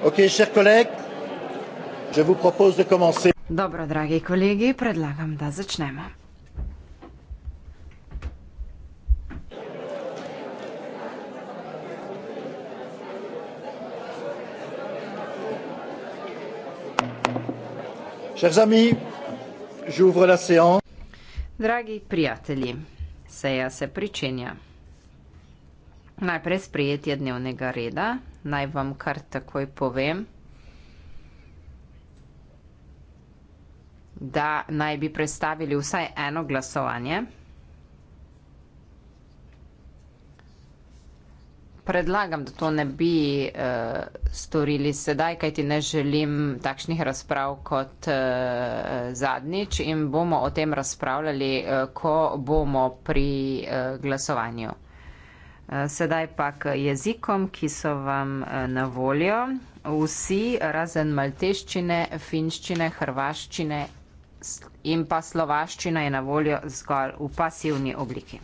Ok, chers collègues, je vous propose de commencer. Dobro, dragi kolegi, predlagam, da začnemo. Chers amis, j'ouvre la séance. Dragi prijatelji, seja se pričenja. Najprej sprejetje dnevnega reda naj vam kar takoj povem, da naj bi predstavili vsaj eno glasovanje. Predlagam, da to ne bi uh, storili sedaj, kaj ti ne želim takšnih razprav kot uh, zadnjič in bomo o tem razpravljali, uh, ko bomo pri uh, glasovanju. Sedaj pa k jezikom, ki so vam eh, na voljo. Vsi, razen malteščine, finščine, hrvaščine in pa slovaščina je na voljo zgolj v pasivni obliki.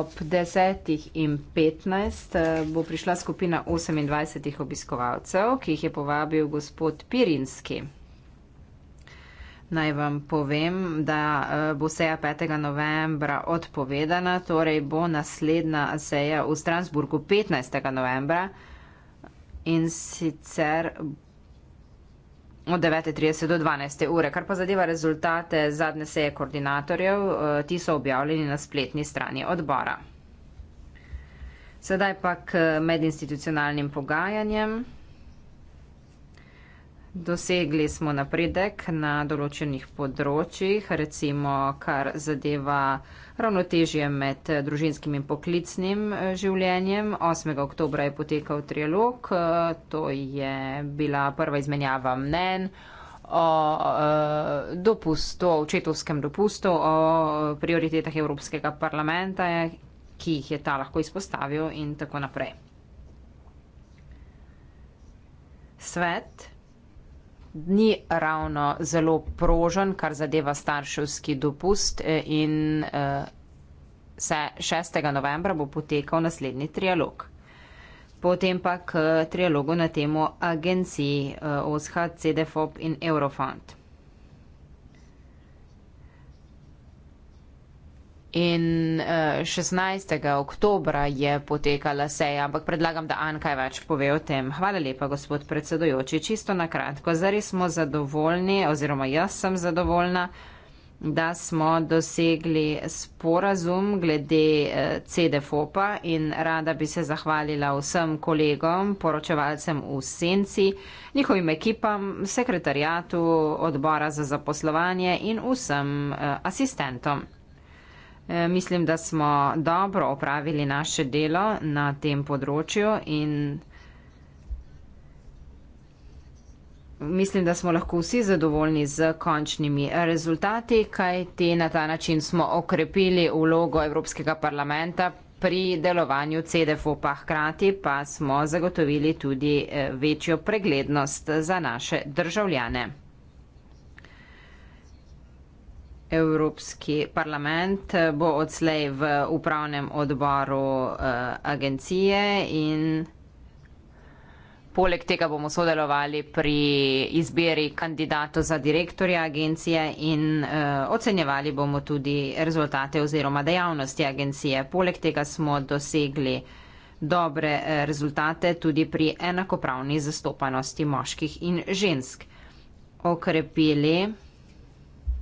Ob 10.15 eh, bo prišla skupina 28 obiskovalcev, ki jih je povabil gospod Pirinski. Naj vam povem, da eh, bo seja 5. novembra odpovedana, torej bo naslednja seja v Strasburgu 15. novembra in sicer od 9.30 do 12. ure. Kar pa zadeva rezultate zadnje seje koordinatorjev, eh, ti so objavljeni na spletni strani odbora. Sedaj pa k eh, medinstitucionalnim pogajanjem. Dosegli smo napredek na določenih področjih, recimo kar zadeva ravnotežje med družinskim in poklicnim eh, življenjem. 8. oktobra je potekal trialog, eh, to je bila prva izmenjava mnen o eh, dopustu, očetovskem dopustu, o prioritetah Evropskega parlamenta, ki jih je ta lahko izpostavil in tako naprej. Svet ni ravno zelo prožen, kar zadeva starševski dopust eh, in eh, se 6. novembra bo potekal naslednji trialog. Potem pa k trialogu na temo agenciji eh, OSHA, CDFOP in Eurofund. In 16. Eh, oktobra je potekala seja, ampak predlagam, da Anka kaj več pove o tem. Hvala lepa, gospod predsedojoči. Čisto na kratko, zares smo zadovoljni, oziroma jaz sem zadovoljna, da smo dosegli sporazum glede eh, CDFOPA in rada bi se zahvalila vsem kolegom, poročevalcem v Senci, njihovim ekipam, sekretarjatu odbora za zaposlovanje in vsem eh, asistentom. Eh, mislim, da smo dobro opravili naše delo na tem področju in mislim, da smo lahko vsi zadovoljni z končnimi rezultati, kaj te na ta način smo okrepili vlogo Evropskega parlamenta pri delovanju CDF-u, pa hkrati pa smo zagotovili tudi eh, večjo preglednost za naše državljane. Evropski parlament bo odslej v upravnem odboru uh, agencije in poleg tega bomo sodelovali pri izbiri kandidatov za direktorja agencije in uh, ocenjevali bomo tudi rezultate oziroma dejavnosti agencije. Poleg tega smo dosegli dobre eh, rezultate tudi pri enakopravni zastopanosti moških in žensk. Okrepili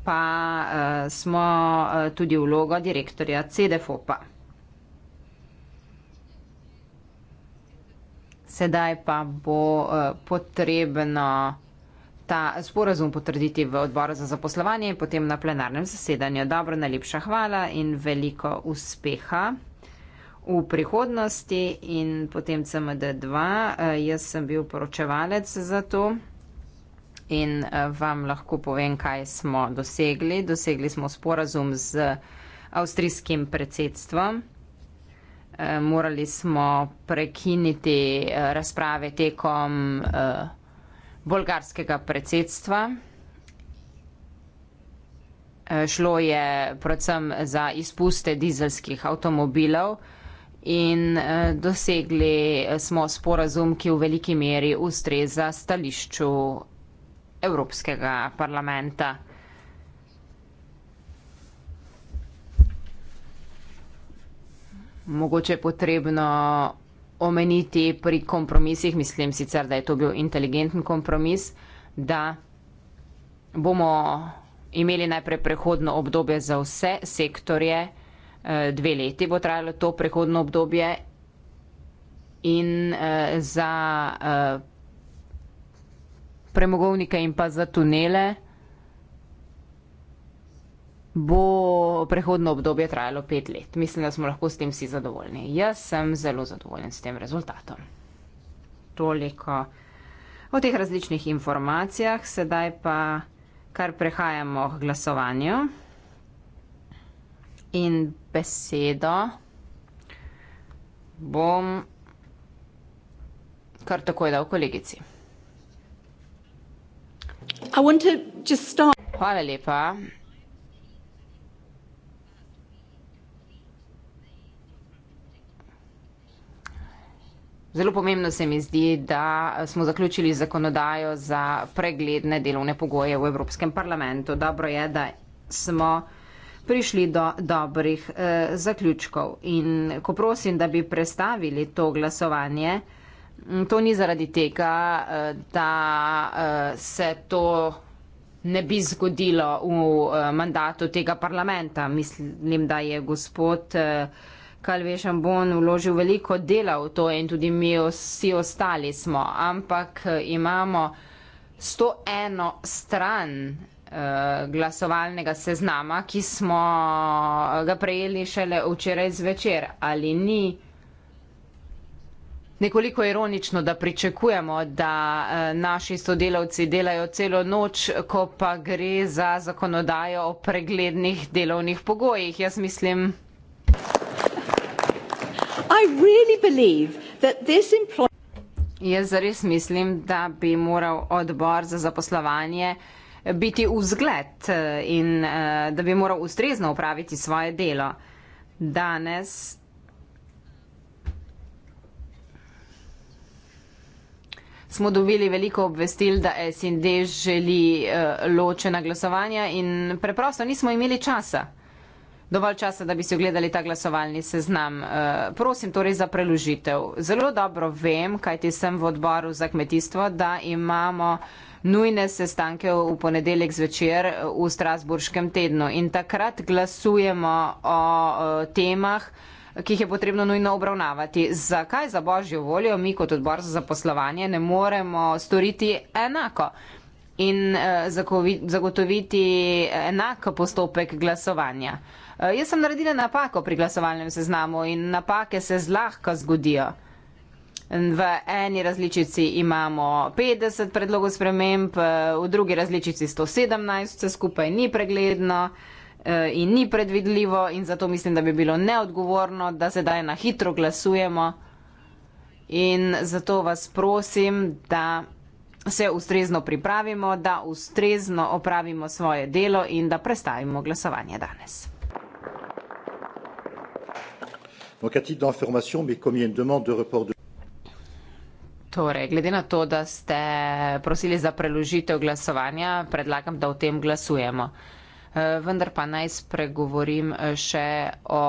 pa uh, smo uh, tudi vlogo direktorja CDFOPA. Sedaj pa bo uh, potrebno ta sporazum potrditi v odboru za zaposlovanje in potem na plenarnem zasedanju. Dobro, najlepša hvala in veliko uspeha v prihodnosti in potem CMD2. Uh, jaz sem bil poročevalec za to in eh, vam lahko povem, kaj smo dosegli. Dosegli smo sporazum z avstrijskim predsedstvom. Eh, morali smo prekiniti eh, razprave tekom bolgarskega predsedstva. Šlo je predvsem za izpuste dizelskih avtomobilov in dosegli smo sporazum, ki v veliki meri ustreza stališču Evropskega parlamenta. Mogoče je potrebno omeniti pri kompromisih, mislim sicer, da je to bil inteligenten kompromis, da bomo imeli najprej prehodno obdobje za vse sektorje, eh, dve leti bo trajalo to prehodno obdobje in eh, za eh, premogovnike in pa za tunele bo prehodno obdobje trajalo pet let. Mislim, da smo lahko s tem vsi zadovoljni. Jaz sem zelo zadovoljen s tem rezultatom. Toliko o teh različnih informacijah, sedaj pa kar prehajamo k glasovanju in besedo bom kar takoj dal kolegici. I want to just start. Hvala lepa. Zelo pomembno se mi zdi, da smo zaključili zakonodajo za pregledne delovne pogoje v Evropskem parlamentu. Dobro je, da smo prišli do dobrih eh, zaključkov. In ko prosim, da bi prestavili to glasovanje, eh, To ni zaradi tega, eh, da eh, se to ne bi zgodilo v eh, mandatu tega parlamenta. Mislim, da je gospod Kalvešan Bon vložil veliko dela v to in tudi mi vsi ostali smo, ampak imamo 101 stran glasovalnega seznama, ki smo ga prejeli šele včeraj zvečer ali ni nekoliko ironično, da pričakujemo, da eh, naši sodelavci delajo celo noč, ko pa gre za zakonodajo o preglednih delovnih pogojih. Jaz mislim. Jaz zares mislim, da bi moral odbor za zaposlovanje biti v zgled eh, in eh, da bi moral ustrezno upraviti svoje delo. Danes smo dobili veliko obvestil, da SND želi uh, ločena glasovanja in preprosto nismo imeli časa. Dovolj časa, da bi si ogledali ta glasovalni seznam. Uh, prosim torej za preložitev. Zelo dobro vem, kajti sem v odboru za kmetijstvo, da imamo nujne sestanke v ponedeljek zvečer eh, v Strasburškem tednu in takrat glasujemo o uh, temah, ki jih je potrebno nujno obravnavati. Zakaj za božjo voljo mi kot odbor za zaposlovanje ne moremo storiti enako in eh, zagotoviti enak postopek glasovanja? Eh, jaz sem naredila napako pri glasovalnem seznamu in napake se zlahka zgodijo. V eni različici imamo 50 predlogov sprememb, eh, v drugi različici 117, vse skupaj ni pregledno. Uh, Eh, in ni predvidljivo in zato mislim, da bi bilo neodgovorno, da sedaj na hitro glasujemo in zato vas prosim, da se ustrezno pripravimo, da ustrezno opravimo svoje delo in da prestavimo glasovanje danes. Torej, glede na to, da ste prosili za preložitev glasovanja, predlagam, da o tem glasujemo vendar pa naj spregovorim eh, še o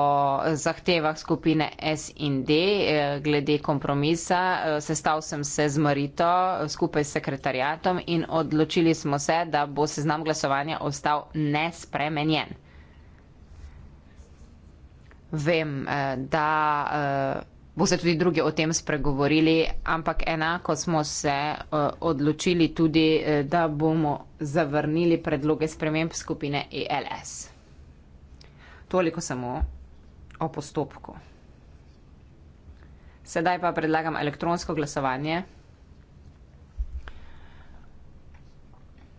zahtevah skupine S in D eh, glede kompromisa. Eh, Sestav sem se z Marito skupaj s sekretarjatom in odločili smo se, da bo seznam glasovanja ostal nespremenjen. Vem, da boste tudi drugi o tem spregovorili, ampak enako smo se uh, odločili tudi, eh, da bomo zavrnili predloge sprememb skupine ELS. Toliko samo o postopku. Sedaj pa predlagam elektronsko glasovanje.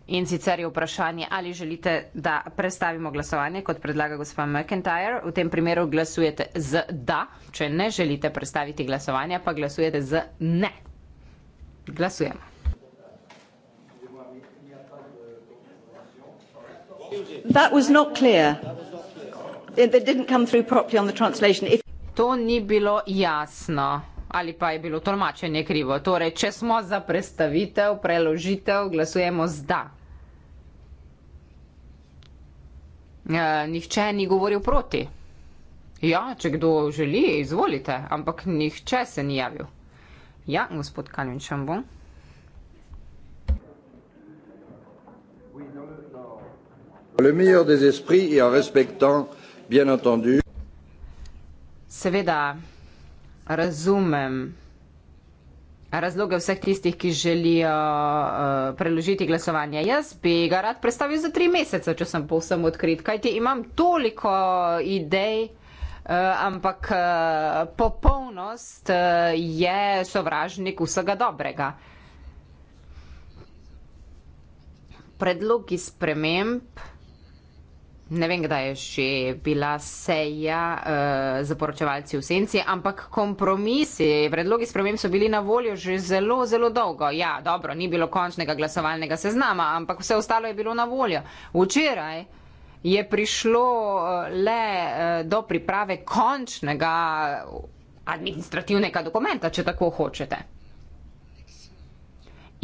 In sicer je vprašanje, ali želite, da predstavimo glasovanje, kot predlaga gospa McIntyre. V tem primeru glasujete z da, če ne želite predstaviti glasovanja, pa glasujete z ne. Glasujemo. To ni bilo jasno ali pa je bilo tolmačenje krivo. Torej, če smo za predstavitev, preložitev, glasujemo z da. Eh, nihče ni govoril proti. Ja, če kdo želi, izvolite, ampak nihče se ni javil. Ja, gospod Kalvinčan bom. Seveda razumem razloge vseh tistih, ki želijo uh, preložiti glasovanje. Jaz bi ga rad predstavil za tri mesece, če sem povsem odkrit, kajti imam toliko idej. Uh, ampak uh, popolnost uh, je sovražnik vsega dobrega. Predlogi sprememb Ne vem, kdaj je še bila seja uh, za poročevalci v senci, ampak kompromisi, predlogi sprememb so bili na voljo že zelo, zelo dolgo. Ja, dobro, ni bilo končnega glasovalnega seznama, ampak vse ostalo je bilo na voljo. Včeraj je prišlo eh, le uh, do priprave končnega administrativnega dokumenta, če tako hočete.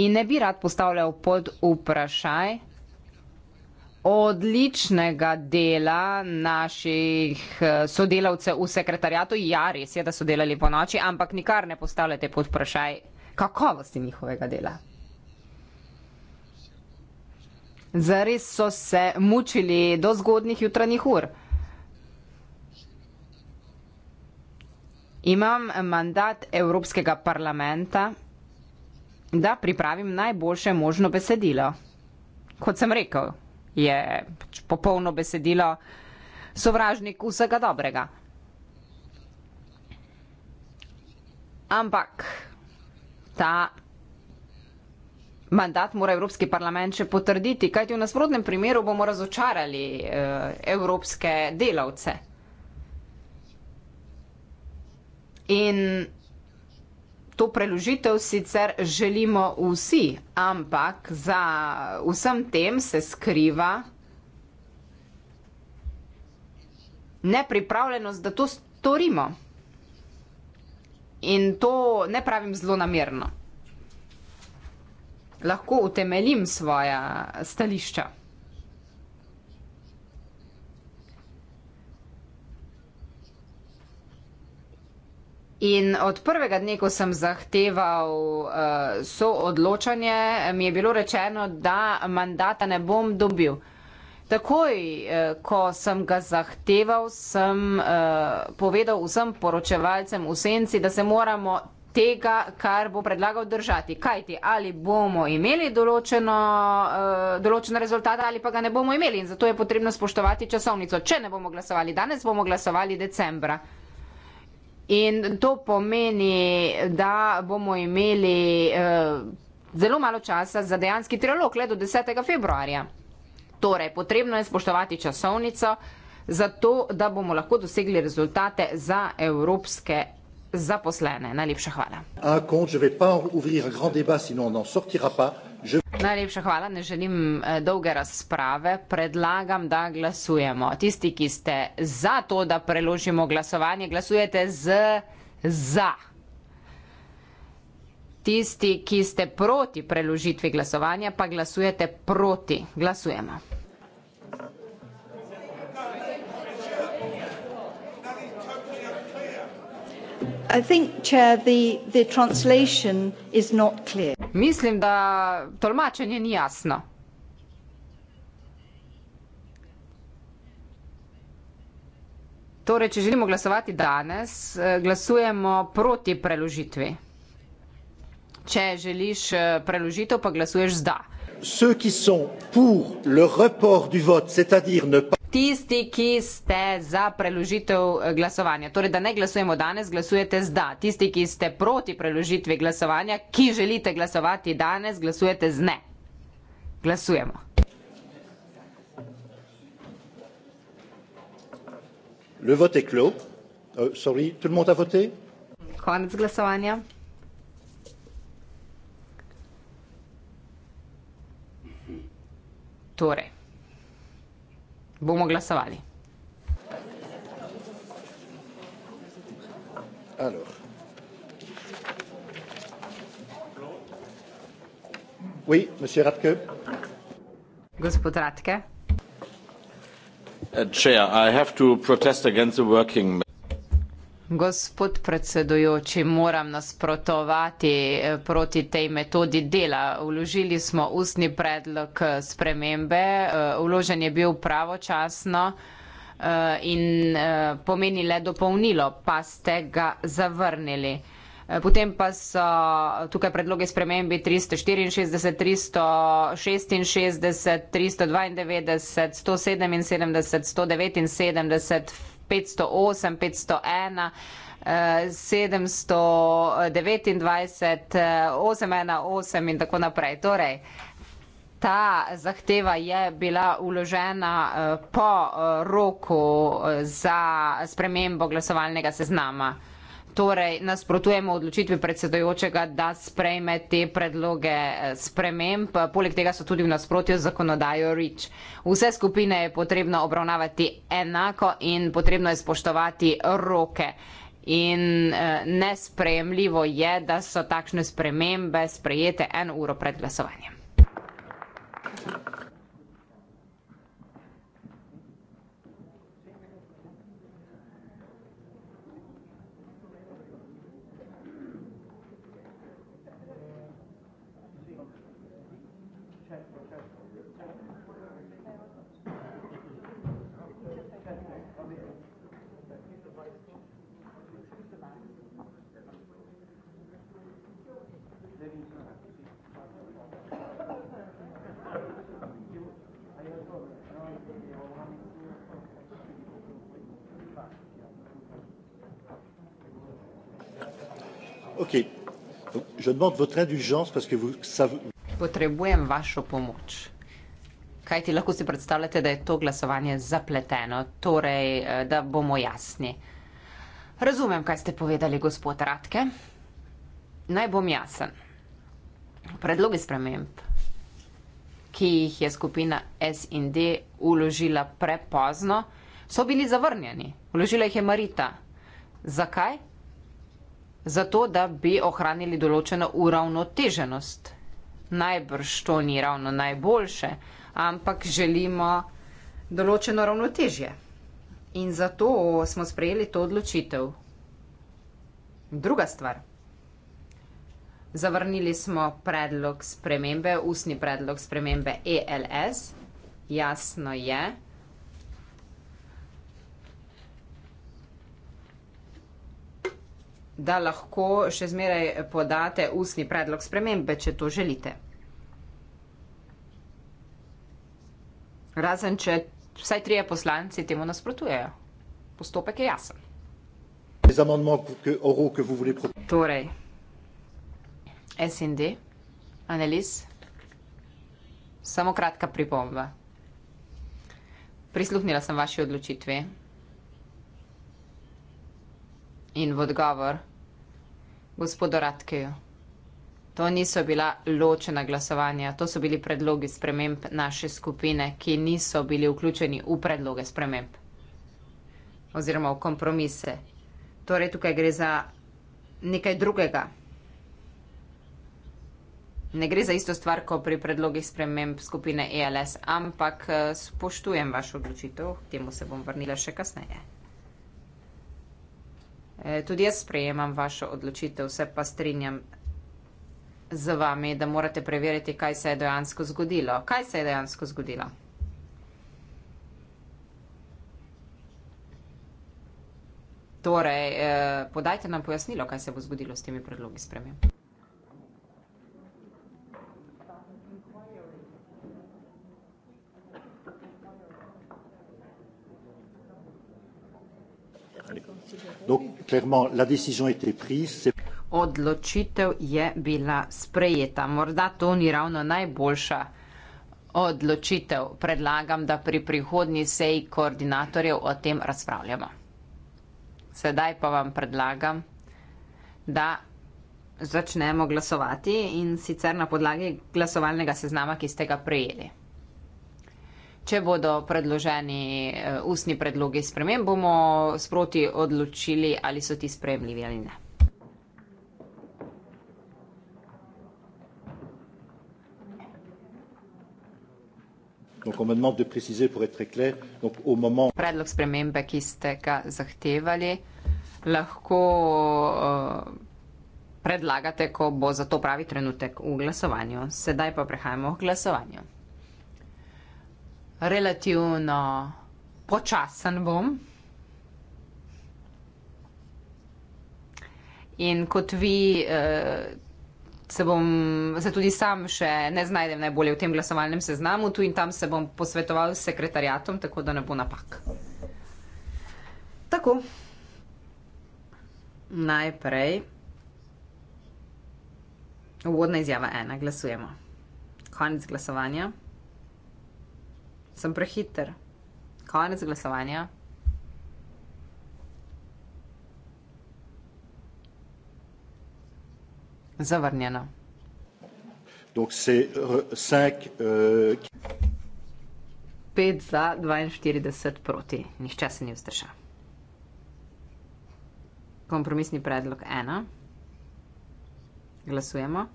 In ne bi rad postavljal pod vprašaj, odličnega dela naših eh, sodelavcev v sekretarijatu. Ja, res je, da so delali po noči, ampak nikar ne postavljate pod vprašaj kakovosti njihovega dela. Zares so se mučili do zgodnih jutranjih ur. Imam mandat Evropskega parlamenta, da pripravim najboljše možno besedilo. Kot sem rekel, je pač popolno besedilo sovražnik vsega dobrega. Ampak ta mandat mora Evropski parlament še potrditi, kajti v nasprotnem primeru bomo razočarali eh, evropske delavce. In To preložitev sicer želimo vsi, ampak za vsem tem se skriva nepripravljenost, da to storimo. In to ne pravim zelo namerno. Lahko utemeljim svoja stališča. In od prvega dne, ko sem zahteval uh, eh, so odločanje, mi je bilo rečeno, da mandata ne bom dobil. Takoj, eh, ko sem ga zahteval, sem uh, povedal vsem poročevalcem v senci, da se moramo tega, kar bo predlagal držati. Kaj ti, ali bomo imeli določeno, uh, določeno rezultate ali pa ga ne bomo imeli. In zato je potrebno spoštovati časovnico. Če ne bomo glasovali danes, bomo glasovali decembra. In to pomeni, da bomo imeli uh, zelo malo časa za dejanski trilog, le do 10. februarja. Torej, potrebno je spoštovati časovnico, zato da bomo lahko dosegli rezultate za evropske zaposlene. Najlepša hvala. Najlepša hvala, ne želim eh, dolge razprave. Predlagam, da glasujemo. Tisti, ki ste za to, da preložimo glasovanje, glasujete z za. Tisti, ki ste proti preložitvi glasovanja, pa glasujete proti. Glasujemo. Mislim, da tolmačenje ni jasno. Torej, če želimo glasovati danes, eh, glasujemo proti preložitvi. Če želiš eh, preložitev, pa glasuješ zdaj ceux qui sont pour le report du vote, c'est-à-dire ne pas... Tisti, ki ste za preložitev eh, glasovanja, torej da ne glasujemo danes, glasujete z da. Tisti, ki ste proti preložitvi glasovanja, ki želite glasovati danes, glasujete z ne. Glasujemo. Le vote je clos. Uh, sorry, tout le monde a voté? Konec glasovanja. Torej, bomo glasovali. Oui, Ratke. Gospod Ratke. Uh, chair, I have to protest against the working uh, Gospod predsedujoči, moram nasprotovati eh, proti tej metodi dela. Vložili smo ustni predlog eh, spremembe, eh, vložen je bil pravočasno in pomeni le dopolnilo, pa ste ga zavrnili. Potem pa so tukaj predloge spremembi 364, 366, 392, 177, 179, 508, 501, 729, 818 in tako naprej. Torej, ta zahteva je bila uložena eh, po eh, roku eh, za spremembo glasovalnega seznama torej nasprotujemo odločitvi predsedojočega, da sprejme te predloge eh, sprememb. Poleg tega so tudi v nasprotju z zakonodajo REACH. Vse skupine je potrebno obravnavati enako in potrebno je spoštovati roke. In eh, nesprejemljivo je, da so takšne spremembe sprejete en uro pred glasovanjem. Je demande votre indulgence parce que vous savez. Potrebujem vašo pomoč. Kaj ti lahko si predstavljate, da je to glasovanje zapleteno, torej, eh, da bomo jasni? Razumem, kaj ste povedali, gospod Ratke. Naj bom jasen. Predlogi sprememb, ki jih je skupina SND uložila prepozno, so bili zavrnjeni. Uložila jih je Marita. Zakaj? zato da bi ohranili določeno uravnoteženost. Najbrž to ni ravno najboljše, ampak želimo določeno ravnotežje. In zato smo sprejeli to odločitev. Druga stvar. Zavrnili smo predlog spremembe, usni predlog spremembe ELS. Jasno je, da lahko še zmeraj podate ustni predlog spremembe, če to želite. Razen, če vsaj trije poslanci temu nasprotujejo. Postopek je jasen. Torej, SND, analiz, samo kratka pripomba. Prisluhnila sem vaši odločitvi. In v odgovor, gospodo Ratkeju, to niso bila ločena glasovanja, to so bili predlogi sprememb naše skupine, ki niso bili vključeni v predloge sprememb oziroma v kompromise. Torej, tukaj gre za nekaj drugega. Ne gre za isto stvar, kot pri predlogih sprememb skupine ELS, ampak eh, spoštujem vašo odločitev, k temu se bom vrnila še kasneje. Eh, tudi jaz sprejemam vašo odločitev, vse pa strinjam z vami, da morate preveriti, kaj se je dejansko zgodilo. Kaj se je dejansko zgodilo? Torej, eh, podajte nam pojasnilo, kaj se bo zgodilo s temi predlogi spremem. Odločitev je bila sprejeta. Morda to ni ravno najboljša odločitev. Predlagam, da pri prihodnji seji koordinatorjev o tem razpravljamo. Sedaj pa vam predlagam, da začnemo glasovati in sicer na podlagi glasovalnega seznama, ki ste ga prejeli. Če bodo predloženi eh, ustni predlogi spremem, bomo sproti odločili, ali so ti spremljivi ali ne. Predlog spremembe, ki ste ga zahtevali, lahko eh, predlagate, ko bo za to pravi trenutek v glasovanju. Sedaj pa prehajamo v glasovanju relativno počasen bom. In kot vi, eh, se, bom, se tudi sam še ne znajdem najbolje v tem glasovalnem seznamu, tu in tam se bom posvetoval s sekretarjatom, tako da ne bo napak. Tako. Najprej. Uvodna izjava ena. Glasujemo. Konec glasovanja sem prehiter. Konec glasovanja. Zavrnjeno. Donc c'est 5. Euh, euh... 5 za 42 proti. Nihče se ni vzdržal. Kompromisni predlog 1. Glasujemo.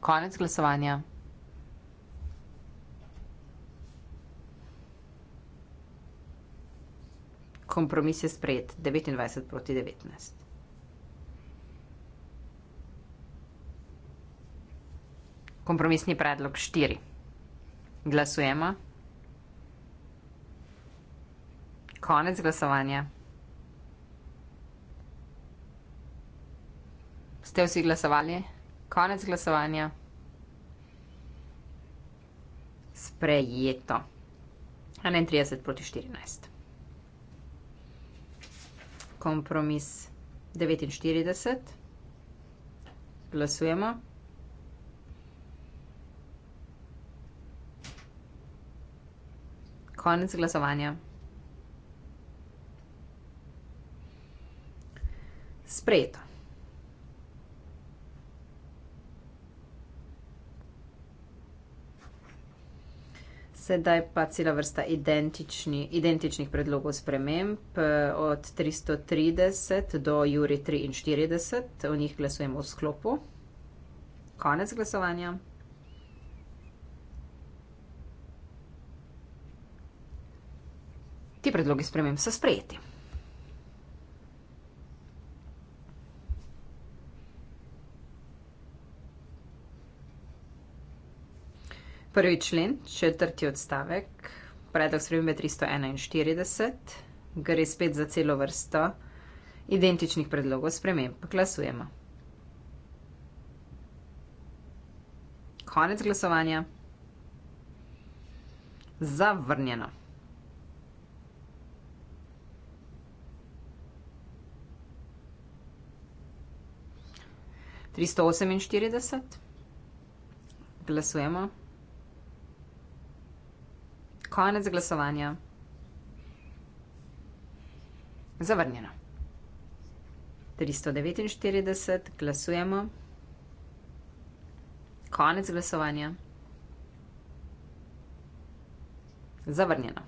Konec glasovanja. kompromis je sprejet 29 proti 19. Kompromisni predlog 4. Glasujemo. Konec glasovanja. Ste vsi glasovali? Konec glasovanja. Sprejeto. 31 proti 14 kompromis 49. Glasujemo. Konec glasovanja. Sprejeto. Sedaj pa cela vrsta identični, identičnih predlogov sprememb eh, od 330 do juri 43, o njih glasujemo v sklopu. Konec glasovanja. Ti predlogi sprememb so sprejeti. Prvi člen, četrti odstavek, predlog spremembe 341, gre spet za celo vrsto identičnih predlogov sprememb. Glasujemo. Konec glasovanja. Zavrnjeno. Tristo oseminštirideset. Glasujemo. Konec glasovanja. Zavrnjeno. 349, glasujemo. Konec glasovanja. Zavrnjeno.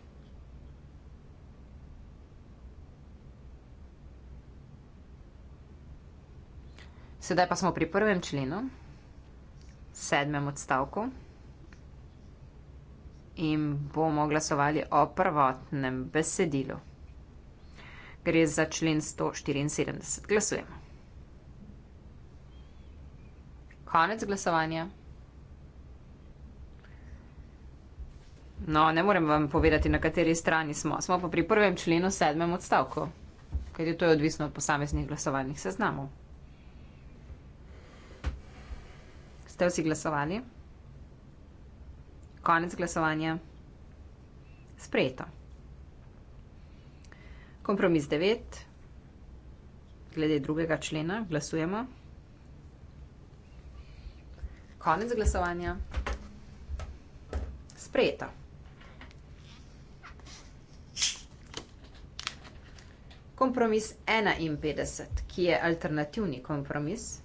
Sedaj pa smo pri prvem členu, sedmem odstavku in bomo glasovali o prvotnem besedilu. Gre za člen 174. Glasujemo. Konec glasovanja. No, ne morem vam povedati, na kateri strani smo. Smo pa pri prvem členu sedmem odstavku, ker je to odvisno od posameznih glasovalnih seznamov. Ste vsi glasovali? Konec glasovanja. Sprejeto. Kompromis 9. Glede drugega člena glasujemo. Konec glasovanja. Sprejeto. Kompromis 51, ki je alternativni kompromis.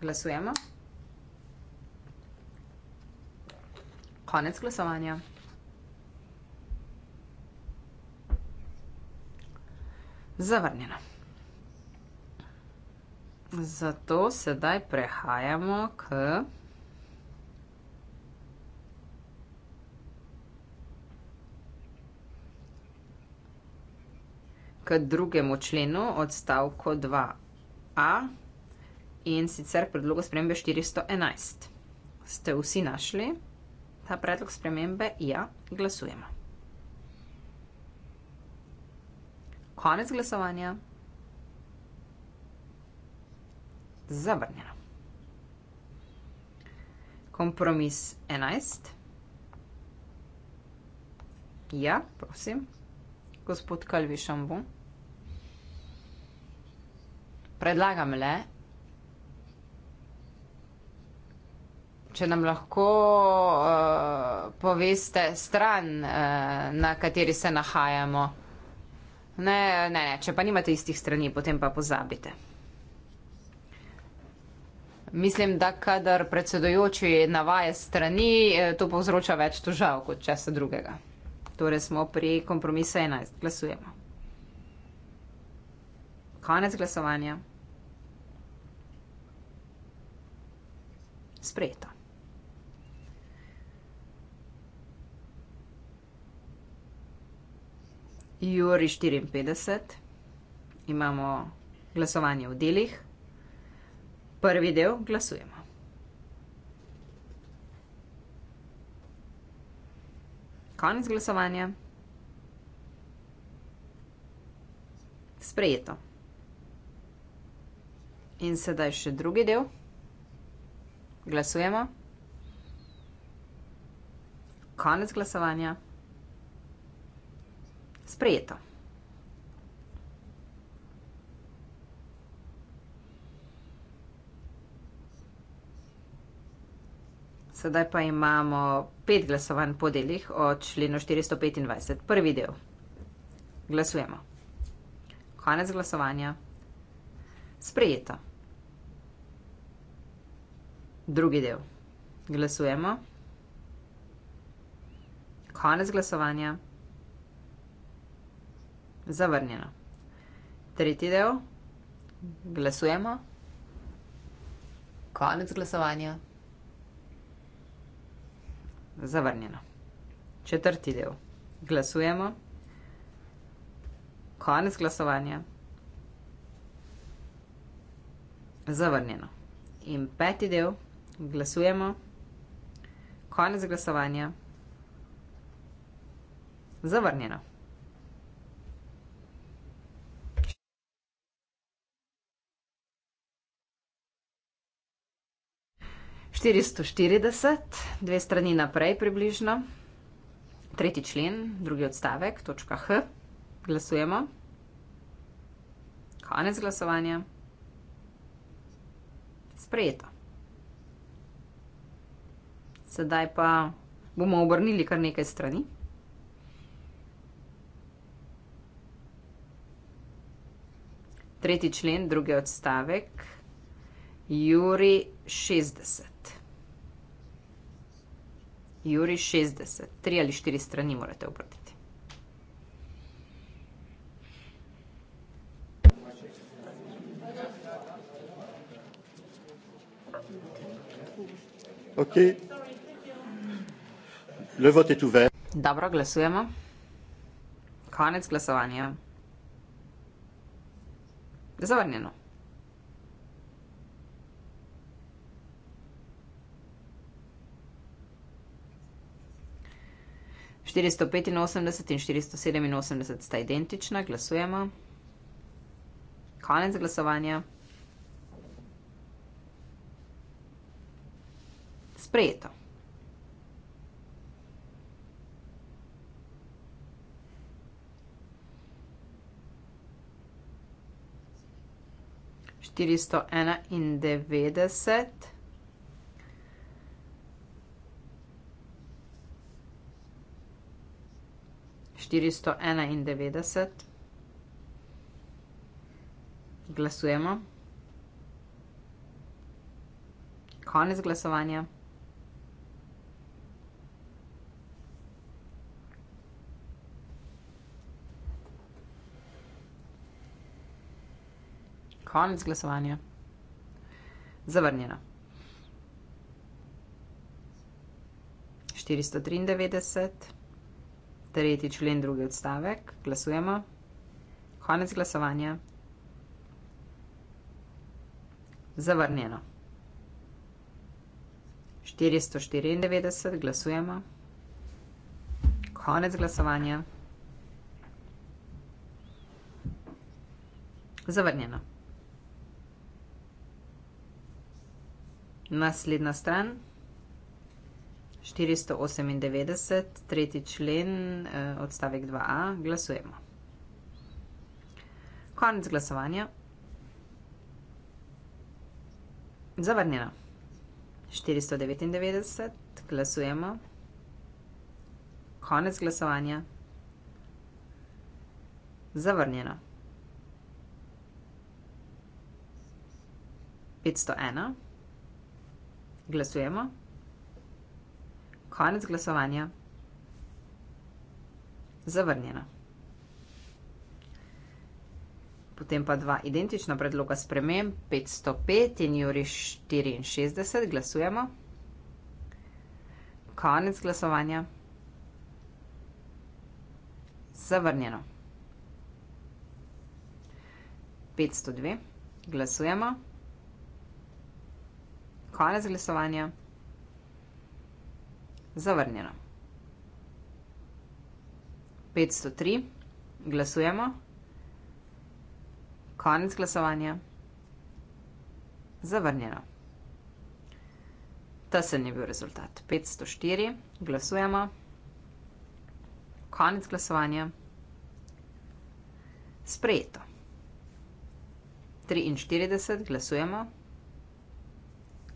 Glasujemo. Konec glasovanja. Zavrnjeno. Zato sedaj prehajamo k k drugemu členu odstavko 2a in sicer predlogo spremembe 411. Ste vsi našli? za predlog spremembe ja glasujemo. Konec glasovanja. Zavrnjeno. Kompromis 11. Ja, prosim. Gospod Kalvi Šambu. Predlagam le, če nam lahko uh, poveste stran, uh, na kateri se nahajamo. Ne, ne, ne, če pa nimate istih strani, potem pa pozabite. Mislim, da kadar predsedojoči navaja strani, eh, to povzroča več težav kot česa drugega. Torej smo pri kompromisu 11. Glasujemo. Konec glasovanja. Sprejeto. Juri 54, imamo glasovanje v delih. Prvi del glasujemo. Konec glasovanja. Sprejeto. In sedaj še drugi del. Glasujemo. Konec glasovanja sprejeto. Sedaj pa imamo pet glasovanj po delih od členu 425. Prvi del. Glasujemo. Konec glasovanja. Sprejeto. Drugi del. Glasujemo. Konec glasovanja. Zavrnjeno. Tretji del, glasujemo. Konec glasovanja. Zavrnjeno. Četrti del, glasujemo. Konec glasovanja. Zavrnjeno. In peti del, glasujemo. Konec glasovanja. Zavrnjeno. 440, dve strani naprej približno, tretji člen, drugi odstavek, točka H, glasujemo. Konec glasovanja. Sprejeto. Sedaj pa bomo obrnili kar nekaj strani. Tretji člen, drugi odstavek, Juri 60. Juri 60, 3 ali 4 strani morate obrtiti. Okay. Le vote est ouvert. Dobro, glasujemo. Konec glasovanja. Zavrnjeno. 485 in 487 sta identična, glasujemo. Konec glasovanja. Sprejeto. Štiristo ena in devetdeset. 491. Glasujemo. Konec glasovanja. Konec glasovanja. Zavrnjeno. 493 tretji člen, drugi odstavek. Glasujemo. Konec glasovanja. Zavrnjeno. 494, glasujemo. Konec glasovanja. Zavrnjeno. Naslednja stran. 498, tretji člen, eh, odstavek 2a, glasujemo. Konec glasovanja. Zavrnjeno. 499, glasujemo. Konec glasovanja. Zavrnjeno. 501, glasujemo. Konec glasovanja. Zavrnjena. Potem pa dva identična predloga spremem, 505 in Juri 64, glasujemo. Konec glasovanja. Zavrnjeno. 502, glasujemo. Konec glasovanja. Zavrnjeno. 503. Glasujemo. Konec glasovanja. Zavrnjeno. Ta se ni bil rezultat. 504. Glasujemo. Konec glasovanja. Sprejeto. 43. Glasujemo.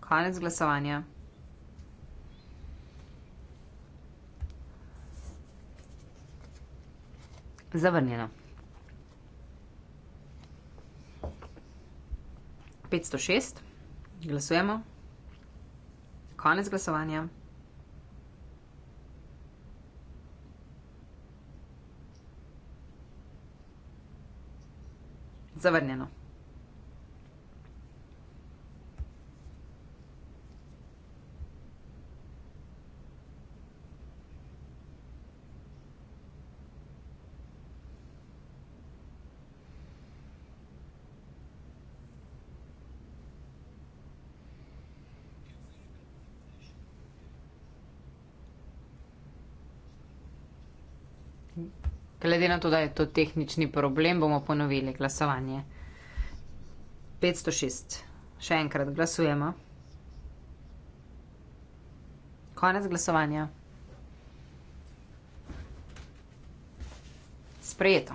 Konec glasovanja. Zavrnjeno. 506, glasujemo. Konec glasovanja. Zavrnjeno. Glede na to, da je to tehnični problem, bomo ponovili glasovanje. 506. Še enkrat glasujemo. Konec glasovanja. Sprejeto.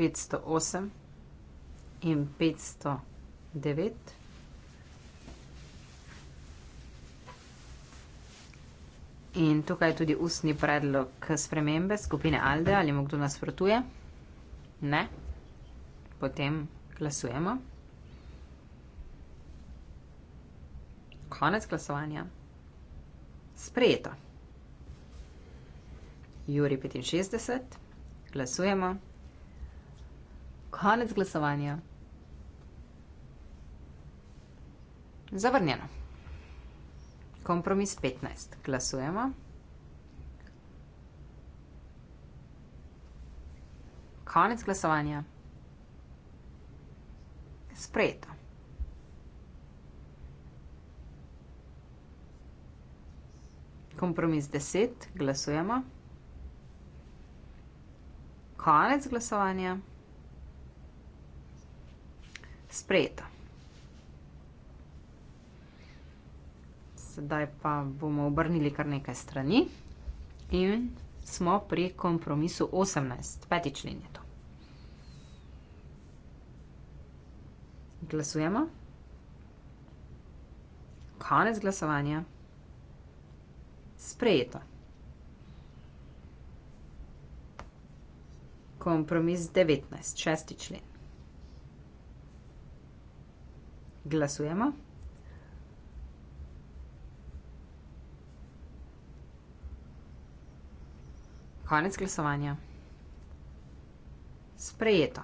Petsto osem in petsto devet. In tukaj je tudi ustni predlog spremembe skupine Alde, ali mu kdo nasprotuje. Ne. Potem glasujemo. Konec glasovanja. Sprejeto. Juri 65. Glasujemo. Konec glasovanja. Zavrnjeno kompromis 15. Glasujemo. Konec glasovanja. Sprejeto. Kompromis 10. Glasujemo. Konec glasovanja. Sprejeto. Sedaj pa bomo obrnili kar nekaj strani in smo pri kompromisu 18, peti člen je to. Glasujemo. Konec glasovanja. Sprejeto. Kompromis 19, šesti člen. Glasujemo. Konec glasovanja. Sprejeto.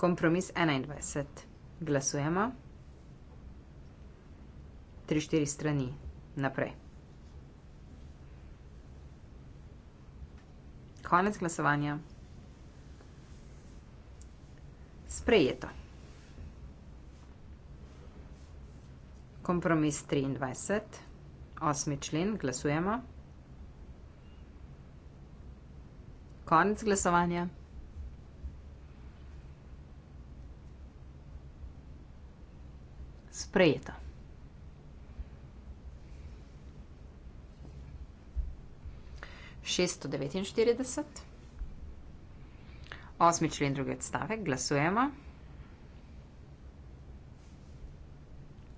Kompromis 21. Glasujemo. 3-4 strani naprej. Konec glasovanja. Sprejeto. Kompromis 23. Glasujemo. 8. člen, glasujemo. Konec glasovanja. Sprejeto. Šesto devetinštirideset. Osmi člen drugi odstavek. Glasujemo.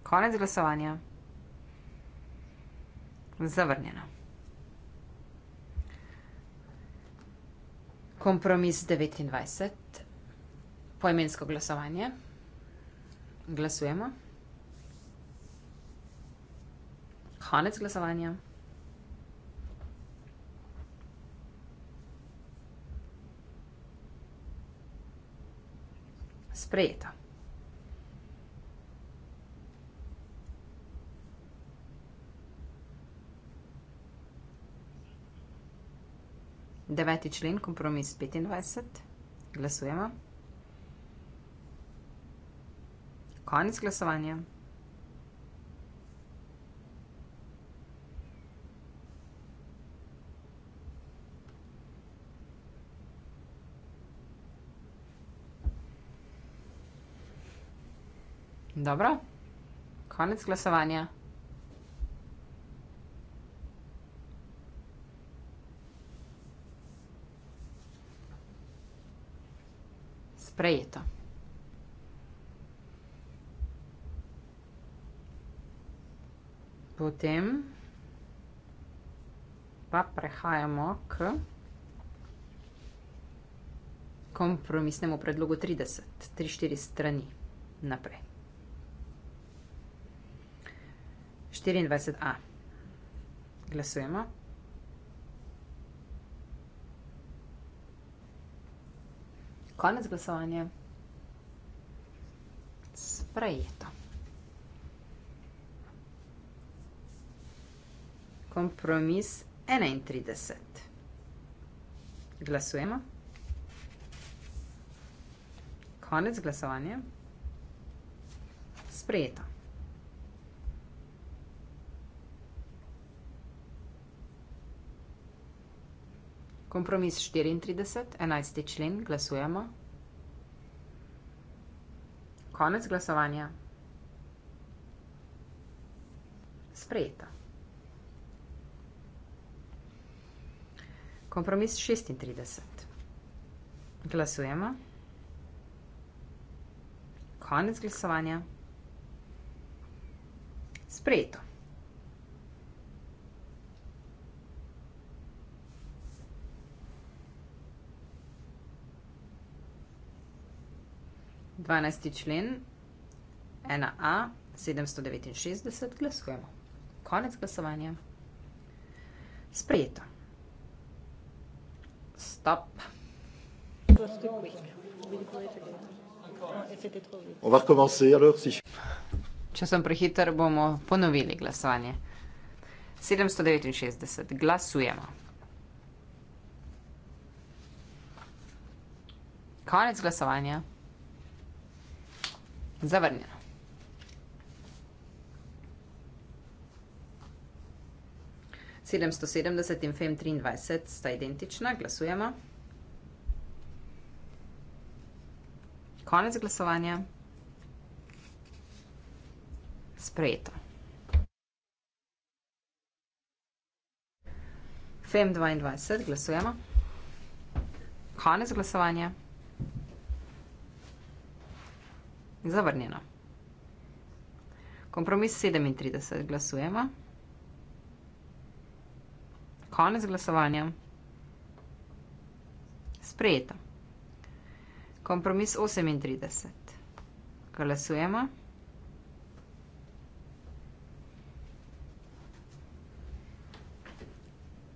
Konec glasovanja. Zavrnjeno. Kompromis 29, poimensko glasovanje. Glasujemo. Konec glasovanja. Sprejeto. deveti člen, kompromis 25, glasujemo. Konec glasovanja. Dobro, konec glasovanja. sprejeta. Potem pa prehajamo k kompromisnemu predlogu 30, 3-4 strani naprej. 24a. Glasujemo. Konec glasovanja. Sprejeto. Kompromis 31. Glasujemo. Konec glasovanja. Sprejeto. Kompromis 34, 11. člen, glasujemo. Konec glasovanja. Sprejeta. Kompromis 36. Glasujemo. Konec glasovanja. Sprejeto. 12. člen, 1a, 769, glasujemo. Konec glasovanja. Sprejeto. Stop. Če sem prehiter, bomo ponovili glasovanje. 769, glasujemo. Konec glasovanja. Zavrnjeno. Sedemsto sedemdeset in fem triindvajset sta identična, glasujemo. Konec glasovanja. Sprejeto. FEM 22, glasujemo. Konec glasovanja. Zavrnjeno. Kompromis 37 glasujemo. Konec glasovanja. Sprejeto. Kompromis 38 glasujemo.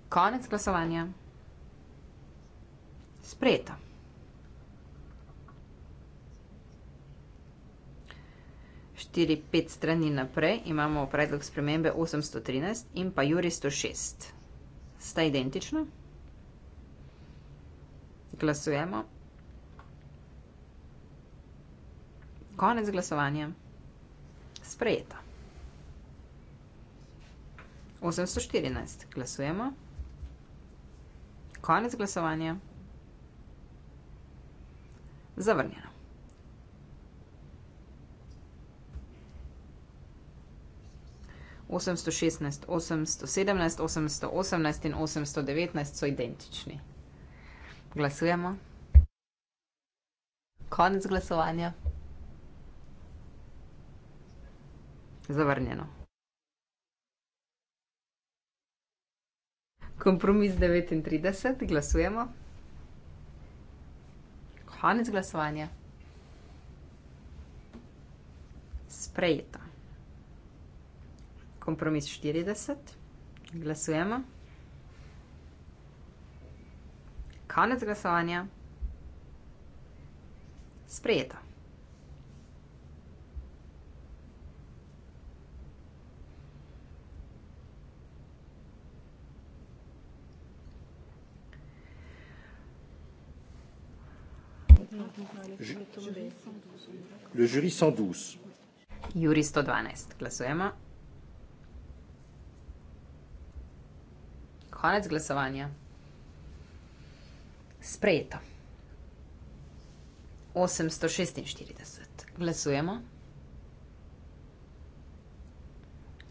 Konec glasovanja. Sprejeto. 4, 5 strani naprej imamo predlog spremembe 813 in pa Juri 106. Sta identična. Glasujemo. Konec glasovanja. Sprejeta. 814. Glasujemo. Konec glasovanja. Zavrnjeno. 816, 817, 818 in 819 so identični. Glasujemo. Konec glasovanja. Zavrnjeno. Kompromis 39, glasujemo. Konec glasovanja. Sprejeta kompromis 40, glasujemo. Konec glasovanja. Sprejeto. Le jury 112. Juri 112. Glasujemo. konec glasovanja. Sprejeto. 846. Glasujemo.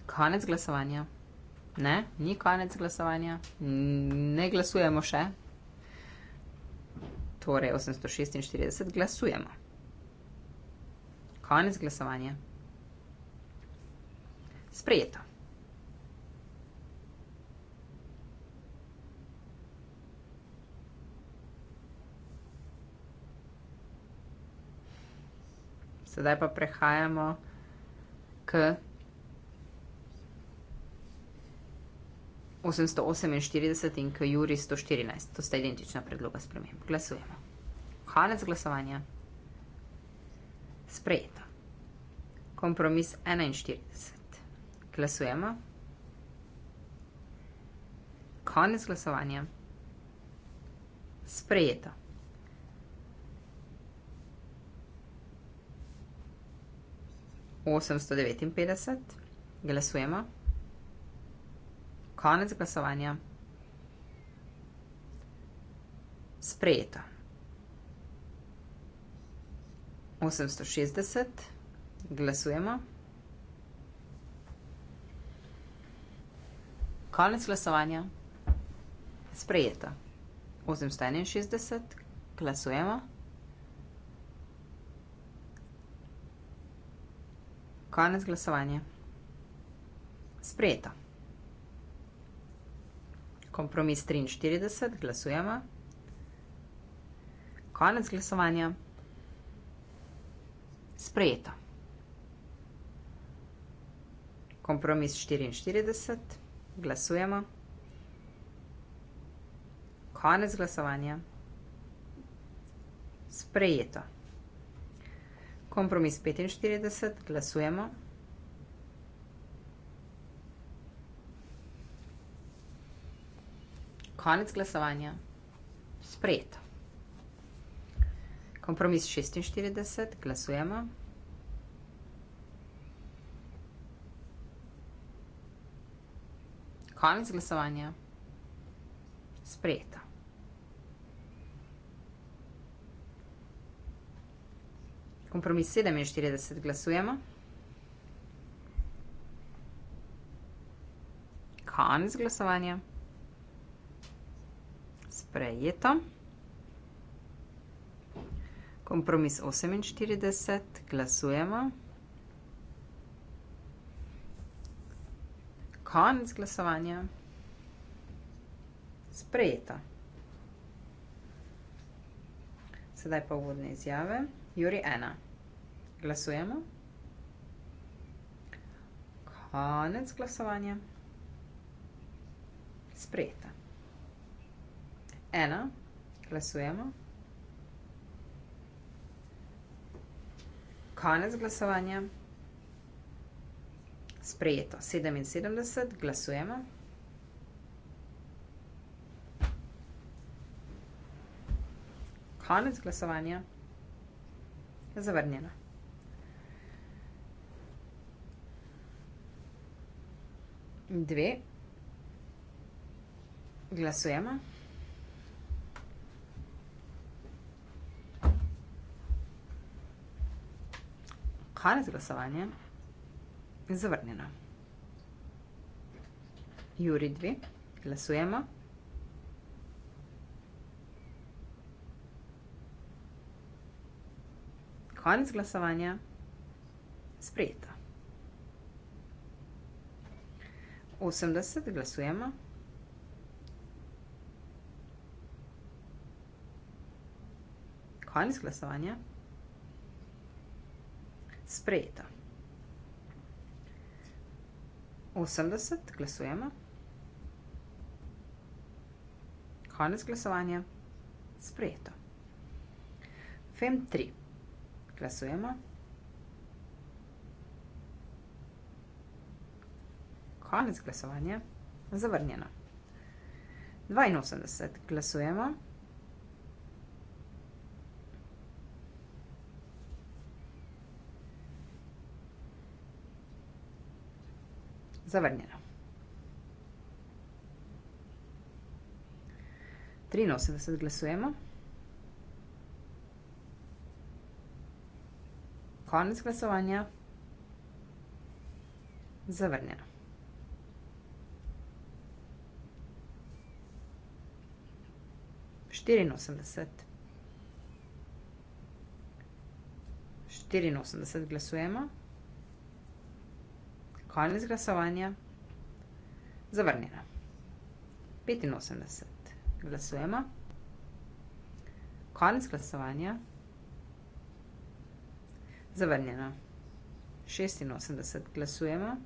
Konec glasovanja. Ne, ni konec glasovanja, ne glasujemo še. Torej, 846 glasujemo. Konec glasovanja. Sprejeto. Sedaj pa prehajamo k 848 in k Juri 114. To sta identična predloga sprememb. Glasujemo. Konec glasovanja. Sprejeto. Kompromis 41. Glasujemo. Konec glasovanja. Sprejeto. 859, glasujemo. Konec glasovanja. Sprejeto. 860, glasujemo. Konec glasovanja. Sprejeto. 861, glasujemo. Konec glasovanja. Sprejeto. Kompromis 43, glasujemo. Konec glasovanja. Sprejeto. Kompromis 44, glasujemo. Konec glasovanja. Sprejeto. Kompromis 45, glasujemo. Konec glasovanja. Sprejeto. Kompromis 46, glasujemo. Konec glasovanja. Sprejeto. Kompromis 47, glasujemo. Konec glasovanja. Sprejeto. Kompromis 48, glasujemo. Konec glasovanja. Sprejeto. Sedaj pa uvodne izjave. Juri ena. Glasujemo. Konec glasovanja. Sprejeta. Ena. Glasujemo. Konec glasovanja. Sprejeto. 77. Glasujemo. Konec glasovanja zavrnjeno. Dve. Glasujemo. Konec glasovanja. Zavrnjeno. Juri dve. Glasujemo. Glasujemo. konec glasovanja sprejeta. 80 glasujemo. Konec glasovanja sprejeta. 80 glasujemo. Konec glasovanja sprejeta. FEM 3. Glasujemo. Konec glasovanja. Zavrnjeno. 82. Glasujemo. Zavrnjeno. 83. Glasujemo. 83. Glasujemo. Konec glasovanja. Zavrnjeno. Štiriinosemdeset. Štiriinosemdeset glasujemo. Konec glasovanja. Zavrnjeno. Petinosemdeset glasujemo. Konec glasovanja. Zavrnjeno. 86 glasujemo.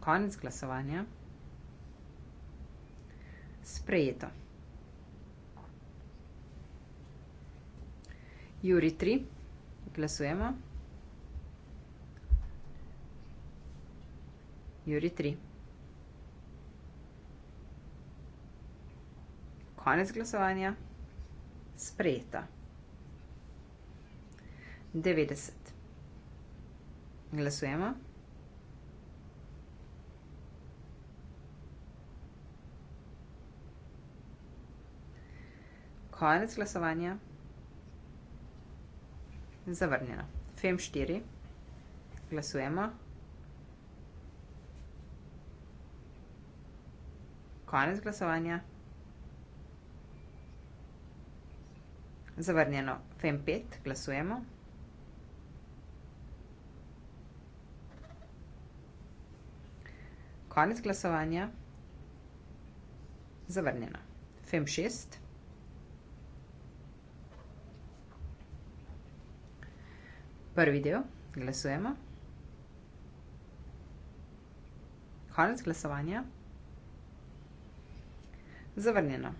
Konec glasovanja. Sprejeto. Juri 3. Glasujemo. Juri 3. Konec glasovanja sprejeta. 90. Glasujemo. 20. Glasovanje. Zavrnjeno. FEM 4. Glasujemo. Konec glasovanja. Zavrnjeno. FEM 5, glasujemo. Konec glasovanja. Zavrnjeno. FEM 6. Prvi del, glasujemo. Konec glasovanja. Zavrnjeno.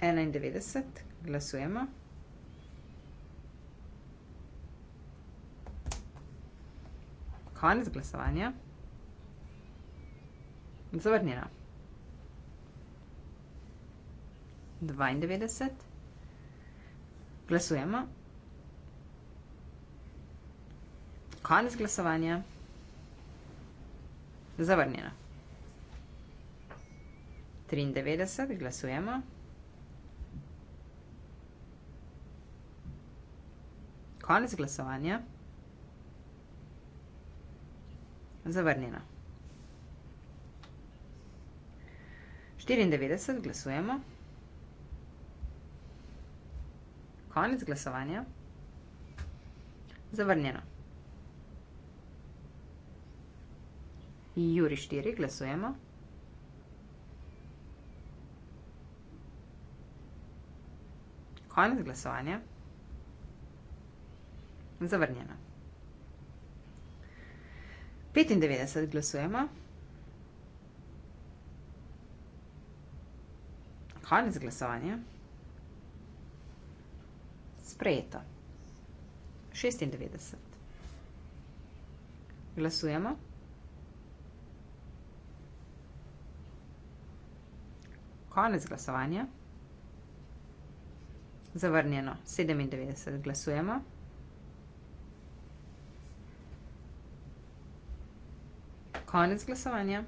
91, glasujemo. Konec glasovanja. Zavrnjeno. 92, glasujemo. Konec glasovanja. Zavrnjeno. 93, glasujemo. konec glasovanja. Zavrnjeno. 94 glasujemo. Konec glasovanja. Zavrnjeno. Juri 4 glasujemo. Konec glasovanja zavrnjeno. 95 glasujemo. Konec glasovanja. Sprejeto. 96. Glasujemo. Konec glasovanja. Zavrnjeno. 97. Glasujemo. konec glasovanja.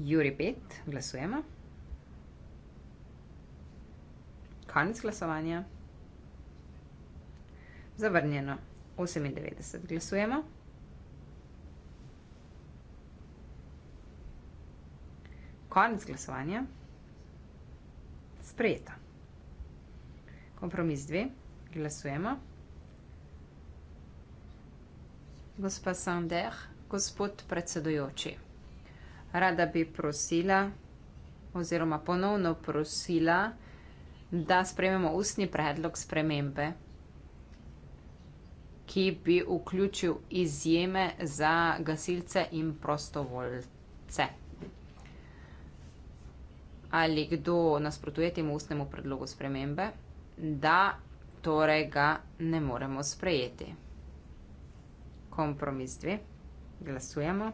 Juri 5, glasujemo. Konec glasovanja. Zavrnjeno 98, glasujemo. Konec glasovanja. Sprejeta. Kompromis 2, glasujemo. gospa Sander, gospod predsedujoči. Rada bi prosila oziroma ponovno prosila, da sprememo ustni predlog spremembe, ki bi vključil izjeme za gasilce in prostovoljce. Ali kdo nasprotuje temu ustnemu predlogu spremembe? Da, torej ga ne moremo sprejeti kompromis dve, glasujemo.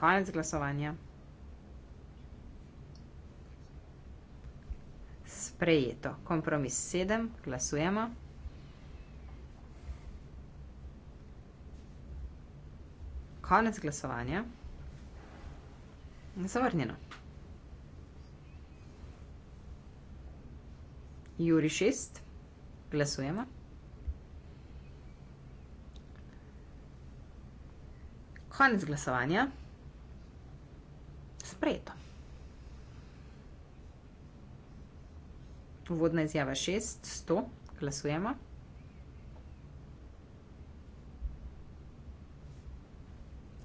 Konec glasovanja. Sprejeto. Kompromis sedem, glasujemo. Konec glasovanja. Zavrnjeno. Juri šest, glasujemo. Konec glasovanja. Sprejeto. Uvodna izjava šest, sto, glasujemo.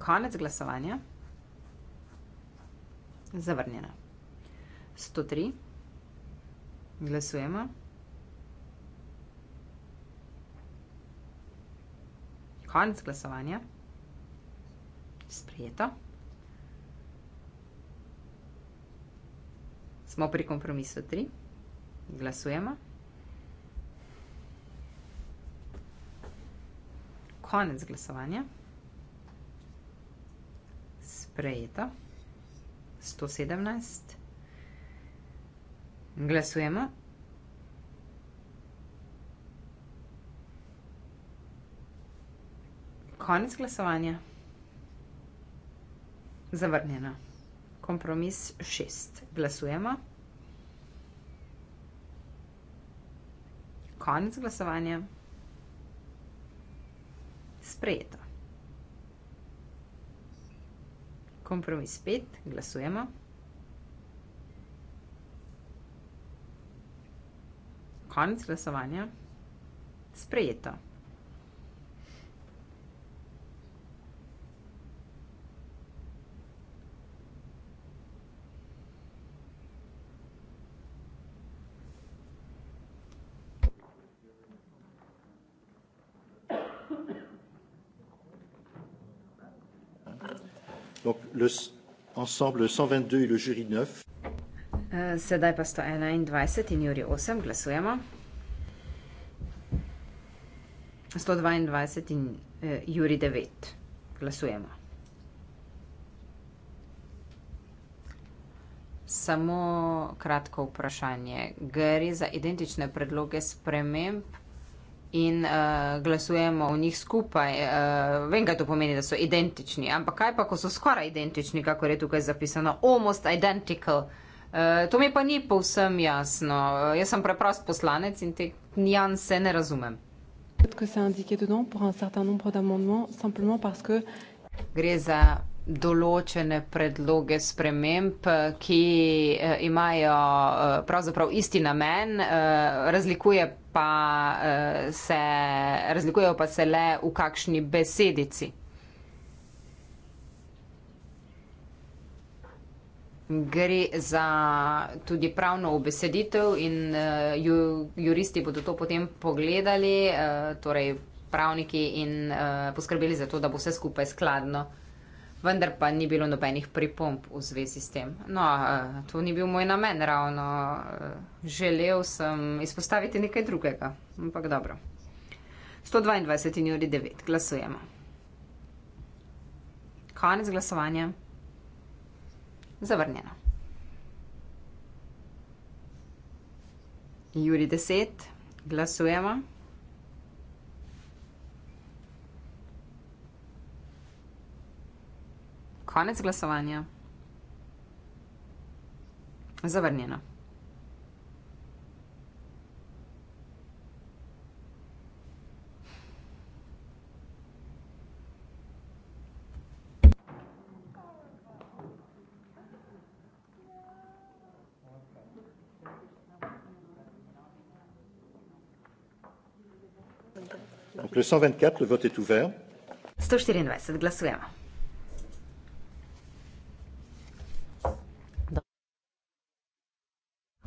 Konec glasovanja. Zavrnjena. 103. Glasujemo. Konec glasovanja. Sprejeto. Smo pri kompromisu 3. Glasujemo. Konec glasovanja. Sprejeto. 117. Glasujemo. Konec glasovanja. Zavrnjeno. Kompromis šest. Glasujemo. Konec glasovanja. Sprejeto. Kompromis pet. Glasujemo. konec glasovanja sprejeto. Donc, le ensemble 122 et le jury 9. Eh, sedaj pa 121 in Juri 8 glasujemo. 122 in eh, Juri 9 glasujemo. Samo kratko vprašanje. Gre za identične predloge sprememb in eh, glasujemo v njih skupaj. Eh, vem, kaj to pomeni, da so identični, ampak kaj pa, ko so skoraj identični, kako je tukaj zapisano? Almost identical. Eh, to mi pa ni povsem jasno. Eh, jaz sem preprost poslanec in te njan se ne razumem. Gre za določene predloge sprememb, eh, ki imajo pravzaprav isti namen, razlikuje pa se, razlikujejo pa se le v kakšni besedici. gre za tudi pravno obeseditev in uh, ju, juristi bodo to potem pogledali, uh, torej pravniki in uh, poskrbeli za to, da bo vse skupaj skladno. Vendar pa ni bilo nobenih pripomp v zvezi s tem. No, to ni bil moj namen ravno. Želel sem izpostaviti nekaj drugega, ampak dobro. 122 in juri 9. Glasujemo. Konec glasovanja zavrnjeno. Juri 10, glasujemo. Konec glasovanja. Zavrnjeno. Le 124, le vote est ouvert. 124, glasujemo.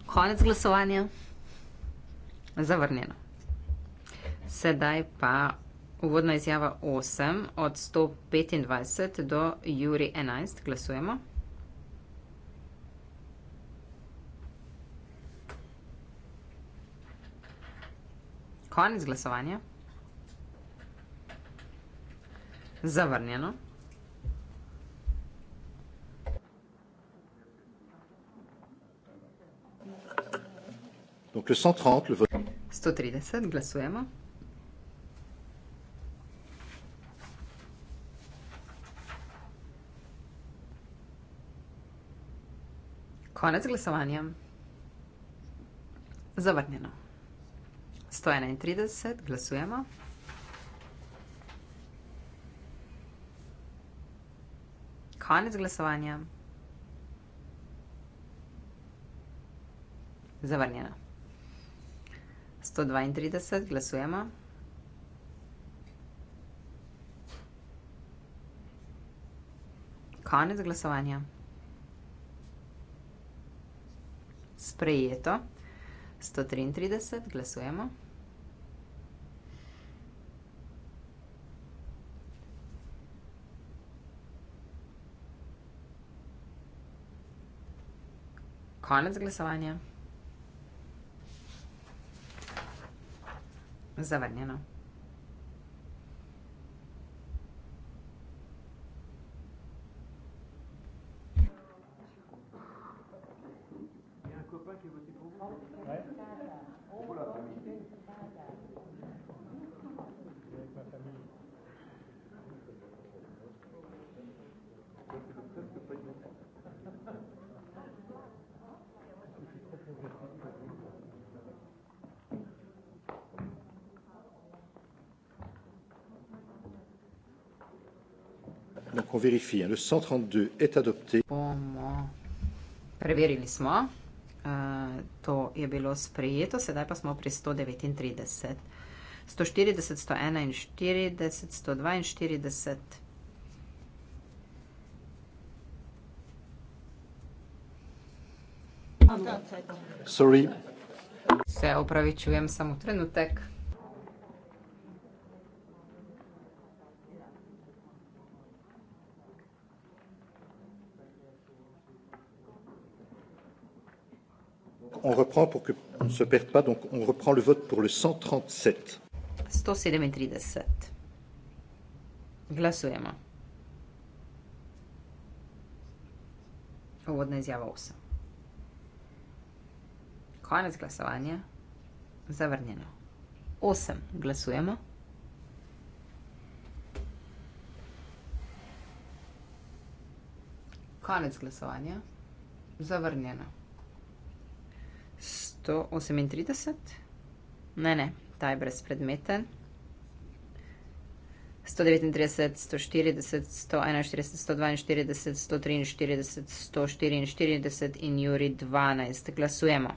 Konec glasovanja. Zavrnjeno. Sedaj pa uvodna izjava 8 od 125 do Juri 11. Glasujemo. Konec glasovanja. Zavrnjeno. Donc le 130, le vote... 130, glasujemo. Konec glasovanja. Zavrnjeno. 131, glasujemo. konec glasovanja. Zavrnjeno. 132, glasujemo. Konec glasovanja. Sprejeto. 133, glasujemo. Konec glasovanja. Zavrnjeno. vérifie. Le 132 est adopté. Bomo preverili smo. Uh, to je bilo sprejeto, sedaj pa smo pri 139. 140, 141, 142. Sorry. Se opravičujem, samo trenutek. reprend pour que on ne se perde pas. Donc on reprend le vote pour le 137. 137. Glasujemo. Uvodna izjava 8. Konec glasovanja. Zavrnjeno. 8. Glasujemo. Konec glasovanja. Zavrnjeno. 138, ne, ne, ta je brezpredmeten. 139, 140, 141, 142, 143, 144 in Juri 12. Glasujemo.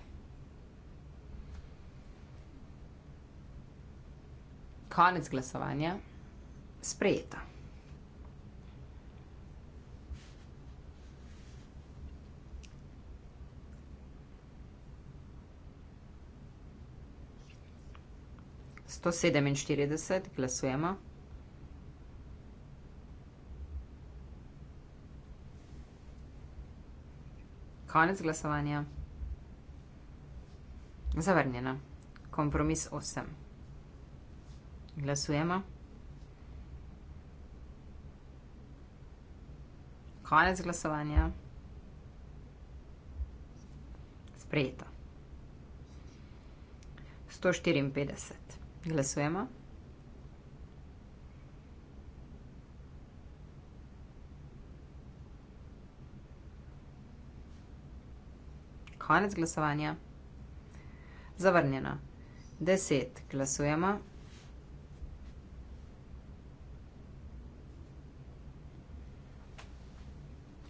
Konec glasovanja. Sprejeta. 147, glasujemo. Konec glasovanja. Zavrnjena. Kompromis 8. Glasujemo. Konec glasovanja. Sprejeto. 154. Glasujemo. Konec glasovanja. Zavrnjeno. Deset. Glasujemo.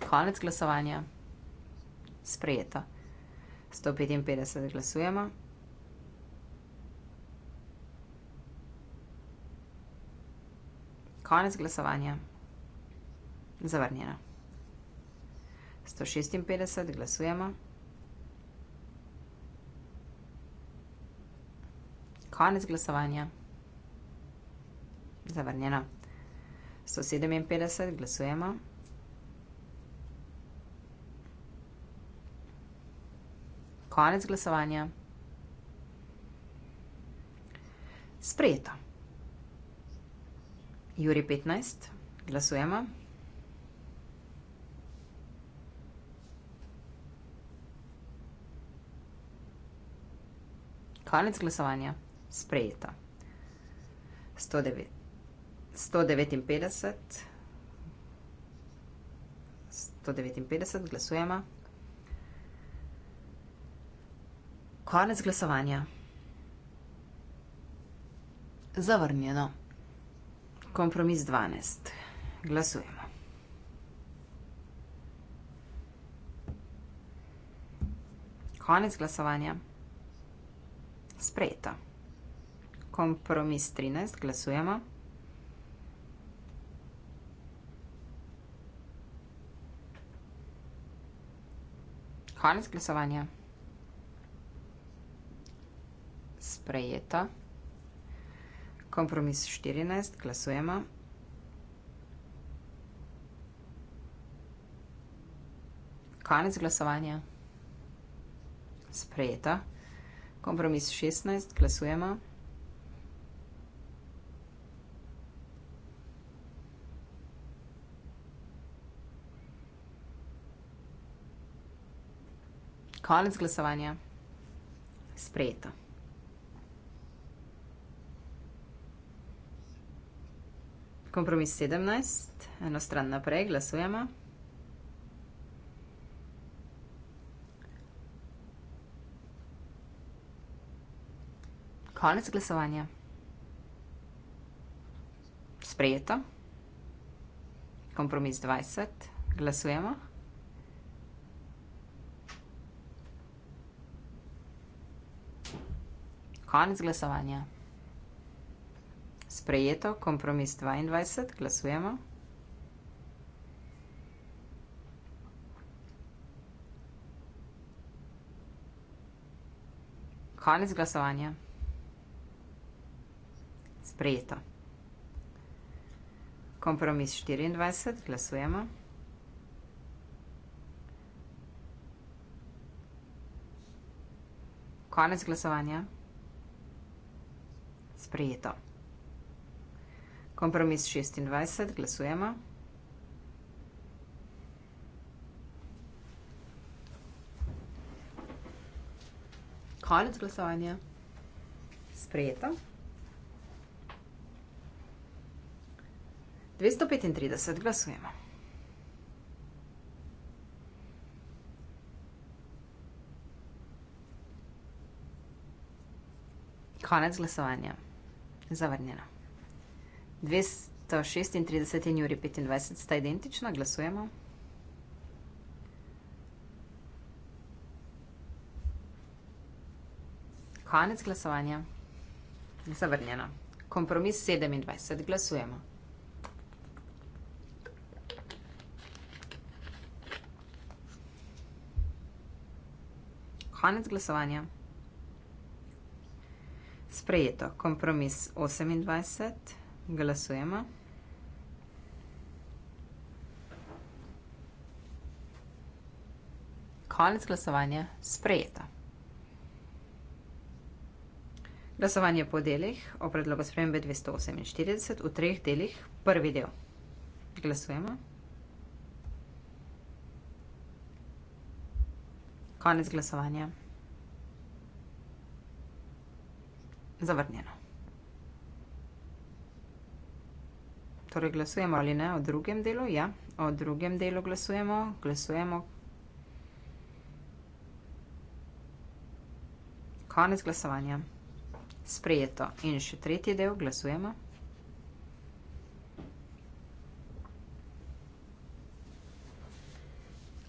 Konec glasovanja. Sprejeto. 155 glasujemo. Konec glasovanja. Zavrnjeno. 156 glasujemo. Konec glasovanja. Zavrnjeno. 157 glasujemo. Konec glasovanja. Sprejeto. Juri 15, glasujemo. Konec glasovanja, sprejeto. 159, 159, glasujemo. Konec glasovanja, zavrnjeno kompromis 12. Glasujemo. Konec glasovanja. Sprejeto. Kompromis 13. Glasujemo. Konec glasovanja. Sprejeto. Kompromis 14, glasujemo. Konec glasovanja. Sprejeto. Kompromis 16, glasujemo. Konec glasovanja. Sprejeto. Kompromis 17, eno stran naprej, glasujemo. Konec glasovanja. Sprejeto. Kompromis 20, glasujemo. Konec glasovanja sprejeto, kompromis 22, glasujemo. Konec glasovanja. Sprejeto. Kompromis 24, glasujemo. Konec glasovanja. Sprejeto. Kompromis 26, glasujemo. Konec glasovanja. Sprejeto. 235 glasujemo. Konec glasovanja. Zavrnjeno. 236 in Juri 25 sta identična, glasujemo. Konec glasovanja. Zavrnjeno. Kompromis 27, glasujemo. Konec glasovanja. Sprejeto. Kompromis 28, glasujemo. Glasujemo. Konec glasovanja sprejeta. Glasovanje po delih o predlogu spremembe 248 v treh delih, prvi del. Glasujemo. Konec glasovanja. Zavrnjeno. torej glasujemo ali ne o drugem delu? Ja, o drugem delu glasujemo. Glasujemo. Konec glasovanja. Sprejeto. In še tretji del glasujemo.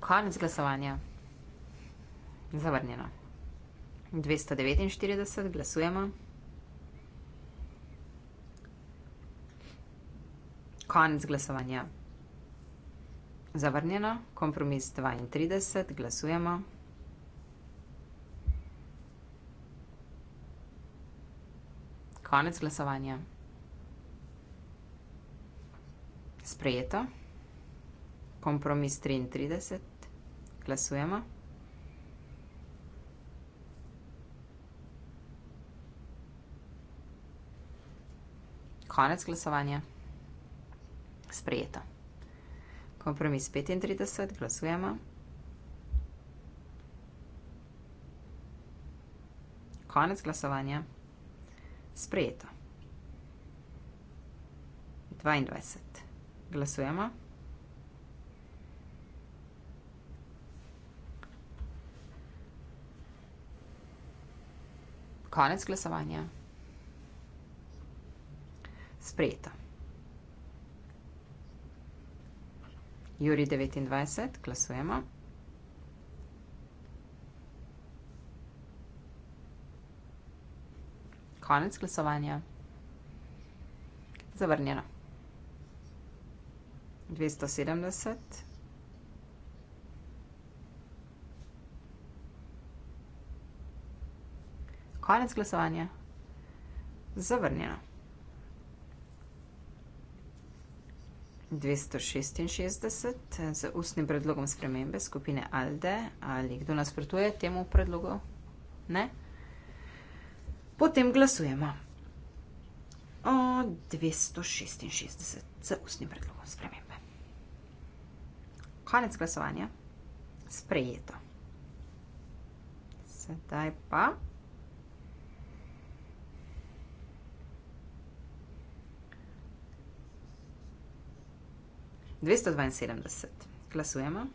Konec glasovanja. Zavrnjeno. 249 glasujemo. Konec glasovanja. Zavrnjeno, kompromis 32, glasujemo. Konec glasovanja. Sprejeto, kompromis 33, glasujemo. Konec glasovanja sprejeto. Kompromis 35, glasujemo. Konec glasovanja. Sprejeto. 22. Glasujemo. Konec glasovanja. Sprejeto. Juri 29, glasujemo. Konec glasovanja. Zavrnjeno. 270. Konec glasovanja. Zavrnjeno. 266 z ustnim predlogom spremembe skupine ALDE. Ali kdo nasprotuje temu predlogu? Ne. Potem glasujemo o 266 z ustnim predlogom spremembe. Konec glasovanja. Sprejeto. Sedaj pa. 272. Glasujemo.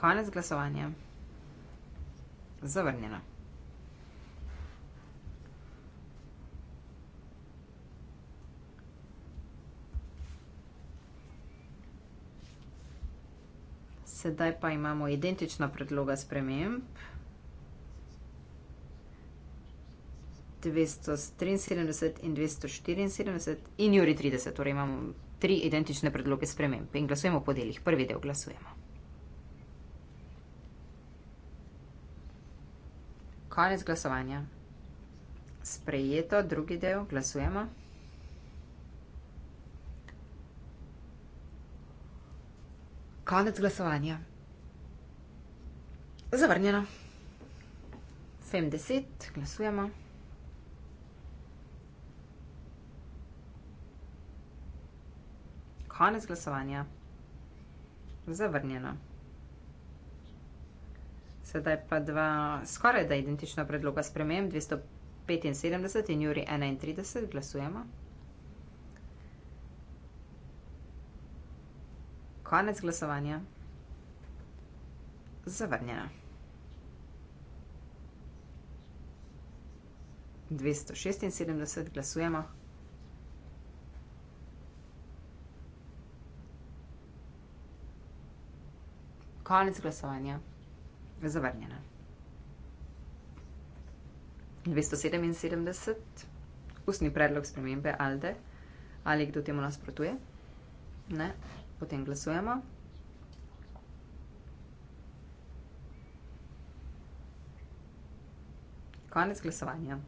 Konec glasovanja. Zavrnjeno. Sedaj pa imamo identična predloga sprememb. 273 in 274 in Juri 30. Torej imamo tri identične predloge sprememb in glasujemo po delih. Prvi del glasujemo. Konec glasovanja. Sprejeto, drugi del glasujemo. Konec glasovanja. Zavrnjeno. 50, glasujemo. Konec glasovanja. Zavrnjeno. Sedaj pa dva skoraj da identična predloga spremem, 275 in Juri 31, glasujemo. Konec glasovanja. Zavrnjeno. 276 glasujemo. Konec glasovanja. Zavrnjena. 277. Ustni predlog spremembe Alde. Ali kdo temu nasprotuje? Ne. Potem glasujemo. Konec glasovanja.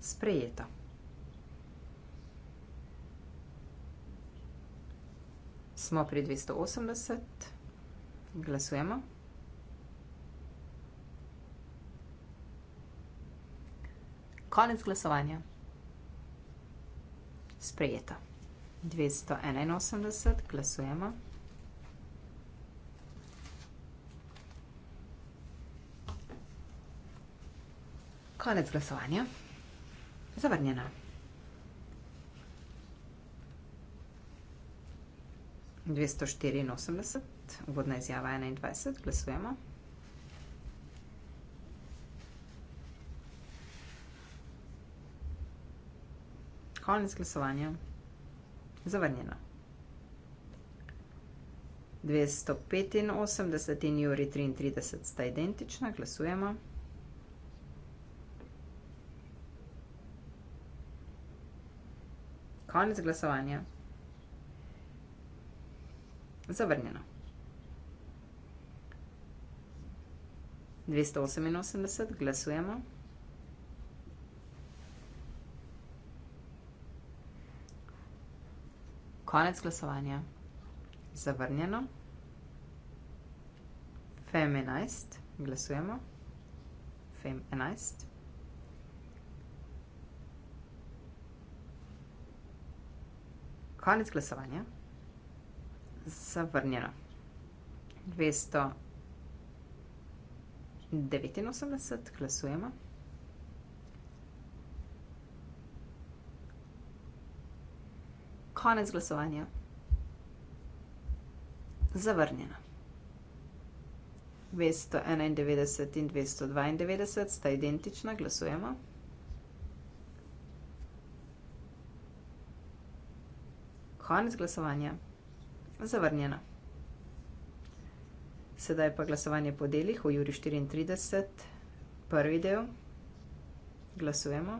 Sprejeto. smo pri 280, glasujemo. Konec glasovanja. Sprejeto. 281, glasujemo. Konec glasovanja. Zavrnjeno. 284, uvodna izjava 21, glasujemo. Konec glasovanja. Zavrnjeno. 285 in Juri 33 sta identična, glasujemo. Konec glasovanja. Zavrnjeno. 288, glasujemo. Konec glasovanja. Zavrnjeno. Fem 11, glasujemo. Fem 11. Konec glasovanja zavrnjeno. 289 glasujemo. Konec glasovanja. Zavrnjeno. 291 in 292 sta identična, glasujemo. Konec glasovanja zavrnjena. Sedaj pa glasovanje po delih v juri 34, prvi del. Glasujemo.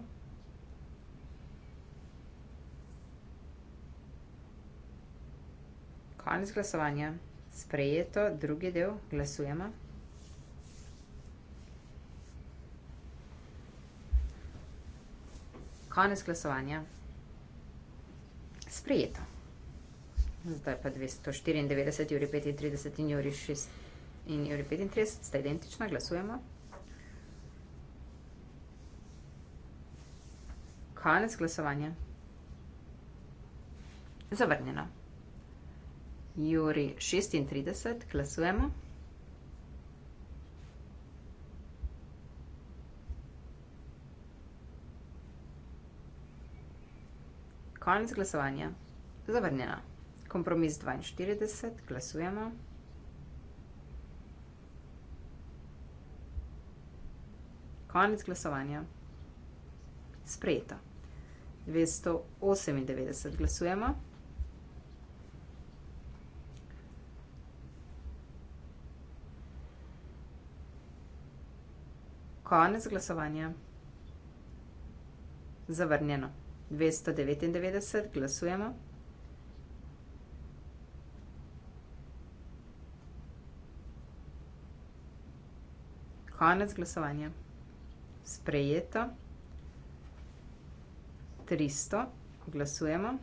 Konec glasovanja. Sprejeto, drugi del. Glasujemo. Konec glasovanja. Sprejeto zdaj pa 294, Juri 35 in Juri 6 in Juri 35 sta identična, glasujemo. Konec glasovanja. Zavrnjeno. Juri 36, glasujemo. Konec glasovanja. Zavrnjeno. Kompromis 42, glasujemo. Konec glasovanja. Sprejeto. 298 glasujemo. Konec glasovanja. Zavrnjeno. 299 glasujemo. konec glasovanja. Sprejeto. 300. Glasujemo.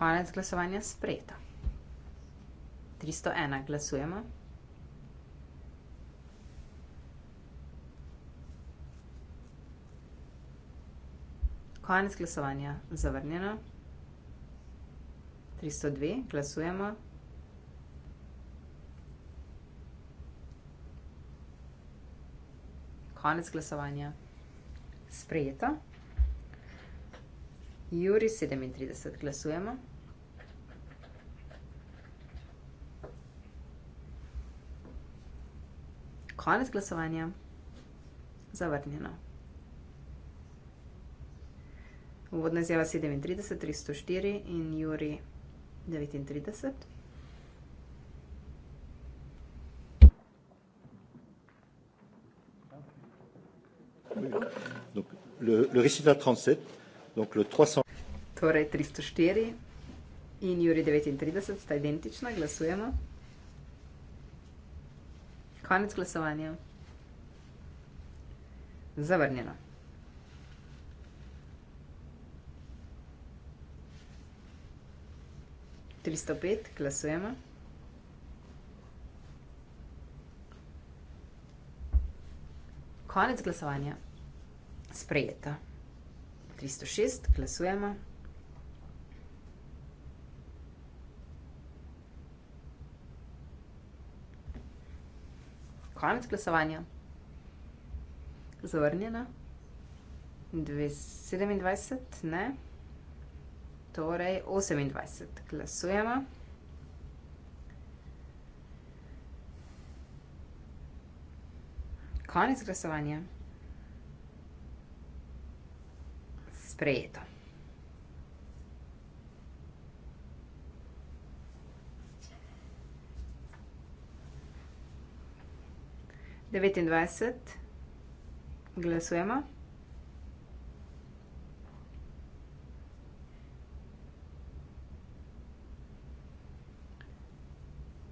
Konec glasovanja sprejeta. 301. Glasujemo. Konec glasovanja. Zavrnjeno. 302. Glasujemo. Konec glasovanja. Sprejeto. Juri 37. Glasujemo. Konec glasovanja. Zavrnjeno. Vodna izjava 37, 304 in Juri 39. Le, le récital 37, donc le 300. Torej 304 in Juri 39 sta identična, glasujemo. Konec glasovanja. Zavrnjeno. 305, glasujemo. Konec glasovanja. Sprejeta. 306, glasujemo. Konec glasovanja. Zavrnjena. 227, ne torej 28. Glasujemo. Konec glasovanja. Sprejeto. Devetindvajset, glasujemo.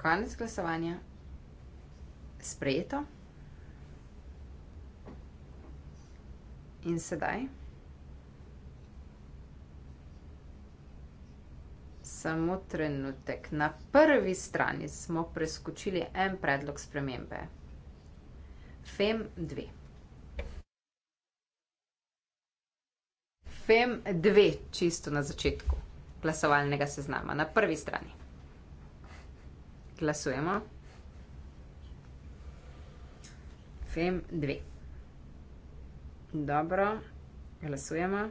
Konec glasovanja. Sprejeto. In sedaj samo trenutek. Na prvi strani smo preskočili en predlog spremembe. FEM 2. FEM 2, čisto na začetku glasovalnega seznama, na prvi strani glasujemo. Fem dve. Dobro, glasujemo.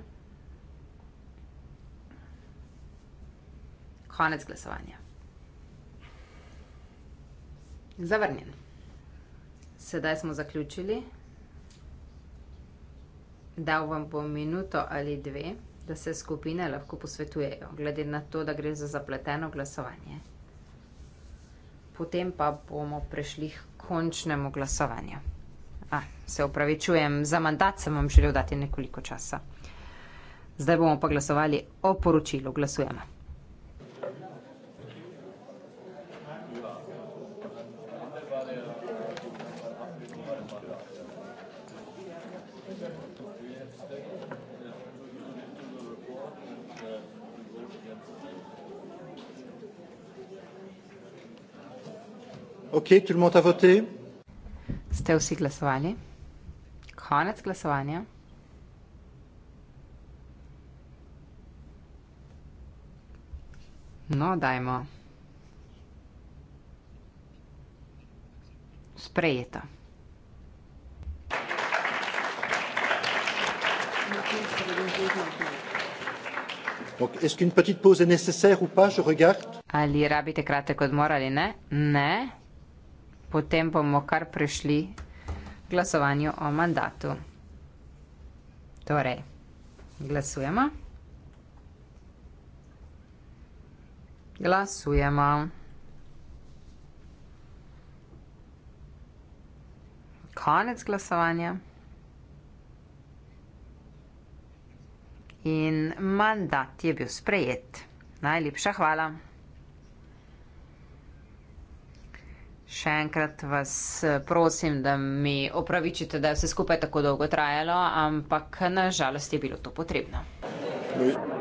Konec glasovanja. Zavrnjen. Sedaj smo zaključili. Dal vam bo minuto ali dve, da se skupine lahko posvetujejo, glede na to, da gre za zapleteno glasovanje potem pa bomo prešli k končnemu glasovanju. A, se upravičujem, za mandat sem vam želel dati nekoliko časa. Zdaj bomo pa glasovali o poročilu. Glasujemo. Okay, tout le monde a voté? Ste vsi glasovali? Konec glasovanja. No, dajmo. Sprejeto. Donc, est-ce qu'une petite pause est nécessaire ou pas? Je regarde. Ali, rabite kratek odmor ali ne? Ne potem bomo kar prešli k glasovanju o mandatu. Torej, glasujemo. Glasujemo. Konec glasovanja. In mandat je bil sprejet. Najlepša hvala. Še enkrat vas eh, prosim, da mi opravičite, da je vse skupaj tako dolgo trajalo, ampak nažalost je bilo to potrebno. Ne.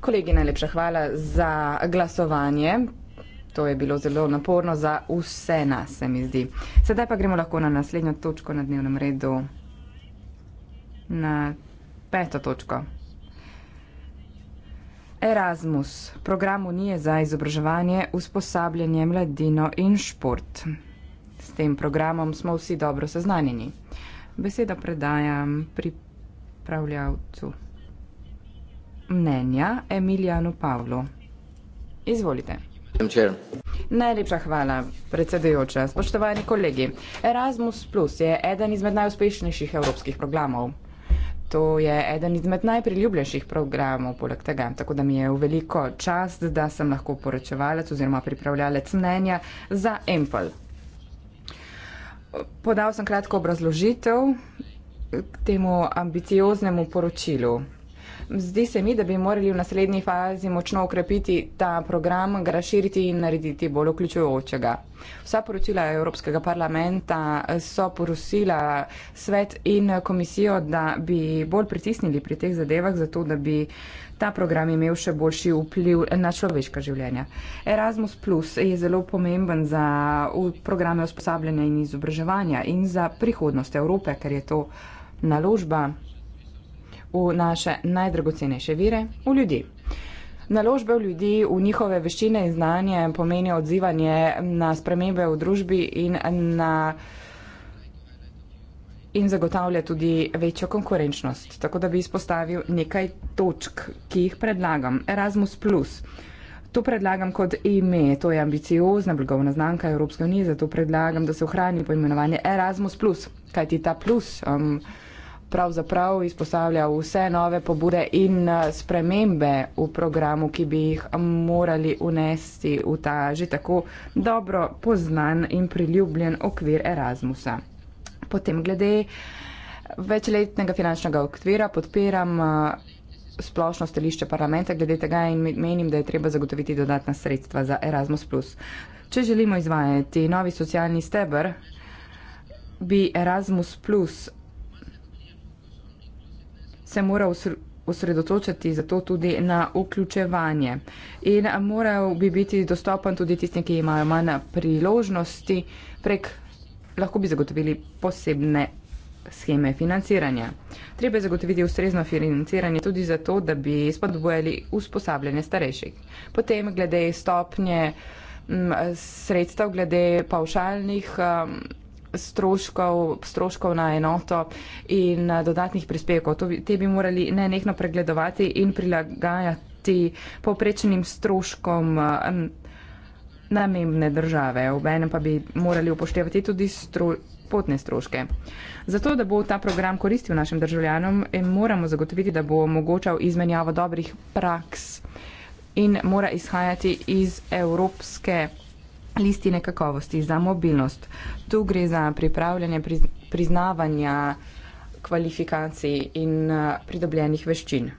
Kolegi, najlepša hvala za glasovanje. To je bilo zelo naporno za vse nas, se mi zdi. Sedaj pa gremo lahko na naslednjo točko na dnevnem redu, na peto točko. Erasmus, program Unije za izobraževanje, usposabljanje mladino in šport. S tem programom smo vsi dobro seznanjeni. Beseda predajam pri upravljavcu. Mnenja Emiljanu Pavlu. Izvolite. Najlepša hvala, predsedujoča. Spoštovani kolegi, Erasmus Plus je eden izmed najuspešnejših evropskih programov. To je eden izmed najpriljubljenših programov poleg tega, tako da mi je v veliko čast, da sem lahko poročevalec oziroma pripravljalec mnenja za Empel. Podal sem kratko obrazložitev temu ambicioznemu poročilu. Zdi se mi, da bi morali v naslednji fazi močno okrepiti ta program, ga razširiti in narediti bolj vključujočega. Vsa poročila Evropskega parlamenta so porusila svet in komisijo, da bi bolj pritisnili pri teh zadevah, zato da bi ta program imel še boljši vpliv na človeška življenja. Erasmus Plus je zelo pomemben za programe usposabljanja in izobraževanja in za prihodnost Evrope, ker je to naložba v naše najdragocenejše vire, v ljudi. Naložbe v ljudi, v njihove veščine in znanje pomenijo odzivanje na spremembe v družbi in, na, in zagotavlja tudi večjo konkurenčnost. Tako da bi izpostavil nekaj točk, ki jih predlagam. Erasmus plus. To predlagam kot ime, to je ambiciozna blagovna znamka Evropske unije, zato predlagam, da se ohrani poimenovanje Erasmus plus, kajti ta plus. Um, pravzaprav izpostavlja vse nove pobude in eh, spremembe v programu, ki bi jih morali unesti v ta že tako dobro poznan in priljubljen okvir Erasmusa. Potem glede večletnega finančnega okvira podpiram eh, splošno stališče parlamenta glede tega in menim, da je treba zagotoviti dodatna sredstva za Erasmus. Če želimo izvajati novi socialni stebr, bi Erasmus se mora osredotočati zato tudi na vključevanje. In moral bi biti dostopen tudi tistim, ki imajo manj priložnosti prek, lahko bi zagotovili posebne scheme financiranja. Treba je zagotoviti ustrezno financiranje tudi zato, da bi spodbujali usposabljanje starejših. Potem glede stopnje m, sredstev, glede pavšalnih m, stroškov, stroškov na enoto in eh, dodatnih prispevkov. To, te bi morali ne nekno pregledovati in prilagajati povprečnim stroškom eh, namembne države. V enem pa bi morali upoštevati tudi stro, potne stroške. Zato, da bo ta program koristil našim državljanom, moramo zagotoviti, da bo omogočal izmenjavo dobrih praks in mora izhajati iz evropske listine kakovosti, za mobilnost. Tu gre za pripravljanje priznavanja kvalifikacij in eh, pridobljenih veščin.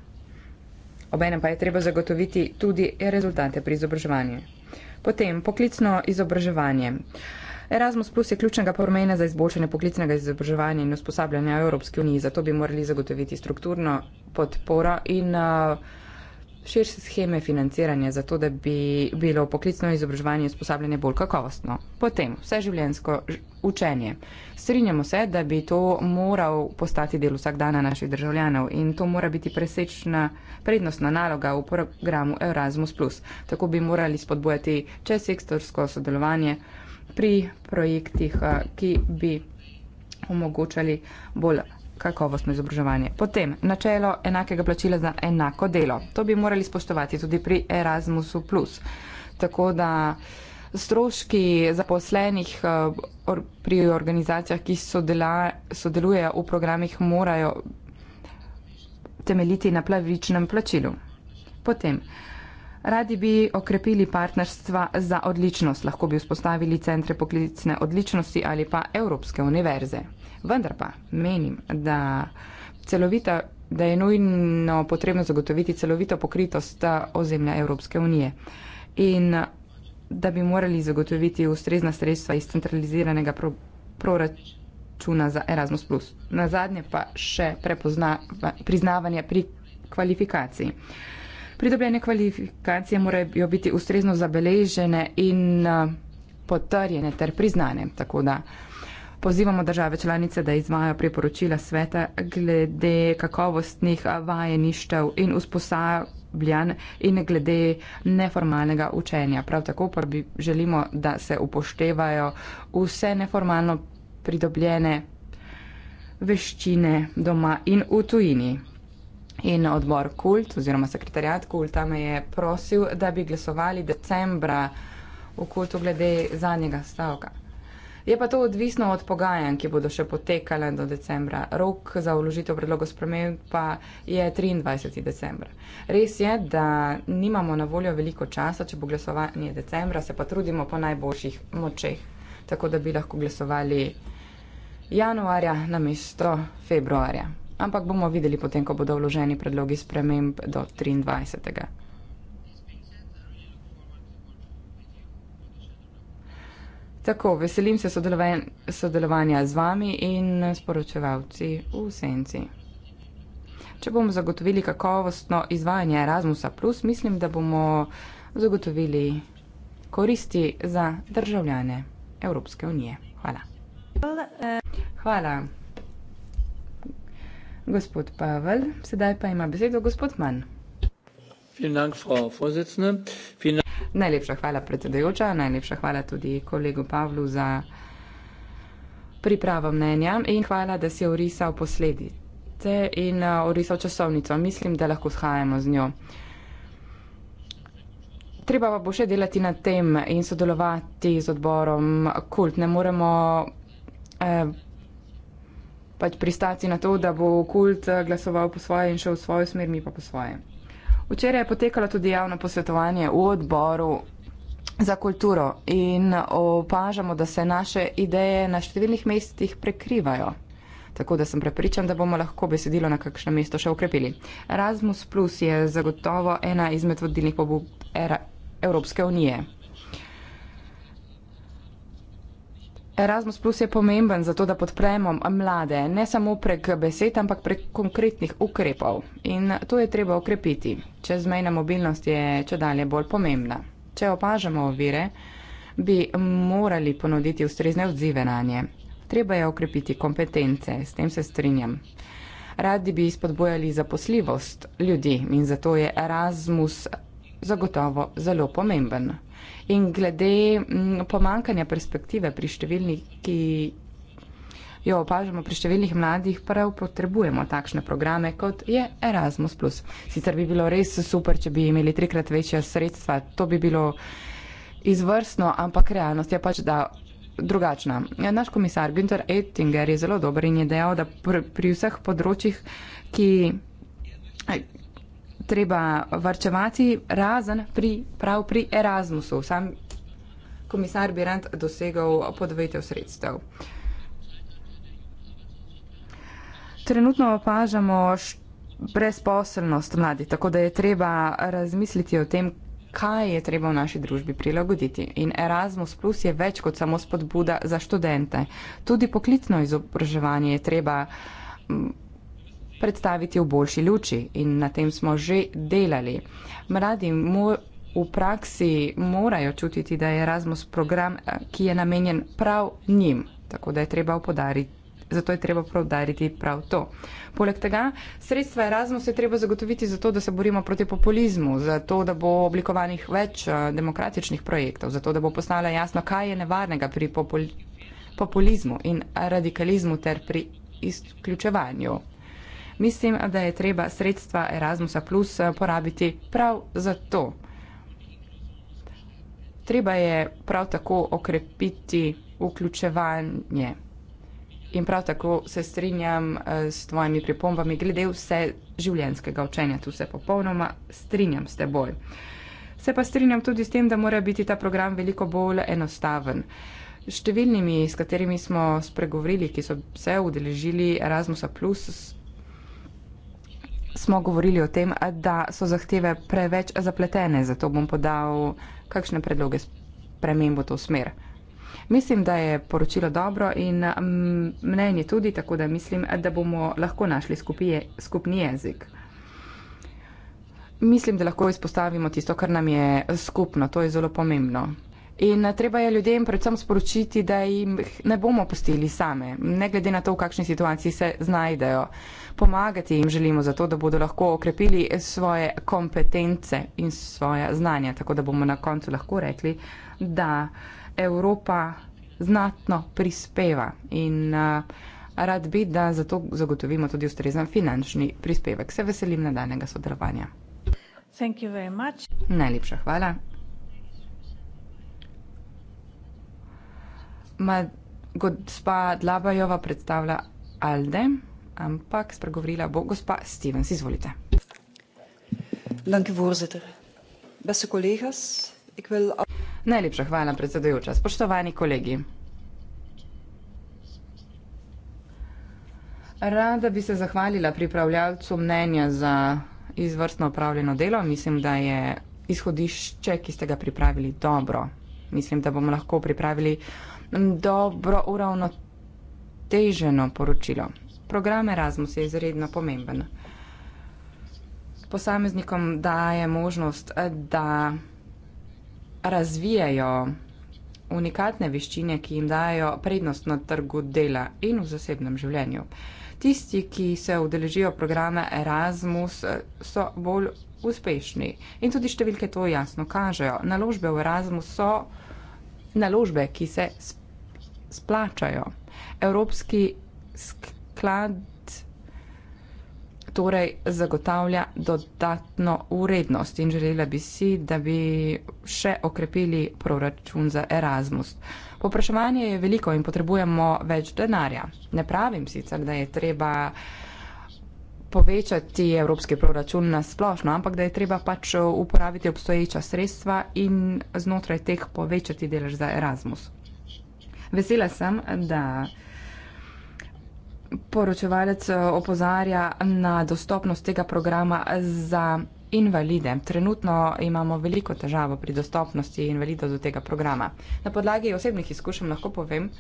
Obenem pa je treba zagotoviti tudi rezultate pri izobraževanju. Potem poklicno izobraževanje. Erasmus Plus je ključnega pomena za izboljšanje poklicnega izobraževanja in usposabljanja Evropske unije, zato bi morali zagotoviti strukturno podporo in uh, širše scheme financiranja, zato da bi bilo poklicno izobraževanje usposabljanje bolj kakovostno. Potem vseživljenjsko učenje. Strinjamo se, da bi to moral postati del vsakdana naših državljanov in to mora biti presečna prednostna naloga v programu Erasmus. Tako bi morali spodbojati čezsektorsko sodelovanje pri projektih, ki bi omogočali bolj kakovostno izobraževanje. Potem, načelo enakega plačila za enako delo. To bi morali spoštovati tudi pri Erasmusu. Tako da stroški zaposlenih eh, or, pri organizacijah, ki sodela, sodelujejo v programih, morajo temeljiti na plavičnem plačilu. Potem, radi bi okrepili partnerstva za odličnost, lahko bi vzpostavili centre poklicne odličnosti ali pa Evropske univerze. Vendar pa menim, da celovita da je nujno potrebno zagotoviti celovito pokritost eh, ozemlja Evropske unije in eh, da bi morali zagotoviti ustrezna sredstva iz centraliziranega pro proračuna za Erasmus. Na zadnje pa še priznavanje pri kvalifikaciji. Pridobljene kvalifikacije morajo biti ustrezno zabeležene in eh, potrjene ter priznane. Tako da Pozivamo države članice, da izvajo priporočila sveta glede kakovostnih vajeništev in usposabljanj in glede neformalnega učenja. Prav tako pa bi želimo, da se upoštevajo vse neformalno pridobljene veščine doma in v tujini. In odbor kult oziroma sekretarjat kulta me je prosil, da bi glasovali decembra v kultu glede zadnjega stavka. Je pa to odvisno od pogajanj, ki bodo še potekale do decembra. Rok za vložitev predlogov sprememb pa je 23. decembra. Res je, da nimamo na voljo veliko časa, če bo glasovanje decembra, se pa trudimo po najboljših močeh, tako da bi lahko glasovali januarja namesto februarja. Ampak bomo videli potem, ko bodo vloženi predlogi sprememb do 23. Tako, veselim se sodelovanja z vami in sporočevalci v senci. Če bomo zagotovili kakovostno izvajanje Erasmusa, mislim, da bomo zagotovili koristi za državljane Evropske unije. Hvala. Hvala. Gospod Pavel, sedaj pa ima besedo gospod Mann. Najlepša hvala, predsedujoča, najlepša hvala tudi kolegu Pavlu za pripravo mnenja in hvala, da si orisal posledice in uh, orisal časovnico. Mislim, da lahko shajamo z njo. Treba pa bo še delati na tem in sodelovati z odborom KULT. Ne moremo eh, pač pristati na to, da bo KULT eh, glasoval po svoje in šel v svojo smer, mi pa po svoje. Včeraj je potekalo tudi javno posvetovanje v odboru za kulturo in opažamo, da se naše ideje na številnih mestih prekrivajo. Tako da sem prepričan, da bomo lahko besedilo na kakšno mesto še ukrepili. Erasmus Plus je zagotovo ena izmed vodilnih pobud Evropske unije. Erasmus Plus je pomemben zato, da podpremo mlade, ne samo prek besed, ampak prek konkretnih ukrepov. In to je treba ukrepiti. Čezmejna mobilnost je če dalje bolj pomembna. Če opažamo ovire, bi morali ponuditi ustrezne odzive na nje. Treba je ukrepiti kompetence, s tem se strinjam. Radi bi spodbojali zaposljivost ljudi in zato je Erasmus zagotovo zelo pomemben in glede mm, pomankanja perspektive pri številnih, ki jo opažamo pri številnih mladih, prav potrebujemo takšne programe, kot je Erasmus. Sicer bi bilo res super, če bi imeli trikrat večja sredstva, to bi bilo izvrstno, ampak realnost je pač da. Drugačna. Naš komisar Günter Ettinger je zelo dober in je dejal, da pri vseh področjih, ki, treba varčevati, razen pri, prav pri Erasmusu. Sam komisar bi rad dosegal podvojitev sredstev. Trenutno opažamo brezposelnost mladih, tako da je treba razmisliti o tem, kaj je treba v naši družbi prilagoditi. In Erasmus Plus je več kot samo spodbuda za študente. Tudi poklicno izobraževanje je treba predstaviti v boljši luči in na tem smo že delali. Mladi v praksi morajo čutiti, da je Erasmus program, eh, ki je namenjen prav njim, tako da je treba upodariti. Zato je treba pravdariti prav to. Poleg tega, sredstva Erasmus je treba zagotoviti za to, da se borimo proti populizmu, za to, da bo oblikovanih več eh, demokratičnih projektov, za to, da bo postala jasno, kaj je nevarnega pri populizmu in radikalizmu ter pri izključevanju mislim, da je treba sredstva Erasmusa Plus eh, porabiti prav za to. Treba je prav tako okrepiti vključevanje. In prav tako se strinjam eh, s tvojimi pripombami glede vseživljenjskega učenja. Tu se popolnoma strinjam s teboj. Se pa strinjam tudi s tem, da mora biti ta program veliko bolj enostaven. Številnimi, s katerimi smo spregovorili, ki so se udeležili Erasmusa Plus, smo govorili o tem, da so zahteve preveč zapletene, zato bom podal kakšne predloge spremembo to smer. Mislim, da je poročilo dobro in mm, mnenje tudi, tako da mislim, da bomo lahko našli skupije, skupni jezik. Mislim, da lahko izpostavimo tisto, kar nam je skupno, to je zelo pomembno. In eh, treba je ljudem predvsem sporočiti, da jim ne bomo pustili same, ne glede na to, v kakšni situaciji se znajdejo. Pomagati jim želimo zato, da bodo lahko okrepili svoje kompetence in svoje znanja, tako da bomo na koncu lahko rekli, da Evropa znatno prispeva in uh, rad bi, da zato zagotovimo tudi ustrezen finančni prispevek. Se veselim nadaljnega sodelovanja. Najlepša hvala. Ma, gospa Dlabajova predstavlja Alde, ampak spregovorila bo gospa Stevens. Izvolite. Najlepša hvala, predsedujoča. Spoštovani kolegi. Rada bi se zahvalila pripravljalcu mnenja za izvrstno opravljeno delo. Mislim, da je izhodišče, ki ste ga pripravili, dobro. Mislim, da bomo lahko pripravili dobro uravnoteženo poročilo. Program Erasmus je izredno pomemben. Posameznikom daje možnost, da razvijajo unikatne veščine, ki jim dajo prednost na trgu dela in v zasebnem življenju. Tisti, ki se udeležijo programa Erasmus, so bolj uspešni in tudi številke to jasno kažejo. Naložbe v Erasmus so naložbe, ki se spremljajo splačajo. Evropski sklad torej zagotavlja dodatno urednost in želela bi si, da bi še okrepili proračun za Erasmus. Popraševanje je veliko in potrebujemo več denarja. Ne pravim sicer, da je treba povečati evropski proračun na splošno, ampak da je treba pač uporabiti obstoječa sredstva in znotraj teh povečati delež za Erasmus. Vesela sem, da poročevalec opozarja na dostopnost tega programa za invalide. Trenutno imamo veliko težavo pri dostopnosti invalidov do tega programa. Na podlagi osebnih izkušenj lahko povem,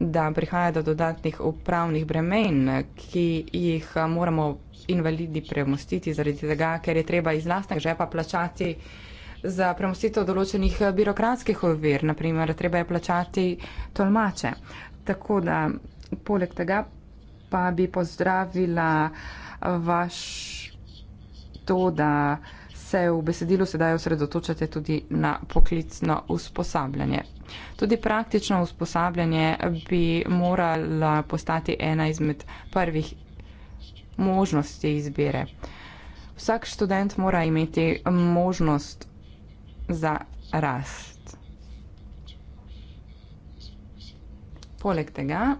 da prihaja do dodatnih upravnih bremen, ki jih moramo invalidi premostiti zaradi tega, ker je treba iz lastnega žepa plačati za premostitev določenih eh, birokratskih ovir, naprimer treba je plačati tolmače. Tako da poleg tega pa bi pozdravila eh, vaš to, da se v besedilu sedaj osredotočate tudi na poklicno usposabljanje. Tudi praktično usposabljanje bi morala postati ena izmed prvih možnosti izbire. Vsak študent mora imeti možnost za rast. Poleg tega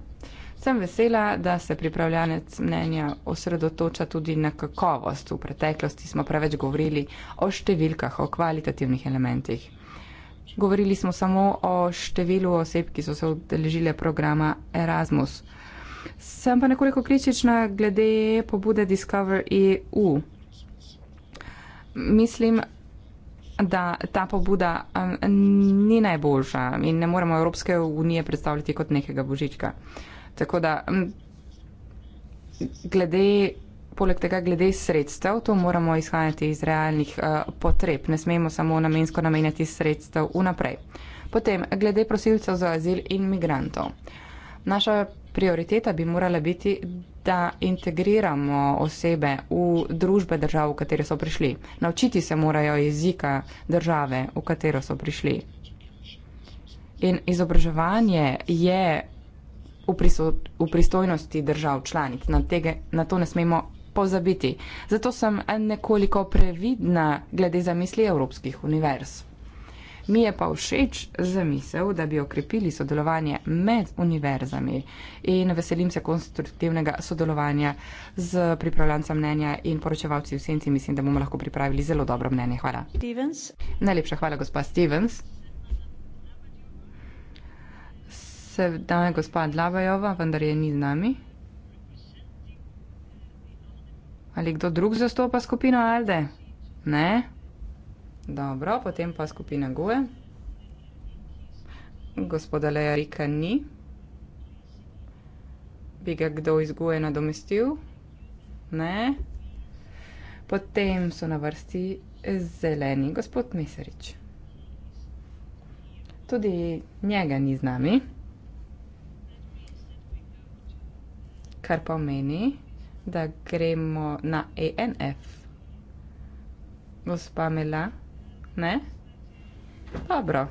sem vesela, da se pripravljanec mnenja osredotoča tudi na kakovost. V preteklosti smo preveč govorili o številkah, o kvalitativnih elementih. Govorili smo samo o številu oseb, ki so se odeležile programa Erasmus. Sem pa nekoliko kritična glede pobude Discover EU. Mislim, da ta pobuda um, ni najboljša in ne moremo Evropske unije predstavljati kot nekega božička. Tako da, um, glede, poleg tega, glede sredstev, to moramo izhajati iz realnih uh, potreb. Ne smemo samo namensko namenjati sredstev unaprej. Potem, glede prosilcev za azil in migrantov. Naša prioriteta bi morala biti, da integriramo osebe v družbe držav, v katere so prišli. Naučiti se morajo jezika države, v katero so prišli. In izobraževanje je v, v pristojnosti držav članic. Na, tege, na to ne smemo pozabiti. Zato sem nekoliko previdna glede zamisli evropskih univerz. Mi je pa všeč zamisel, da bi okrepili sodelovanje med univerzami in veselim se konstruktivnega sodelovanja z pripravljalcem mnenja in poročevalci v senci. Mislim, da bomo lahko pripravili zelo dobro mnenje. Hvala. Stevens. Najlepša hvala, gospa Stevens. Sedaj gospa Dlabajova, vendar je ni z nami. Ali kdo drug zastopa skupino Alde? Ne. Dobro, potem pa skupina Gue. Gospoda Lejarika ni. Bi ga kdo iz Gue nadomestil? Ne. Potem so na vrsti zeleni gospod Mesarič. Tudi njega ni z nami. Kar pomeni, da gremo na ENF. Gospa Mela. Ne? Dobro.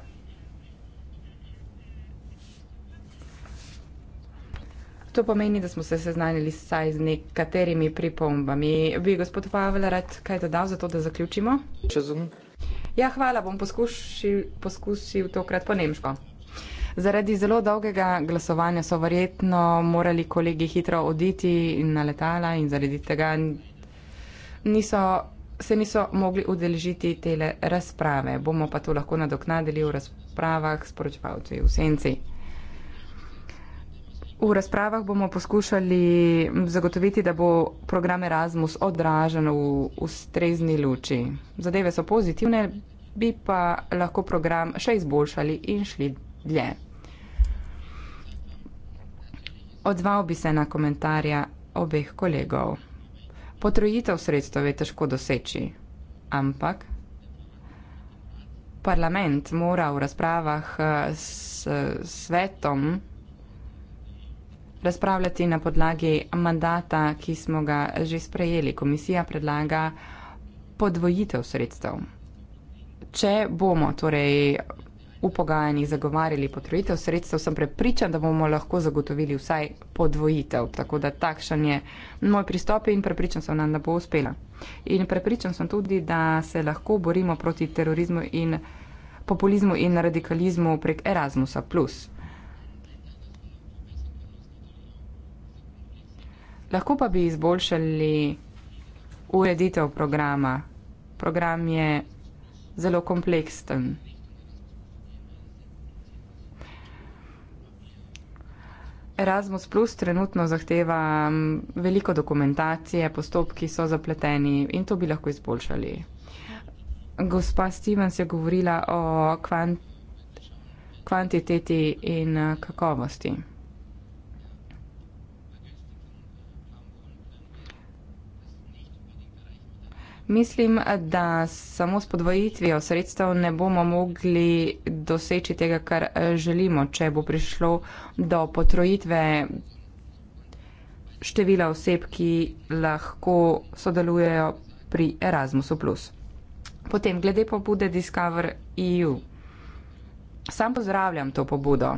To pomeni, da smo se seznanili vsaj z nekaterimi pripombami. Bi gospod Pavel rad kaj dodal, zato da zaključimo? Čezum. Ja, hvala, bom poskušil, poskusil tokrat po nemško. Zaradi zelo dolgega glasovanja so verjetno morali kolegi hitro oditi na letala in zaradi tega niso se niso mogli udeležiti tele razprave. Bomo pa to lahko nadoknadili v razpravah s poročevalci v senci. V razpravah bomo poskušali zagotoviti, da bo program Erasmus odražen v ustrezni luči. Zadeve so pozitivne, bi pa lahko program še izboljšali in šli dlje. Odzval bi se na komentarja obeh kolegov. Potrojitev sredstev je težko doseči, ampak parlament mora v razpravah eh, s svetom razpravljati na podlagi mandata, ki smo ga že sprejeli. Komisija predlaga podvojitev sredstev. Če bomo torej v pogajanjih zagovarjali potrojitev sredstev, sem prepričan, da bomo lahko zagotovili vsaj podvojitev. Tako da takšen je moj pristop in prepričan sem, da nam bo uspela. In prepričan sem tudi, da se lahko borimo proti terorizmu in populizmu in radikalizmu prek Erasmusa. Lahko pa bi izboljšali ureditev programa. Program je zelo kompleksen. Erasmus Plus trenutno zahteva mm, veliko dokumentacije, postopki so zapleteni in to bi lahko izboljšali. Gospa Stevens je govorila o kvant kvantiteti in eh, kakovosti. Mislim, da samo s podvojitvijo sredstev ne bomo mogli doseči tega, kar eh, želimo, če bo prišlo do potrojitve števila oseb, ki lahko sodelujejo pri Erasmusu. Potem, glede pobude Discover EU. Sam pozdravljam to pobudo.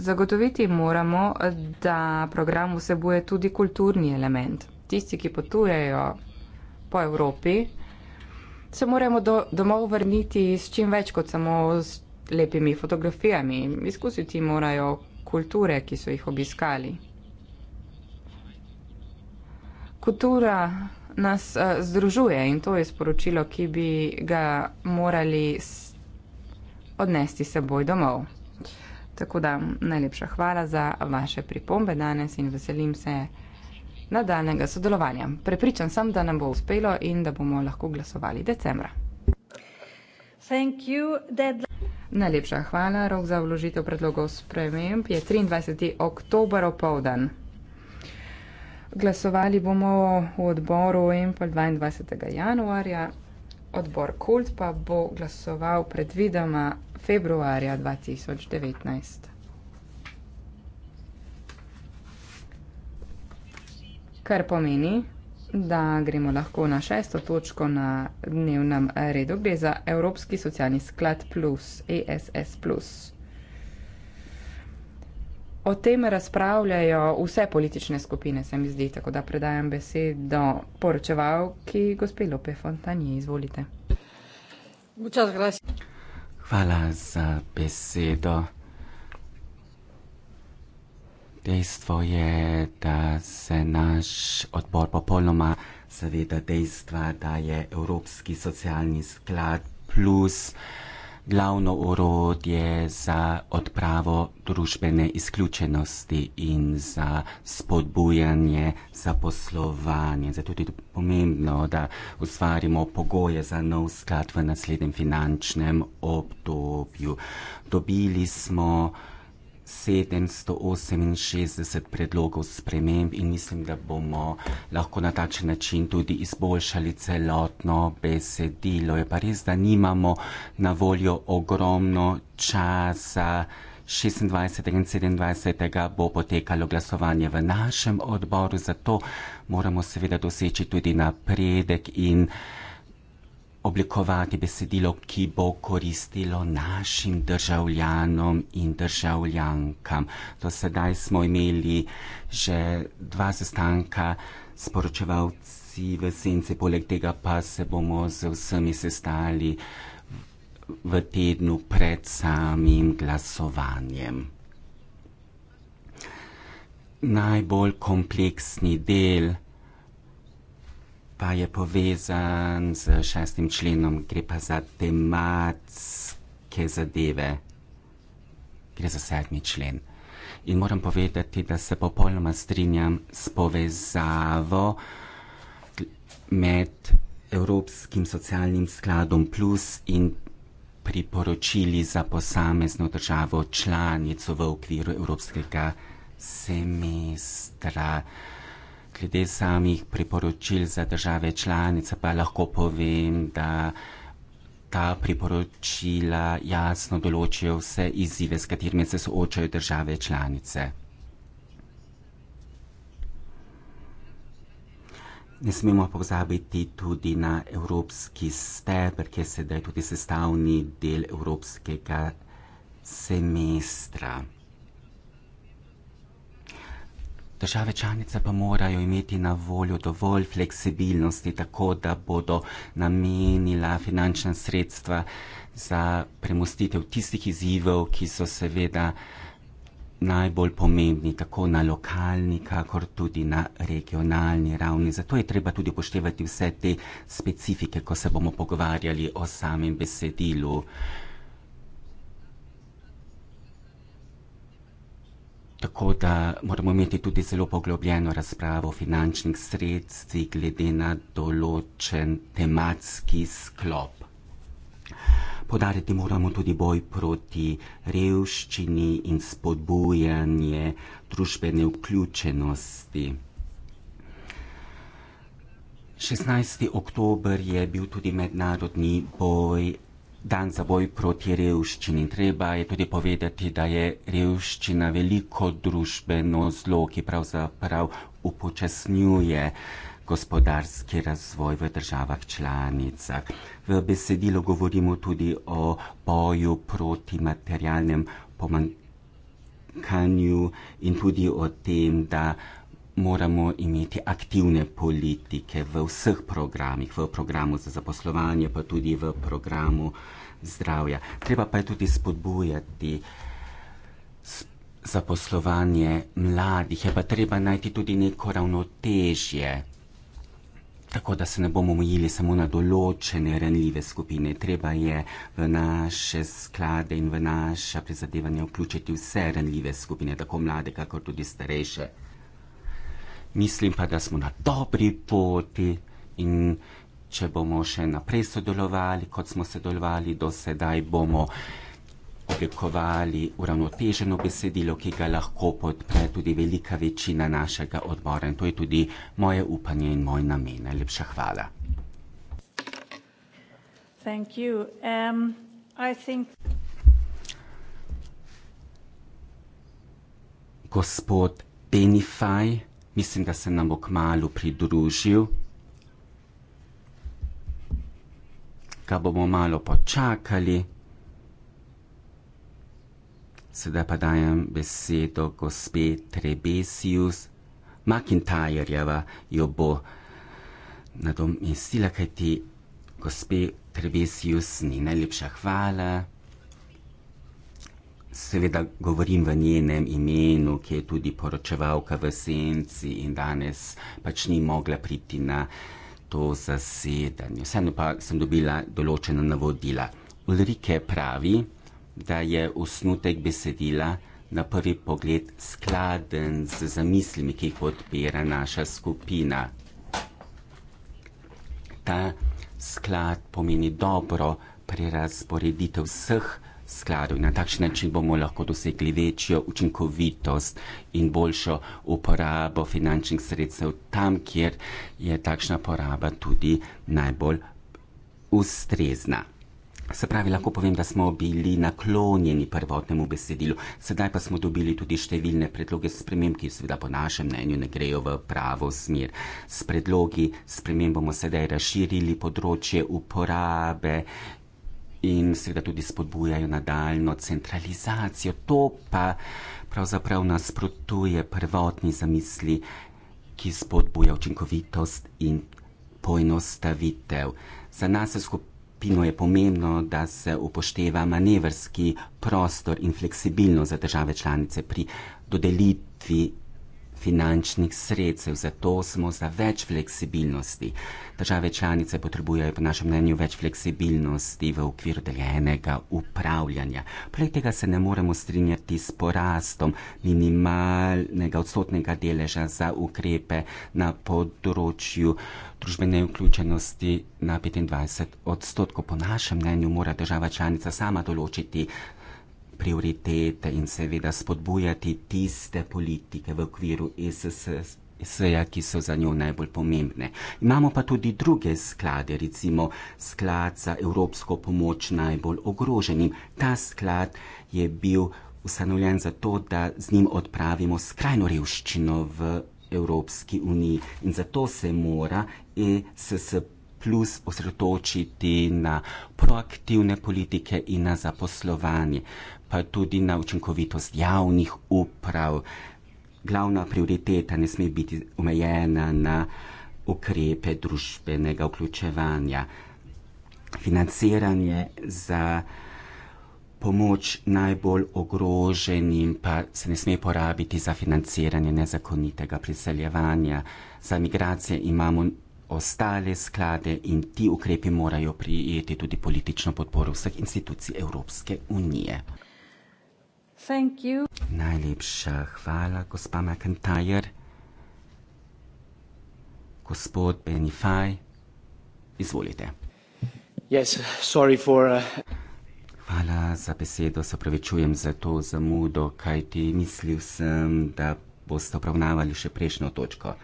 zagotoviti moramo, da program vsebuje tudi kulturni element. Tisti, ki potujejo po Evropi, se moramo do, domov vrniti s čim več kot samo s lepimi fotografijami. Izkusiti morajo kulture, ki so jih obiskali. Kultura nas eh, združuje in to je sporočilo, ki bi ga morali odnesti seboj domov. Tako da najlepša hvala za vaše pripombe danes in veselim se nadaljnega sodelovanja. Prepričan sem, da nam bo uspelo in da bomo lahko glasovali decembra. Najlepša hvala, rok za vložitev predlogov sprememb je 23. oktober opovdan. Glasovali bomo v odboru Empel 22. januarja odbor Kult pa bo glasoval predvidoma februarja 2019. Kar pomeni, da gremo lahko na šesto točko na dnevnem redu, gre za Evropski socialni sklad plus ESS. O tem razpravljajo vse politične skupine, se mi zdi, tako da predajam besedo poročevalki gospe Lope Fontanje. Izvolite. Hvala za besedo. Dejstvo je, da se naš odbor popolnoma zaveda dejstva, da je Evropski socialni sklad plus glavno urodje za odpravo družbene izključenosti in za spodbujanje zaposlovanja. Zato je tudi pomembno, da ustvarimo pogoje za nov sklad v naslednjem finančnem obdobju. Dobili smo 768 predlogov sprememb in mislim, da bomo lahko na takšen način tudi izboljšali celotno besedilo. Je pa res, da nimamo na voljo ogromno časa. 26. in 27. bo potekalo glasovanje v našem odboru, zato moramo seveda doseči tudi napredek in napredek oblikovati besedilo, ki bo koristilo našim državljanom in državljankam. Do sedaj smo imeli že dva sestanka s poročevalci v senci, poleg tega pa se bomo z vsemi sestali v tednu pred samim glasovanjem. Najbolj kompleksni del pa je povezan z šestim členom, gre pa za tematske zadeve, gre za sedmi člen. In moram povedati, da se popolnoma strinjam s povezavo med Evropskim socialnim skladom plus in priporočili za posamezno državo članico v okviru Evropskega semestra glede samih priporočil za države članice, pa lahko povem, da ta priporočila jasno določijo vse izzive, s katerimi se soočajo države članice. Ne smemo pozabiti tudi na evropski stebr, ki je sedaj tudi sestavni del evropskega semestra. Države članice pa morajo imeti na voljo dovolj fleksibilnosti, tako da bodo namenila finančna sredstva za premustitev tistih izzivov, ki so seveda najbolj pomembni, tako na lokalni, kakor tudi na regionalni ravni. Zato je treba tudi upoštevati vse te specifike, ko se bomo pogovarjali o samem besedilu. Tako da moramo imeti tudi zelo poglobljeno razpravo o finančnih sredstvih, glede na določen tematski sklop. Podariti moramo tudi boj proti revščini in spodbujanje družbene vključenosti. 16. oktober je bil tudi mednarodni boj Dan za boj proti revščini. Treba je tudi povedati, da je revščina veliko družbeno zlo, ki pravzaprav upočasnjuje gospodarski razvoj v državah članicah. V besedilu govorimo tudi o boju proti materialnem pomankanju in tudi o tem, da moramo imeti aktivne politike v vseh programih, v programu za zaposlovanje, pa tudi v programu zdravja. Treba pa je tudi spodbujati zaposlovanje mladih, je pa treba najti tudi neko ravnotežje, tako da se ne bomo omejili samo na določene ranljive skupine. Treba je v naše sklade in v naša prizadevanja vključiti vse ranljive skupine, tako mlade, kakor tudi starejše mislim pa, da smo na dobri poti in če bomo še naprej sodelovali, kot smo sodelovali do sedaj, bomo oblikovali uravnoteženo besedilo, ki ga lahko podpre tudi velika večina našega odbora. In to je tudi moje upanje in moj namen. Najlepša hvala. Thank you. Um, I think... Gospod Benifaj mislim, da se nam bo k malu pridružil. Ga bomo malo počakali. Sedaj pa dajem besedo gospe Trebesius. McIntyrejeva jo bo nadomestila, kaj ti gospe Trebesius ni. Najlepša hvala seveda govorim v njenem imenu, ki je tudi poročevalka v senci in danes pač ni mogla priti na to zasedanje. Vseeno pa sem dobila določena navodila. Ulrike pravi, da je osnutek besedila na prvi pogled skladen z zamislimi, ki jih podpira naša skupina. Ta sklad pomeni dobro prerazporeditev vseh skladu in na takšen način bomo lahko dosegli večjo učinkovitost in boljšo uporabo finančnih sredstev tam, kjer je takšna poraba tudi najbolj ustrezna. Se pravi, lahko povem, da smo bili naklonjeni prvotnemu besedilu, sedaj pa smo dobili tudi številne predloge sprememb, ki seveda po našem mnenju ne grejo v pravo smer. S predlogi sprememb bomo sedaj razširili področje uporabe in seveda tudi spodbujajo nadaljno centralizacijo. To pa pravzaprav nasprotuje prvotni zamisli, ki spodbuja učinkovitost in poenostavitev. Za nas skupino je pomembno, da se upošteva manevrski prostor in fleksibilnost za države članice pri dodelitvi finančnih sredstev. Zato smo za več fleksibilnosti. Države članice potrebujejo, po našem mnenju, več fleksibilnosti v okviru deljenega upravljanja. Prej tega se ne moremo strinjati s porastom minimalnega odstotnega deleža za ukrepe na področju družbene vključenosti na 25 odstotkov. Po našem mnenju mora država članica sama določiti prioritete in seveda spodbujati tiste politike v okviru ESS. Seja, ki so za njo najbolj pomembne. Imamo pa tudi druge sklade, recimo sklad za evropsko pomoč najbolj ogroženim. Ta sklad je bil ustanovljen zato, da z njim odpravimo skrajno revščino v Evropski uniji in zato se mora ESS plus osredotočiti na proaktivne politike in na zaposlovanje pa tudi na učinkovitost javnih uprav. Glavna prioriteta ne sme biti omejena na ukrepe družbenega vključevanja. Financiranje za pomoč najbolj ogroženim pa se ne sme porabiti za financiranje nezakonitega priseljevanja. Za migracije imamo ostale sklade in ti ukrepi morajo prijeti tudi politično podporo vseh institucij Evropske unije. Najlepša hvala, gospa McIntyre. Gospod Benifaj, izvolite. Yes, sorry for, uh... Hvala za besedo, se opravičujem za to zamudo, kajti mislil sem, da boste obravnavali še prejšnjo točko.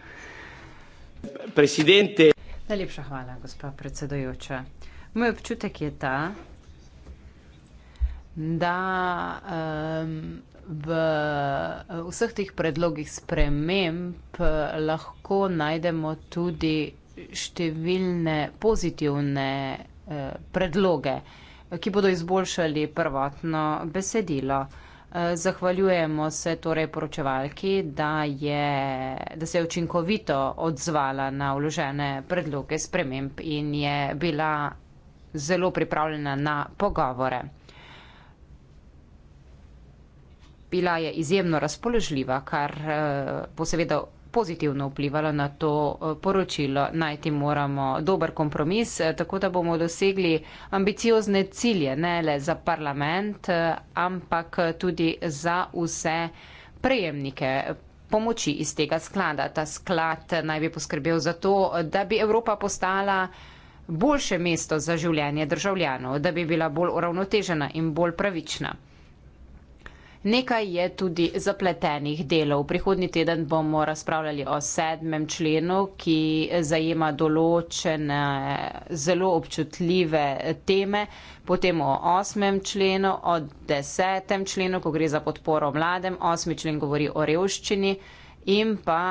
Presidente. Najlepša hvala, gospa predsedujoča. Moj občutek je ta, da um, v vseh teh predlogih sprememb lahko najdemo tudi številne pozitivne uh, predloge, ki bodo izboljšali prvotno besedilo. Uh, zahvaljujemo se torej poročevalki, da, je, da se je učinkovito odzvala na vložene predloge sprememb in je bila zelo pripravljena na pogovore. Bila je izjemno razpoložljiva, kar eh, bo seveda pozitivno vplivalo na to eh, poročilo. Najti moramo dober kompromis, eh, tako da bomo dosegli ambiciozne cilje, ne le za parlament, ampak tudi za vse prejemnike pomoči iz tega sklada. Ta sklad naj bi poskrbel za to, da bi Evropa postala boljše mesto za življenje državljanov, da bi bila bolj uravnotežena in bolj pravična. Nekaj je tudi zapletenih delov. Prihodni teden bomo razpravljali o sedmem členu, ki zajema določene zelo občutljive teme, potem o osmem členu, o desetem členu, ko gre za podporo mladem, osmi člen govori o revščini in pa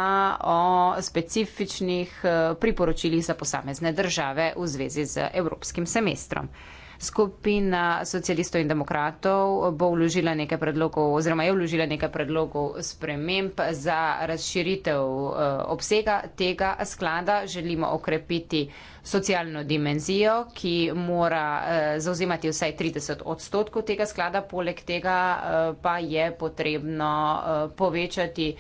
o specifičnih eh, priporočilih za posamezne države v zvezi z evropskim semestrom. Skupina socialistov in demokratov bo vložila nekaj predlogov oziroma je vložila nekaj predlogov sprememb za razširitev eh, obsega tega sklada. Želimo okrepiti socialno dimenzijo, ki mora eh, zauzemati vsaj 30 odstotkov tega sklada, poleg tega eh, pa je potrebno povečati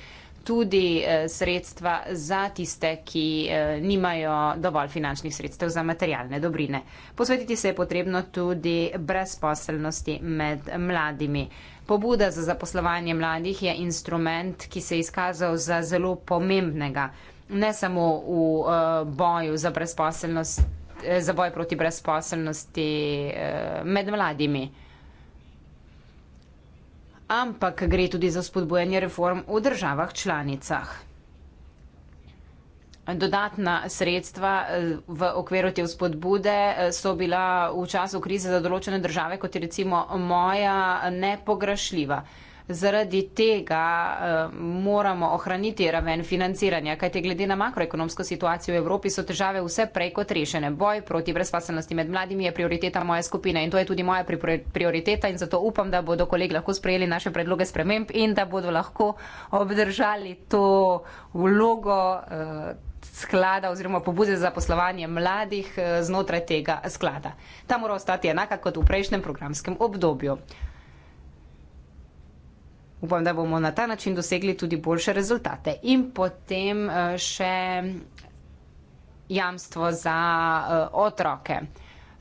tudi eh, sredstva za tiste, ki eh, nimajo dovolj finančnih sredstev za materialne dobrine. Posvetiti se je potrebno tudi brezposelnosti med mladimi. Pobuda za zaposlovanje mladih je instrument, ki se je izkazal za zelo pomembnega, ne samo v eh, boju za brezposelnost, za boj proti brezposelnosti med mladimi ampak gre tudi za spodbujanje reform v državah članicah. Dodatna sredstva eh, v okviru te vzpodbude eh, so bila v času krize za določene države, kot je recimo moja, nepograšljiva zaradi tega eh, moramo ohraniti raven financiranja, kajte glede na makroekonomsko situacijo v Evropi so težave vse prej kot rešene. Boj proti brezpaselnosti med mladimi je prioriteta moje skupine in to je tudi moja prioriteta in zato upam, da bodo kolegi lahko sprejeli naše predloge sprememb in da bodo lahko obdržali to vlogo eh, sklada oziroma pobude za poslovanje mladih eh, znotraj tega sklada. Ta mora ostati enaka kot v prejšnjem programskem obdobju upam, da bomo na ta način dosegli tudi boljše rezultate. In potem eh, še jamstvo za eh, otroke.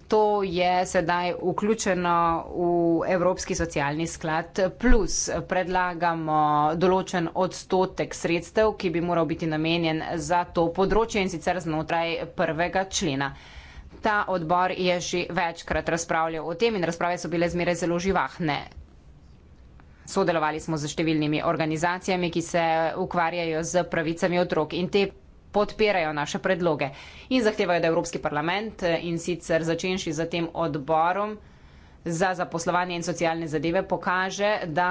To je sedaj vključeno v Evropski socialni sklad, plus predlagamo določen odstotek sredstev, ki bi moral biti namenjen za to področje in sicer znotraj prvega člena. Ta odbor je že večkrat razpravljal o tem in razprave so bile zmeraj zelo živahne. Sodelovali smo z številnimi organizacijami, ki se ukvarjajo z pravicami otrok in te podpirajo naše predloge in zahtevajo, da Evropski parlament in sicer začenši z tem odborom, za zaposlovanje in socialne zadeve pokaže, da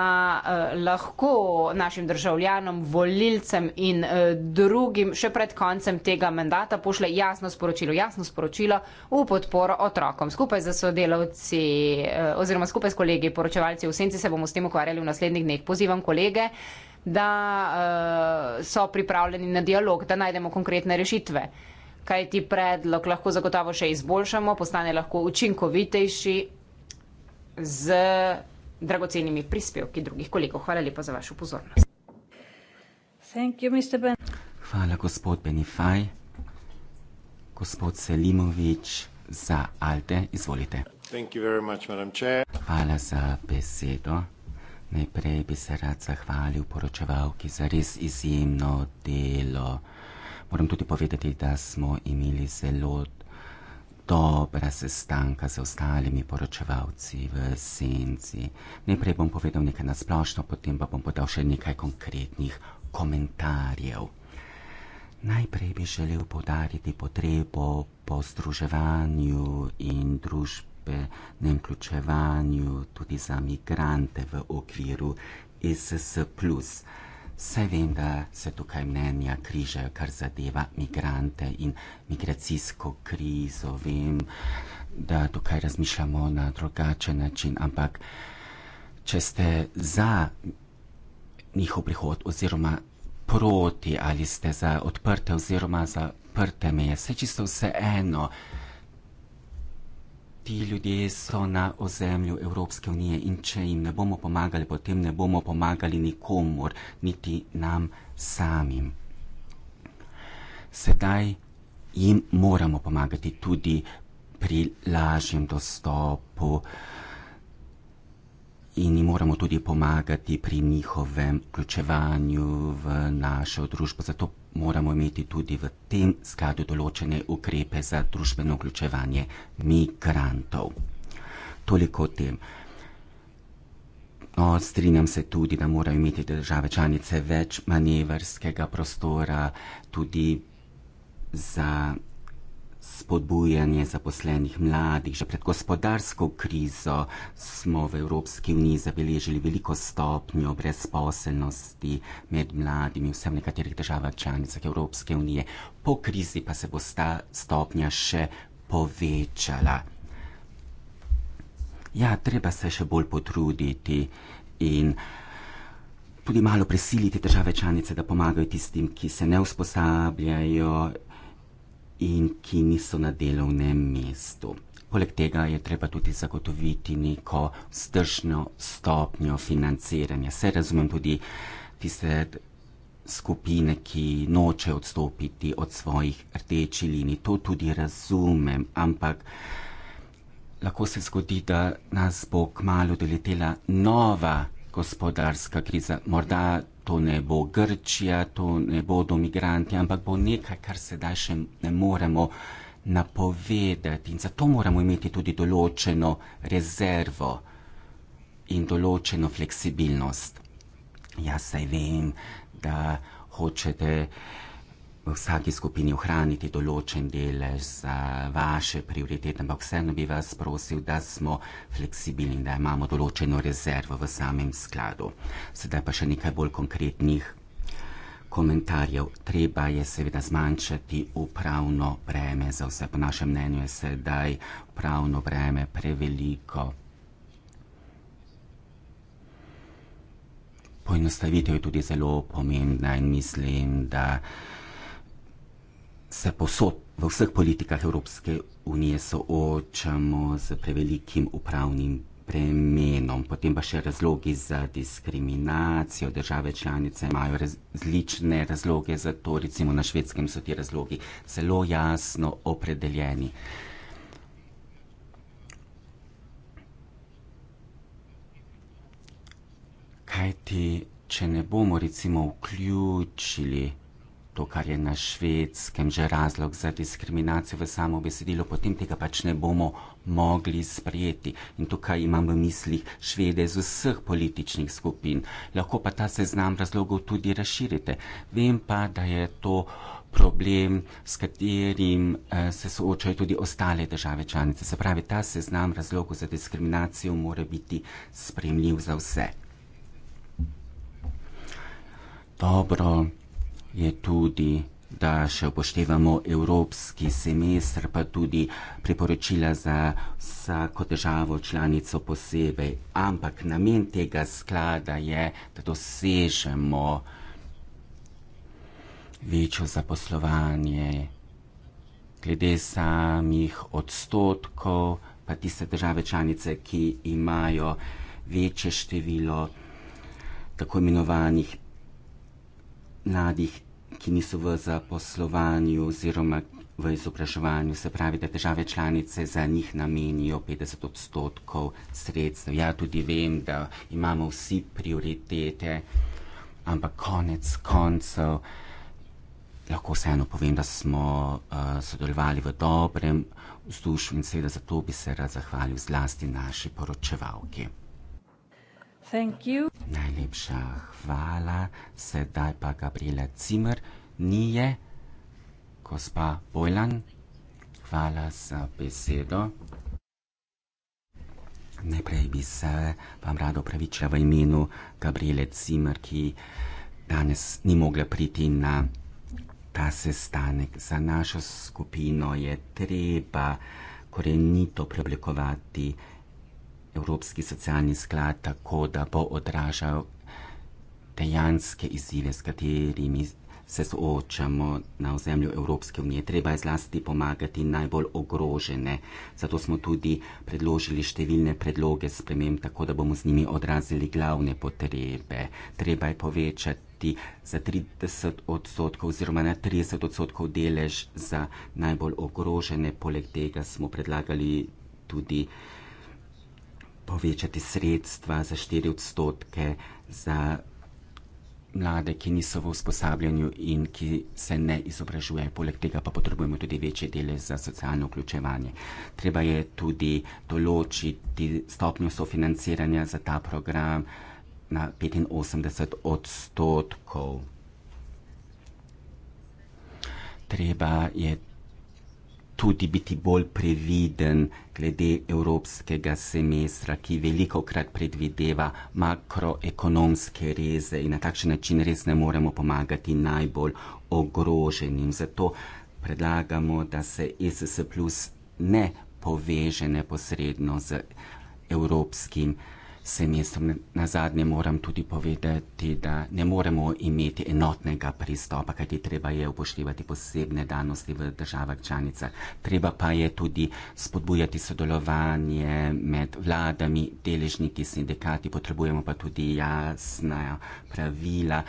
eh, lahko našim državljanom, volilcem in eh, drugim še pred koncem tega mandata pošle jasno sporočilo, jasno sporočilo v podporo otrokom. Skupaj z sodelavci eh, oziroma skupaj s kolegi poročevalci v Senci se bomo s tem ukvarjali v naslednjih dneh. Pozivam kolege da uh, so pripravljeni na dialog, da najdemo konkretne rešitve. Kaj ti predlog lahko zagotovo še izboljšamo, postane lahko učinkovitejši, z dragocenimi prispevki drugih kolegov. Hvala lepa za vašo pozornost. You, ben... Hvala, gospod Benifaj. Gospod Selimovič za Alte, izvolite. Much, Hvala za besedo. Najprej bi se rad zahvalil poročevalki za res izjemno delo. Moram tudi povedati, da smo imeli zelo dobra sestanka z ostalimi poročevalci v senci. Najprej bom povedal nekaj nasplošno, potem pa bom podal še nekaj konkretnih komentarjev. Najprej bi želel podariti potrebo po združevanju in družbenem vključevanju tudi za migrante v okviru ISS. Vse vem, da se tukaj mnenja križajo, kar zadeva migrante in migracijsko krizo. Vem, da tukaj razmišljamo na drugačen način, ampak če ste za njihov prihod oziroma proti ali ste za odprte oziroma za prte meje, se čisto vse eno ti ljudje so na ozemlju Evropske unije in če jim ne bomo pomagali, potem ne bomo pomagali nikomor, niti nam samim. Sedaj jim moramo pomagati tudi pri lažjem dostopu uh, in jim moramo tudi pomagati pri njihovem vključevanju v našo družbo. Zato moramo imeti tudi v tem skladu določene ukrepe za družbeno vključevanje migrantov. Toliko o tem. No, strinjam se tudi, da morajo imeti države članice več manevrskega prostora tudi za spodbujanje zaposlenih mladih. Že pred gospodarsko krizo smo v Evropski uniji zabeležili veliko stopnjo brezposelnosti med mladimi vsem v nekaterih državah članicah Evropske unije. Po krizi pa se bo ta stopnja še povečala. Ja, treba se še bolj potruditi in tudi malo prisiliti države članice, da pomagajo tistim, ki se ne usposabljajo in ki niso na delovnem mestu. Poleg tega je treba tudi zagotoviti neko vzdržno stopnjo financiranja. Se razumem tudi tiste skupine, ki noče odstopiti od svojih rdečih linij. To tudi razumem, ampak lahko se zgodi, da nas bo kmalo doletela nova gospodarska kriza. Morda to ne bo Grčija, to ne bodo migranti, ampak bo nekaj, kar sedaj še ne moremo napovedati in zato moramo imeti tudi določeno rezervo in določeno fleksibilnost. Jaz saj vem, da hočete v vsaki skupini ohraniti določen delež za vaše prioritete, ampak vseeno bi vas prosil, da smo fleksibilni, da imamo določeno rezervo v samem skladu. Sedaj pa še nekaj bolj konkretnih komentarjev. Treba je seveda zmanjšati upravno breme za vse. Po našem mnenju je sedaj upravno breme preveliko. Poenostavitev je tudi zelo pomembna in mislim, da se posod v vseh politikah Evropske unije soočamo z prevelikim upravnim premenom, potem pa še razlogi za diskriminacijo. Države članice imajo različne razloge za to, recimo na švedskem so ti razlogi zelo jasno opredeljeni. Kaj ti, če ne bomo recimo vključili to, kar je na švedskem že razlog za diskriminacijo v samo besedilo, potem tega pač ne bomo mogli sprejeti. In tukaj imam v mislih švede z vseh političnih skupin. Lahko pa ta seznam razlogov tudi razširite. Vem pa, da je to problem, s katerim eh, se soočajo tudi ostale države članice. Se pravi, ta seznam razlogov za diskriminacijo mora biti spremljiv za vse. Dobro je tudi, da še upoštevamo evropski semestr, pa tudi priporočila za vsako državo članico posebej. Ampak namen tega sklada je, da dosežemo večjo zaposlovanje glede samih odstotkov, pa tiste države članice, ki imajo večje število tako imenovanih mladih ki niso v zaposlovanju oziroma v izobraževanju, se pravi, da države članice za njih namenijo 50 odstotkov sredstev. Ja, tudi vem, da imamo vsi prioritete, ampak konec koncev lahko vseeno povem, da smo uh, sodelovali v dobrem vzdušju in seveda zato bi se rad zahvalil zlasti naši poročevalki thank you. Najlepša hvala. Sedaj pa Gabriela Cimer, nije, gospa Bojlan. Hvala za besedo. Najprej bi se vam rado pravičila v imenu Gabriele Cimer, ki danes ni mogla priti na ta sestanek. Za našo skupino je treba korenito preoblikovati Evropski socialni sklad tako, da bo odražal dejanske izzive, s katerimi se soočamo na ozemlju Evropske unije. Treba je zlasti pomagati najbolj ogrožene. Zato smo tudi predložili številne predloge sprememb, tako da bomo z njimi odrazili glavne potrebe. Treba je povečati za 30 odstotkov oziroma na 30 odstotkov delež za najbolj ogrožene. Poleg tega smo predlagali tudi povečati sredstva za 4 odstotke za mlade, ki niso v usposabljanju in ki se ne izobražujejo. Poleg tega pa potrebujemo tudi večje dele za socialno vključevanje. Treba je tudi določiti stopnjo sofinanciranja za ta program na 85 odstotkov. Treba je tudi biti bolj previden glede evropskega semestra, ki veliko krat predvideva makroekonomske reze in na takšen način res ne moremo pomagati najbolj ogroženim. Zato predlagamo, da se ESS plus ne poveže neposredno z evropskim semestrom se mi na zadnje moram tudi povedati, da ne moremo imeti enotnega pristopa, kajti treba je upoštevati posebne danosti v državah članicah. Treba pa je tudi spodbujati sodelovanje med vladami, deležniki, sindikati, potrebujemo pa tudi jasna pravila.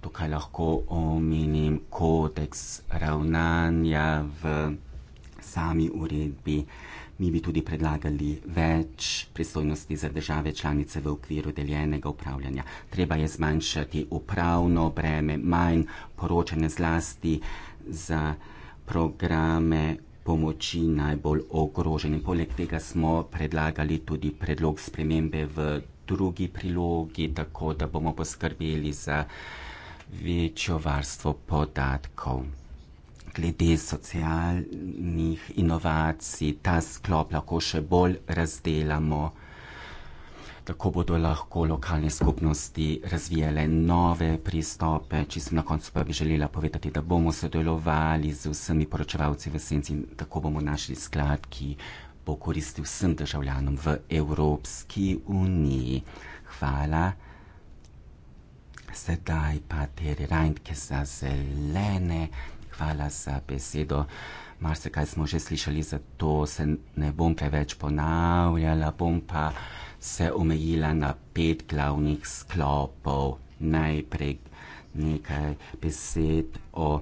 Tukaj lahko omenim kodeks ravnanja v sami uredbi mi bi tudi predlagali več pristojnosti za države članice v okviru deljenega upravljanja. Treba je zmanjšati upravno breme, manj poročanja zlasti za programe pomoči najbolj ogroženim. Poleg tega smo predlagali tudi predlog spremembe v drugi prilogi, tako da bomo poskrbeli za večjo varstvo podatkov glede socialnih inovacij ta sklop lahko še bolj razdelamo. Tako bodo lahko lokalne skupnosti razvijale nove pristope. Čisto na koncu pa bi želela povedati, da bomo sodelovali z vsemi poročevalci v senci in tako bomo našli sklad, ki bo koristil vsem državljanom v Evropski uniji. Hvala. Sedaj pa Teri Reindke za zelene hvala za besedo. Marse kaj smo že slišali, zato se ne bom preveč ponavljala, bom pa se omejila na pet glavnih sklopov. Najprej nekaj besed o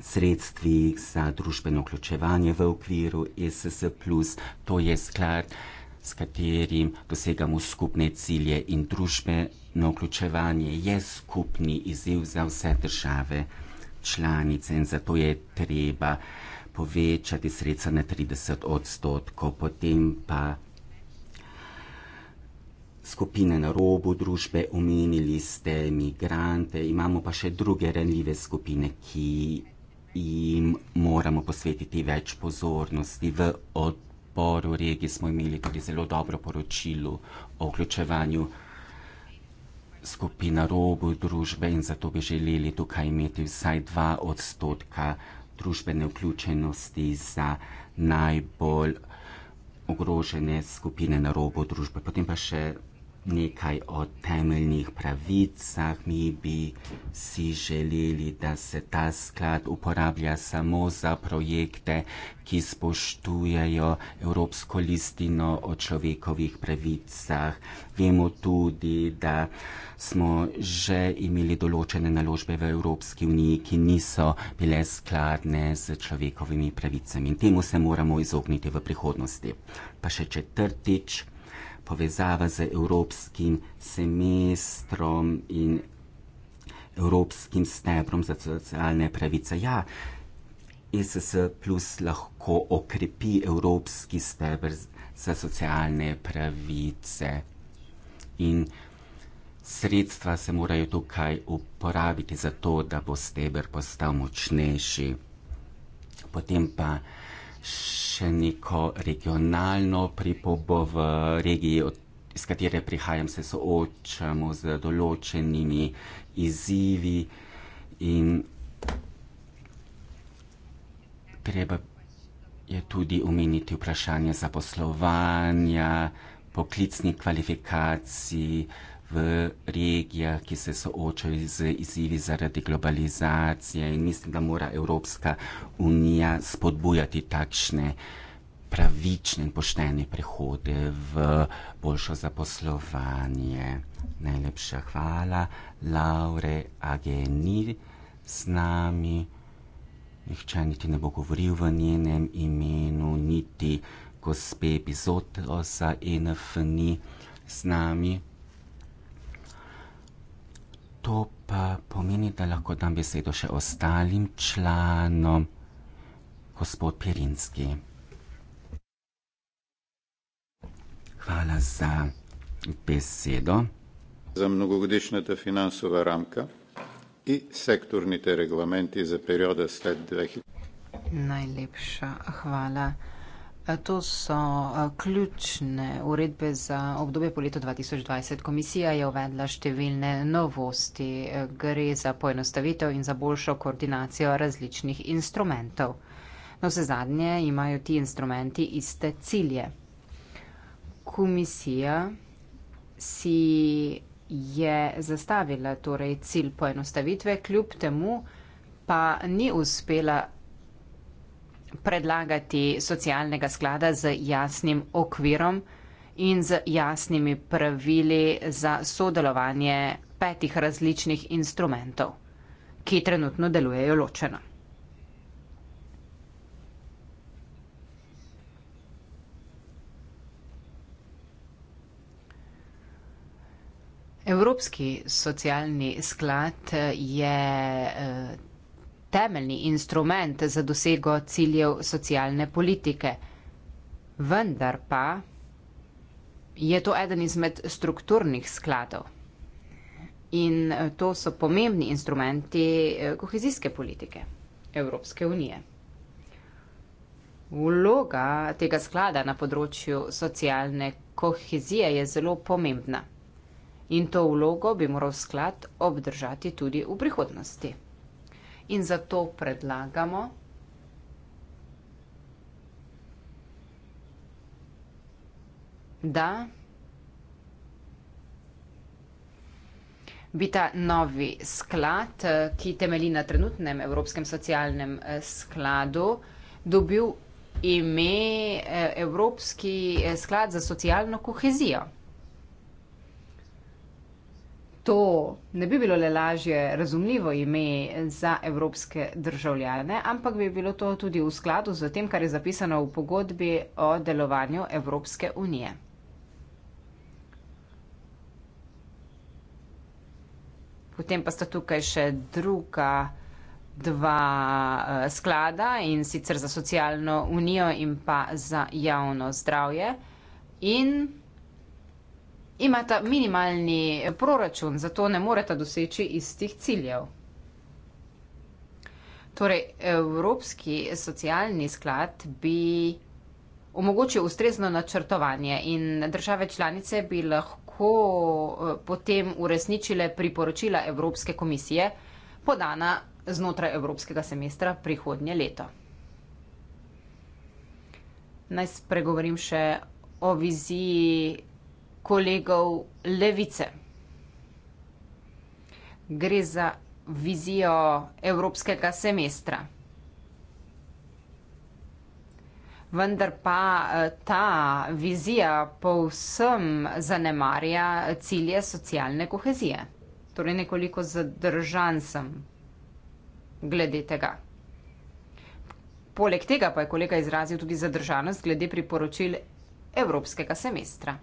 sredstvih za družbeno vključevanje v okviru ESS, to je sklad, s katerim dosegamo skupne cilje in družbeno vključevanje je skupni izziv za vse države članice in zato je treba povečati sredstva na 30 odstotkov, potem pa skupine na robu družbe, omenili ste imigrante, imamo pa še druge ranljive skupine, ki jim moramo posvetiti več pozornosti. V odboru regije smo imeli tudi zelo dobro poročilo o vključevanju skupina robu družbe in zato bi želeli tukaj imeti vsaj dva odstotka družbene vključenosti za najbolj ogrožene skupine na robu družbe. Potem pa še nekaj o temeljnih pravicah. Mi bi si želeli, da se ta sklad uporablja samo za projekte, ki spoštujejo Evropsko listino o človekovih pravicah. Vemo tudi, da smo že imeli določene naložbe v Evropski uniji, ki niso bile skladne z človekovimi pravicami. In temu se moramo izogniti v prihodnosti. Pa še četrtič povezava z evropskim semestrom in evropskim stebrom za socialne pravice. Ja, ESS plus lahko okrepi evropski stebr za socialne pravice in sredstva se morajo tukaj uporabiti za to, da bo stebr postal močnejši. Potem pa še neko regionalno pripombo v regiji, iz katere prihajam, se soočamo z določenimi izzivi in treba je tudi omeniti vprašanje zaposlovanja, poklicnih kvalifikacij v regijah, ki se soočajo z izzivi zaradi globalizacije in mislim, da mora Evropska unija spodbujati takšne pravične in poštene prehode v boljšo zaposlovanje. Najlepša hvala, Laure Ageni s nami. Nihče niti ne bo govoril v njenem imenu, niti gospe Bizotosa in FNI s nami to pa pomeni, da lahko dam besedo še ostalim članom, gospod Pirinski. Hvala za besedo. Za mnogogodišnjata finansova ramka in sektornite reglamenti za perioda sled 2000. Najlepša hvala. E, to so e, ključne uredbe za obdobje po letu 2020. Komisija je uvedla številne novosti. E, gre za poenostavitev in za boljšo koordinacijo različnih instrumentov. No, vse zadnje imajo ti instrumenti iste cilje. Komisija si je zastavila torej cilj poenostavitve, kljub temu pa ni uspela predlagati socialnega sklada z jasnim okvirom in z jasnimi pravili za sodelovanje petih različnih instrumentov, ki trenutno delujejo ločeno. Evropski socialni sklad je eh, temeljni instrument za dosego ciljev socialne politike. Vendar pa je to eden izmed strukturnih skladov in eh, to so pomembni instrumenti eh, kohezijske politike Evropske unije. Vloga tega sklada na področju socialne kohezije je zelo pomembna. In to vlogo bi moral sklad obdržati tudi v prihodnosti in zato predlagamo, da bi ta novi sklad, ki temelji na trenutnem Evropskem socialnem eh, skladu, dobil ime eh, Evropski eh, sklad za socialno kohezijo to ne bi bilo le lažje razumljivo ime za evropske državljane, ampak bi bilo to tudi v skladu z tem, kar je zapisano v pogodbi o delovanju Evropske unije. Potem pa sta tukaj še druga dva eh, sklada in sicer za socialno unijo in pa za javno zdravje. In imata minimalni proračun, zato ne moreta doseči istih ciljev. Torej, Evropski socialni sklad bi omogočil ustrezno načrtovanje in države članice bi lahko eh, potem uresničile priporočila Evropske komisije, podana znotraj Evropskega semestra prihodnje leto. Naj spregovorim še o viziji kolegov levice. Gre za vizijo evropskega semestra. Vendar pa eh, ta vizija povsem zanemarja cilje socialne kohezije. Torej nekoliko zadržan sem glede tega. Poleg tega pa je kolega izrazil tudi zadržanost glede priporočil evropskega semestra.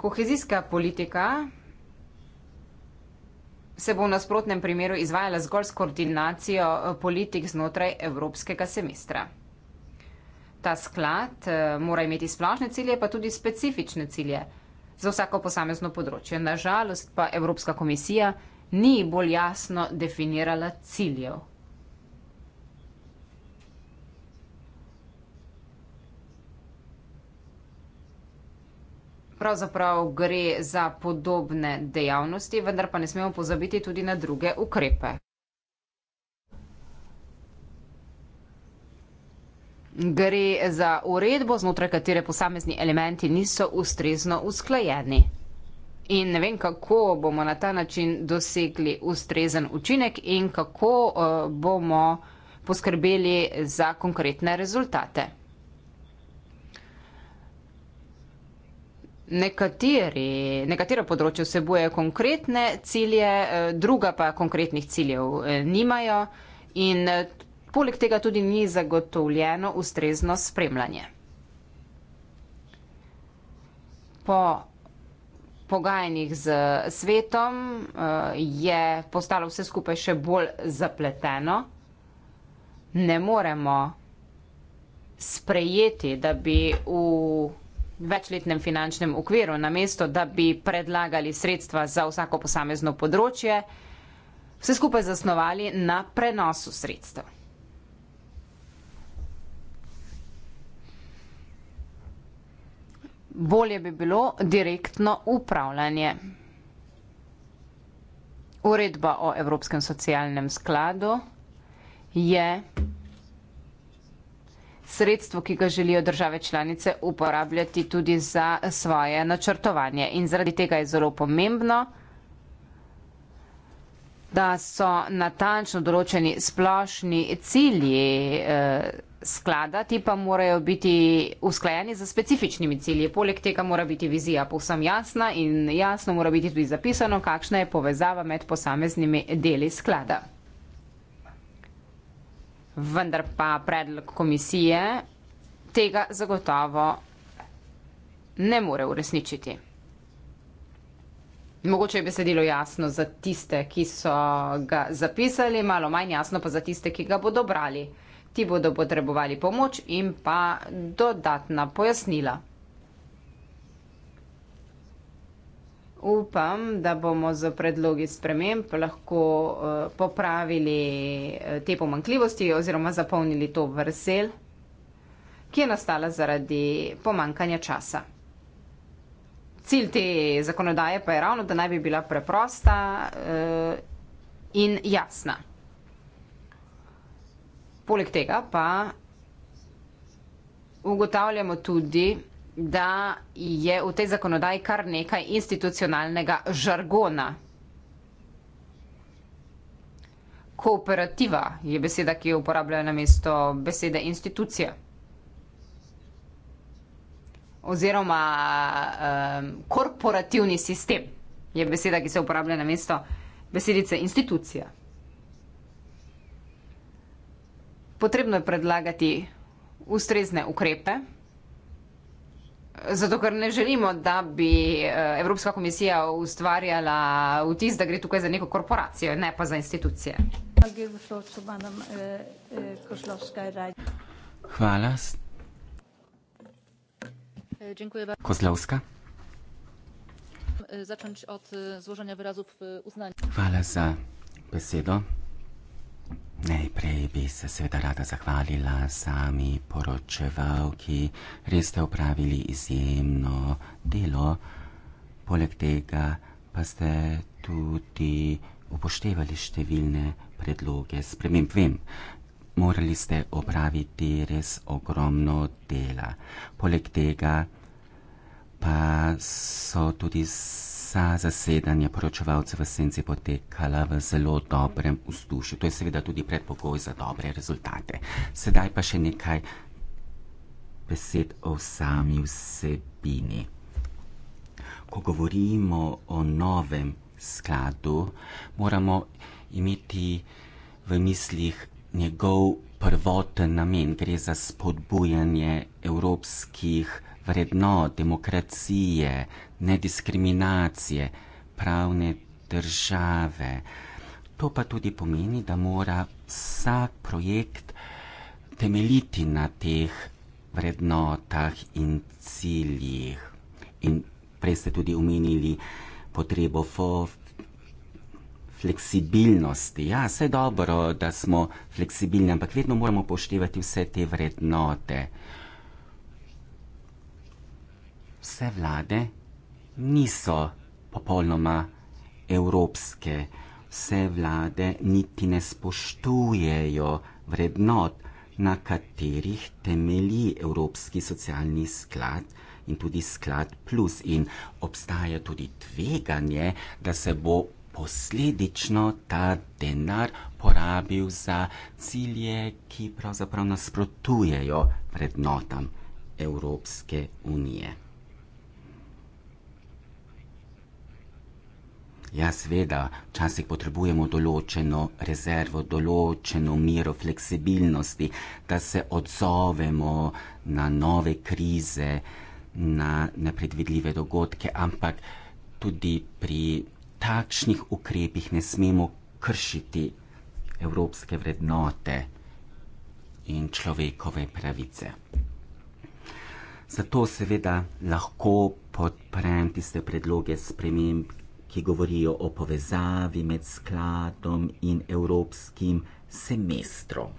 Kohezijska politika se bo v nasprotnem primeru izvajala zgolj s koordinacijo eh, politik znotraj evropskega semestra. Ta sklad eh, mora imeti splošne cilje, pa tudi specifične cilje za vsako posamezno področje. Nažalost pa Evropska komisija ni bolj jasno definirala ciljev. pravzaprav gre za podobne dejavnosti, vendar pa ne smemo pozabiti tudi na druge ukrepe. Gre za uredbo, znotraj katere posamezni elementi niso ustrezno usklajeni. In ne vem, kako bomo na ta način dosegli ustrezen učinek in kako uh, bomo poskrbeli za konkretne rezultate. Nekateri, nekatero področje vsebuje konkretne cilje, eh, druga pa konkretnih ciljev eh, nimajo in eh, poleg tega tudi ni zagotovljeno ustrezno spremljanje. Po pogajanjih z svetom je postalo vse skupaj še bolj zapleteno. Ne moremo sprejeti, da bi v večletnem finančnem okviru, namesto da bi predlagali sredstva za vsako posamezno področje, vse skupaj zasnovali na prenosu sredstev. Bolje bi bilo direktno upravljanje. Uredba o Evropskem socialnem skladu je sredstvo, ki ga želijo države članice uporabljati tudi za svoje načrtovanje. In zaradi tega je zelo pomembno, da so natančno določeni splošni cilji eh, sklada, ti pa morajo biti usklajeni za specifičnimi cilji. Poleg tega mora biti vizija povsem jasna in jasno mora biti tudi zapisano, kakšna je povezava med posameznimi deli sklada vendar pa predlog komisije tega zagotovo ne more uresničiti. Mogoče je besedilo jasno za tiste, ki so ga zapisali, malo manj jasno pa za tiste, ki ga bodo brali. Ti bodo potrebovali pomoč in pa dodatna pojasnila. Upam, da bomo z predlogi sprememb lahko eh, popravili eh, te pomankljivosti oziroma zapolnili to vrsel, ki je nastala zaradi pomankanja časa. Cilj te zakonodaje pa je ravno, da naj bi bila preprosta eh, in jasna. Poleg tega pa ugotavljamo tudi, da je v tej zakonodaji kar nekaj institucionalnega žargona. Kooperativa je beseda, ki jo uporabljajo na mesto besede institucija. Oziroma um, korporativni sistem je beseda, ki se uporablja na mesto besedice institucija. Potrebno je predlagati ustrezne ukrepe. Zato, ker ne želimo, da bi eh, Evropska komisija ustvarjala vtis, da gre tukaj za neko korporacijo, ne pa za institucije. Hvala. Kozlovska. Začeti od e, zloženja virazov uznanja. Hvala za besedo. Najprej bi se seveda rada zahvalila sami poročevalki, res ste upravili izjemno delo, poleg tega pa ste tudi upoštevali številne predloge sprememb. Vem, morali ste opraviti res ogromno dela. Poleg tega pa so tudi vsa zasedanja poročevalcev v senci potekala v zelo dobrem vzdušju. To je seveda tudi predpogoj za dobre rezultate. Sedaj pa še nekaj besed o sami vsebini. Ko govorimo o novem skladu, moramo imeti v mislih njegov prvoten namen. Gre za spodbujanje evropskih vrednot, demokracije, nediskriminacije, pravne države. To pa tudi pomeni, da mora vsak projekt temeljiti na teh vrednotah in ciljih. In prej ste tudi omenili potrebo po fleksibilnosti. Ja, vse dobro, da smo fleksibilni, ampak vedno moramo poštevati vse te vrednote vse vlade niso popolnoma evropske, vse vlade niti ne spoštujejo vrednot, na katerih temelji Evropski socialni sklad in tudi sklad plus. In obstaja tudi tveganje, da se bo posledično ta denar porabil za cilje, ki pravzaprav nasprotujejo vrednotam Evropske unije. Ja, seveda, včasih potrebujemo določeno rezervo, določeno mero fleksibilnosti, da se odzovemo na nove krize, na nepredvidljive dogodke, ampak tudi pri takšnih ukrepih ne smemo kršiti evropske vrednote in človekove pravice. Zato seveda lahko podprem tiste predloge sprememb, ki govorijo o povezavi med skladom in evropskim semestrom.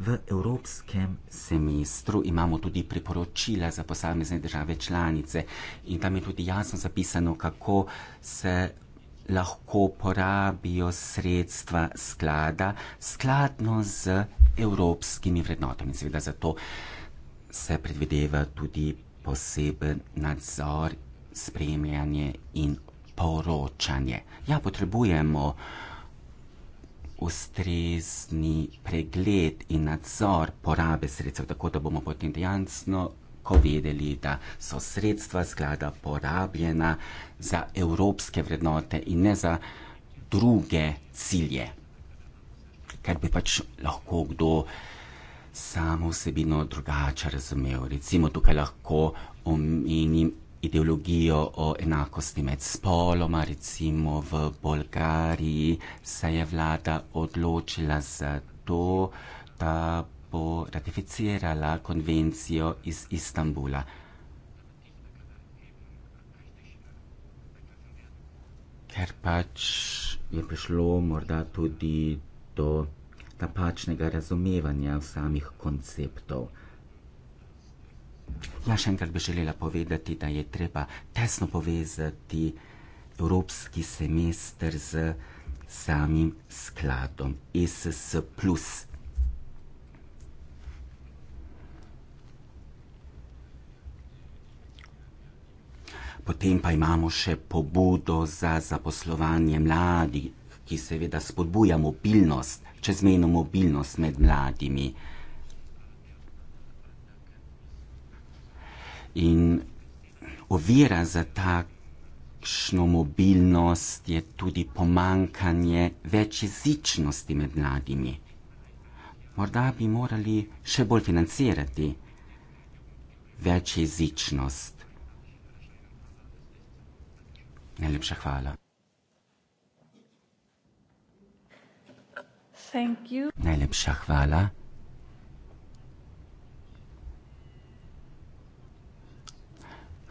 V evropskem semestru imamo tudi priporočila za posamezne države članice in tam je tudi jasno zapisano, kako se lahko porabijo sredstva sklada skladno z evropskimi vrednotami. Seveda zato se predvideva tudi poseben nadzor, spremljanje in poročanje. Ja, potrebujemo ustrezni pregled in nadzor porabe sredstev, tako da bomo potem dejansko, ko vedeli, da so sredstva sklada porabljena za evropske vrednote in ne za druge cilje. Ker bi pač lahko kdo samo vsebino drugače razumev. Recimo tukaj lahko omenim ideologijo o enakosti med spoloma, recimo v Bolgariji se je vlada odločila za to, da bo ratificirala konvencijo iz Istanbula. Ker pač je prišlo morda tudi do napačnega razumevanja samih konceptov. Ja, še enkrat bi želela povedati, da je treba tesno povezati evropski semester z samim skladom SS. Potem pa imamo še pobudo za zaposlovanje mladih, ki seveda spodbuja mobilnost, čezmejno mobilnost med mladimi. In ovira za takšno mobilnost je tudi pomankanje večjezičnosti med mladimi. Morda bi morali še bolj financirati večjezičnost. Najlepša hvala. Thank you. Najlepša hvala.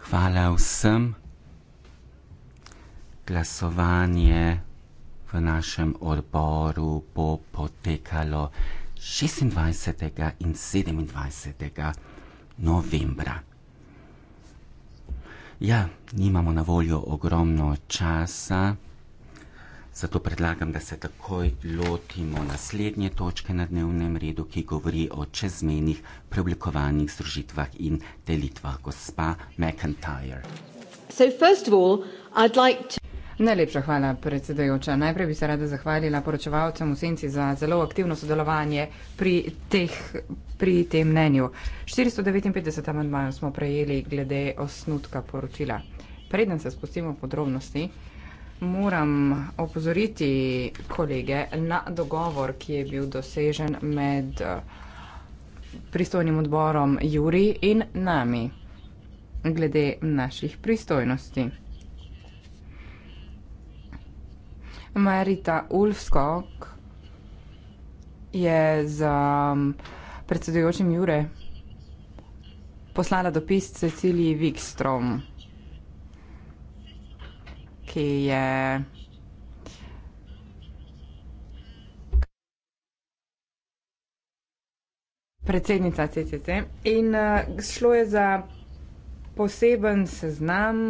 Hvala vsem. Glasovanje v našem odboru bo potekalo 26. in 27. novembra. Ja, nimamo na voljo ogromno časa. Zato predlagam, da se takoj lotimo naslednje točke na dnevnem redu, ki govori o čezmenih preoblikovanjih združitvah in delitvah. Gospa McIntyre. Najlepša hvala, predsedajoča. Najprej bi se rada zahvalila poročevalcem v senci za zelo aktivno sodelovanje pri, teh, pri tem mnenju. 459 amandmajev smo prejeli glede osnutka poročila. Preden se spustimo v podrobnosti, Moram opozoriti kolege na dogovor, ki je bil dosežen med eh, pristojnim odborom Juri in nami glede naših pristojnosti. Marita Ulfskog je z mm, predsedujočim Jure poslala dopis Ceciliji Wikstrom ki je. Predsednica CCC in uh, šlo je za poseben seznam,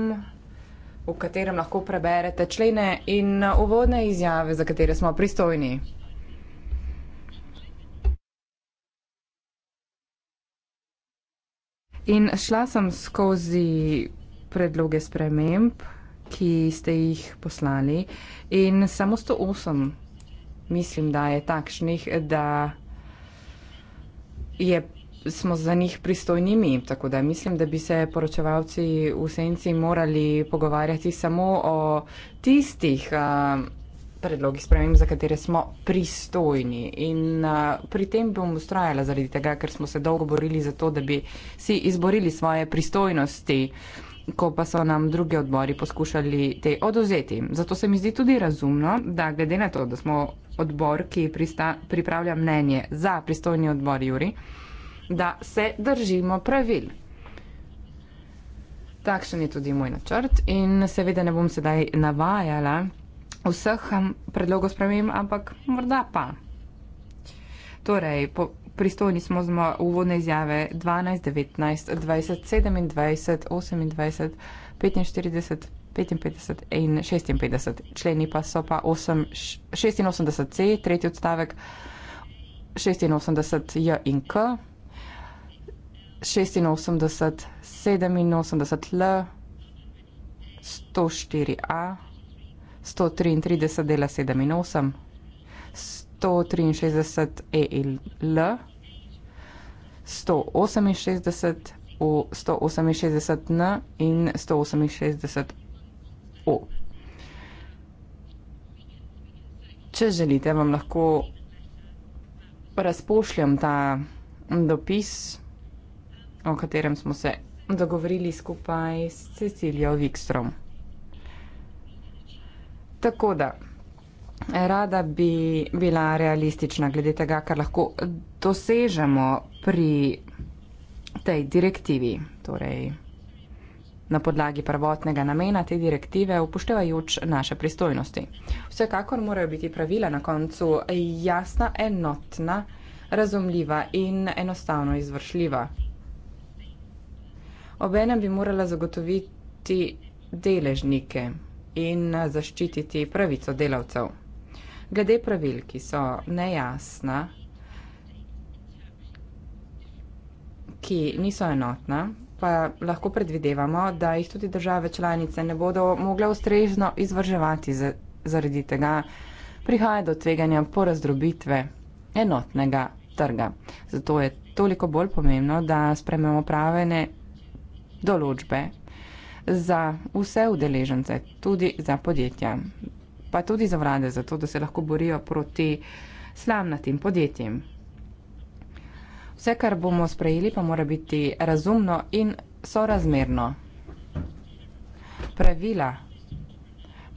v katerem lahko preberete člene in eh, uvodne izjave, za katere smo pristojni. In šla sem skozi predloge sprememb ki ste jih poslali. In samo 108 mislim, da je takšnih, da je, smo za njih pristojnimi. Tako da mislim, da bi se poročevalci v senci morali pogovarjati samo o tistih a, predlogih sprememb, za katere smo pristojni. In a, pri tem bom ustrajala zaradi tega, ker smo se dolgo borili za to, da bi si izborili svoje pristojnosti ko pa so nam drugi odbori poskušali te oduzeti. Zato se mi zdi tudi razumno, da glede na to, da smo odbor, ki prista, pripravlja mnenje za pristojni odbor Juri, da se držimo pravil. Takšen je tudi moj načrt in seveda ne bom sedaj navajala vseh um, predlogov spremem, ampak morda pa. Torej, po, pristojni smo zma uvodne izjave 12, 19, 20, 27, 28, 45, 55 in 56. Členi pa so pa 8, 86c, tretji odstavek, 86j in k, 86, 87 l, 104a, 133 dela 7 in 8, 163 e in l, 168, v 168 n in 168 o. Če želite, vam lahko razpošljem ta dopis, o katerem smo se dogovorili skupaj s Cecilijo Wikstrom. Tako da... Rada bi bila realistična glede tega, kar lahko dosežemo pri tej direktivi, torej na podlagi prvotnega namena te direktive, upoštevajoč naše pristojnosti. Vsekakor morajo biti pravila na koncu jasna, enotna, razumljiva in enostavno izvršljiva. Obenem bi morala zagotoviti deležnike in zaščititi pravico delavcev. Glede pravil, ki so nejasna, ki niso enotna, pa lahko predvidevamo, da jih tudi države članice ne bodo mogle ustrezno izvrževati. Zaradi tega prihaja do tveganja porazdrobitve enotnega trga. Zato je toliko bolj pomembno, da sprememo pravene določbe za vse udeležence, tudi za podjetja pa tudi za vlade, zato da se lahko borijo proti slamnatim podjetjem. Vse, kar bomo sprejeli, pa mora biti razumno in sorazmerno. Pravila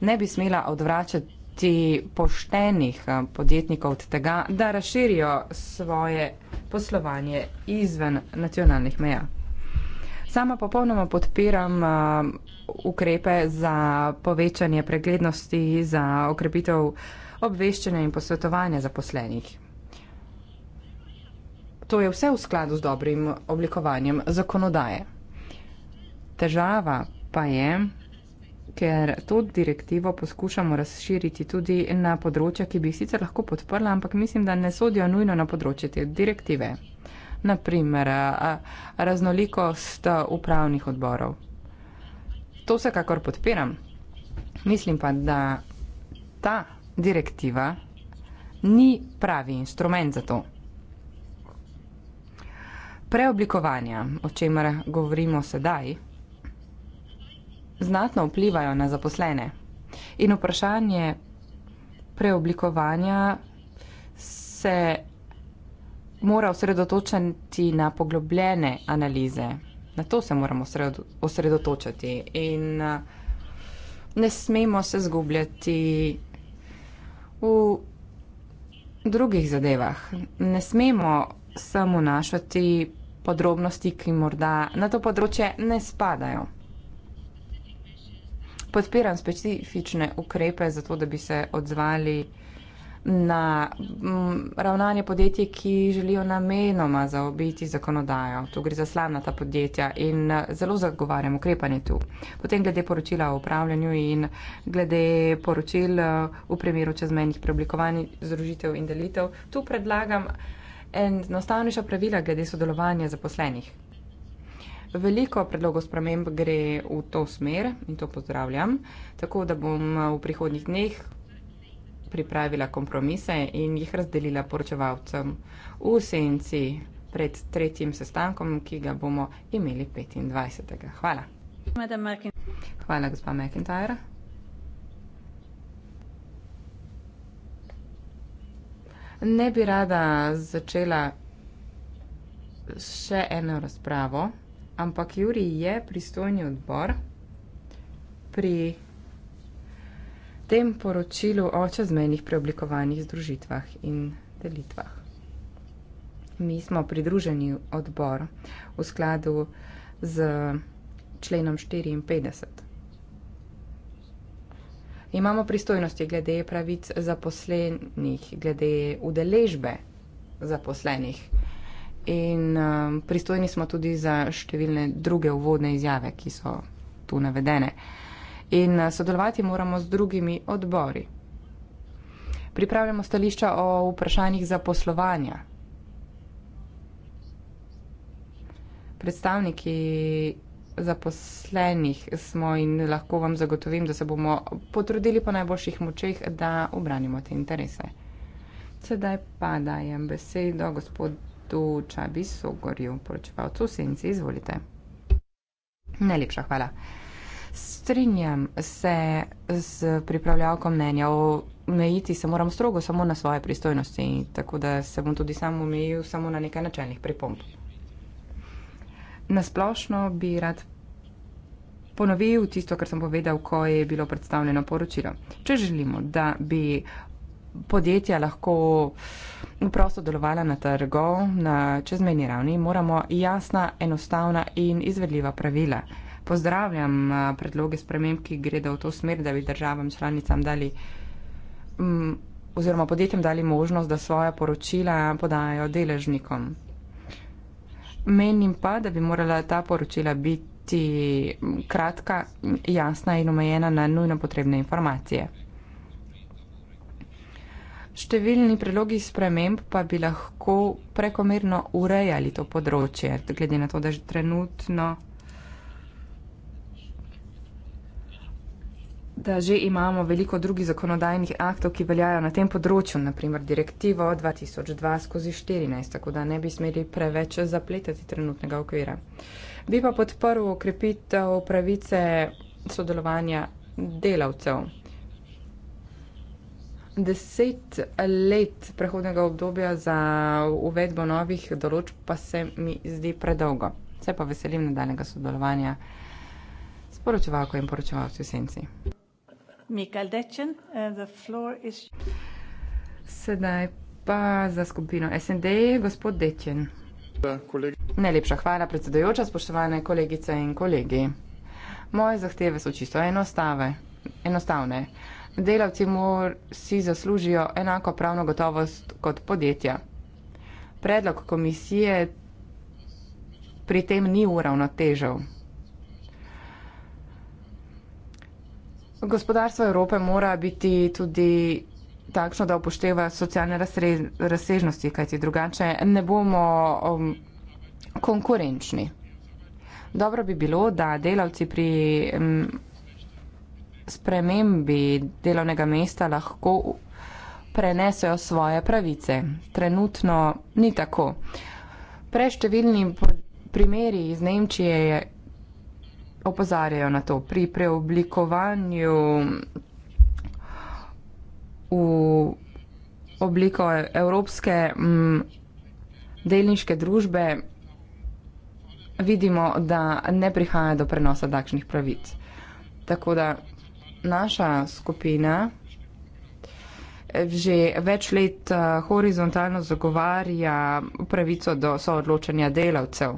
ne bi smela odvračati poštenih eh, podjetnikov od tega, da razširijo svoje poslovanje izven nacionalnih meja. Sama popolnoma podpiram uh, ukrepe za povečanje preglednosti, za okrepitev obveščanja in posvetovanja zaposlenih. To je vse v skladu z dobrim oblikovanjem zakonodaje. Težava pa je, ker to direktivo poskušamo razširiti tudi na področja, ki bi jih sicer lahko podprla, ampak mislim, da ne sodijo nujno na področje te direktive naprimer raznolikost upravnih odborov. To vsekakor podpiram. Mislim pa, da ta direktiva ni pravi instrument za to. Preoblikovanja, o čemer govorimo sedaj, znatno vplivajo na zaposlene in vprašanje preoblikovanja se mora osredotočiti na poglobljene analize. Na to se moramo osredotočiti in eh, ne smemo se zgubljati v drugih zadevah. Ne smemo samo našati podrobnosti, ki morda na to področje ne spadajo. Podpiram specifične ukrepe zato, da bi se odzvali na mm, ravnanje podjetij, ki želijo namenoma zaobiti zakonodajo. Tu gre za slavnata podjetja in eh, zelo zagovarjam ukrepanje tu. Potem glede poročila o upravljanju in glede poročil eh, v primeru čezmenjih preoblikovanj, združitev in delitev, tu predlagam enostavnejša pravila glede sodelovanja zaposlenih. Veliko predlogov sprememb gre v to smer in to pozdravljam, tako da bom eh, v prihodnjih dneh pripravila kompromise in jih razdelila poročevalcem v senci pred tretjim sestankom, ki ga bomo imeli 25. Hvala. Hvala, gospa McIntyre. Ne bi rada začela še eno razpravo, ampak Juri je pristojni odbor pri tem poročilu o čezmejnih preoblikovanjih združitvah in delitvah. Mi smo pridruženi odbor v skladu z členom 54. Imamo pristojnosti glede pravic zaposlenih, glede udeležbe zaposlenih in um, pristojni smo tudi za številne druge uvodne izjave, ki so tu navedene. Uh, in eh, sodelovati moramo z drugimi odbori. Pripravljamo stališča o vprašanjih zaposlovanja. Predstavniki zaposlenih smo in lahko vam zagotovim, da se bomo potrudili po najboljših močeh, da obranimo te interese. Sedaj pa dajem besedo gospodu Čabi Sogorju, poročevalcu Senci, izvolite. Najlepša hvala. Strinjam se z pripravljalko mnenja. Omejiti se moram strogo samo na svoje pristojnosti, tako da se bom tudi sam omejil samo na nekaj načelnih pripomb. Nasplošno bi rad ponovil tisto, kar sem povedal, ko je bilo predstavljeno poročilo. Če želimo, da bi podjetja lahko mm, prosto delovala na trgov na čezmejni ravni, moramo jasna, enostavna in izvedljiva pravila pozdravljam eh, predloge sprememb, ki gredo v to smer, da bi državam članicam dali mm, oziroma podjetjem dali možnost, da svoje poročila podajo deležnikom. Menim pa, da bi morala ta poročila biti mm, kratka, jasna in omejena na nujno potrebne informacije. Številni predlogi sprememb pa bi lahko prekomerno urejali to področje, glede na to, da že trenutno da že imamo veliko drugih zakonodajnih aktov, ki veljajo na tem področju, naprimer direktivo 2002-14, tako da ne bi smeli preveč zapletati trenutnega okvira. Bi pa podprl ukrepitev pravice sodelovanja delavcev. Deset let prehodnega obdobja za uvedbo novih določb pa se mi zdi predolgo. Se pa veselim nadaljnega sodelovanja s poročevalko in poročevalci v senci. Mikael Dečen, eh, the floor is Sedaj pa za skupino SND, gospod Dečen. Najlepša hvala, predsedojoča, spoštovane kolegice in kolegi. Moje zahteve so čisto enostave, enostavne. Delavci mor si zaslužijo enako pravno gotovost kot podjetja. Predlog komisije pri tem ni uravnotežen. Gospodarstvo Evrope mora biti tudi takšno, da upošteva socialne razsežnosti, kajti drugače ne bomo um, konkurenčni. Dobro bi bilo, da delavci pri um, spremembi delovnega mesta lahko prenesejo svoje pravice. Trenutno ni tako. Preštevilni primeri iz Nemčije opozarjajo na to pri preoblikovanju v obliko evropske m, mm, delniške družbe vidimo, da ne prihaja do prenosa takšnih pravic. Tako da naša skupina že več let eh, horizontalno zagovarja pravico do soodločanja delavcev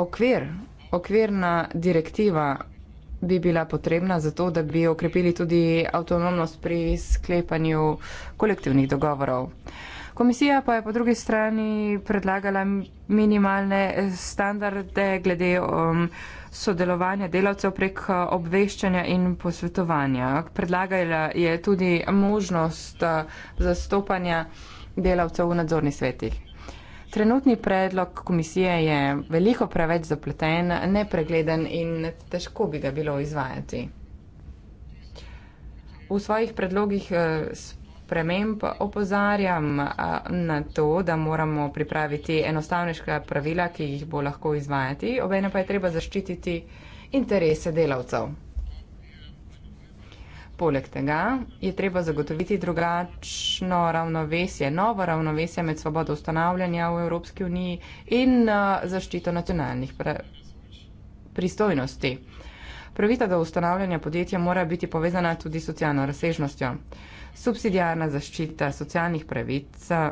okvir, okvirna direktiva bi bila potrebna za to, da bi okrepili tudi avtonomnost pri sklepanju kolektivnih dogovorov. Komisija pa je po drugi strani predlagala minimalne standarde glede um, sodelovanja delavcev prek uh, obveščanja in posvetovanja. Predlagala je tudi možnost uh, zastopanja delavcev v nadzornih svetih. Trenutni predlog komisije je veliko preveč zapleten, nepregleden in težko bi ga bilo izvajati. V svojih predlogih eh, sprememb opozarjam eh, na to, da moramo pripraviti enostavnejša pravila, ki jih bo lahko izvajati, obene pa je treba zaščititi interese delavcev. Poleg tega je treba zagotoviti drugačno ravnovesje, novo ravnovesje med svobodo ustanavljanja v Evropski uniji in uh, zaščito nacionalnih pristojnosti. Pravica do ustanavljanja podjetja mora biti povezana tudi s socialno razsežnostjo. Subsidijarna zaščita socialnih pravic uh,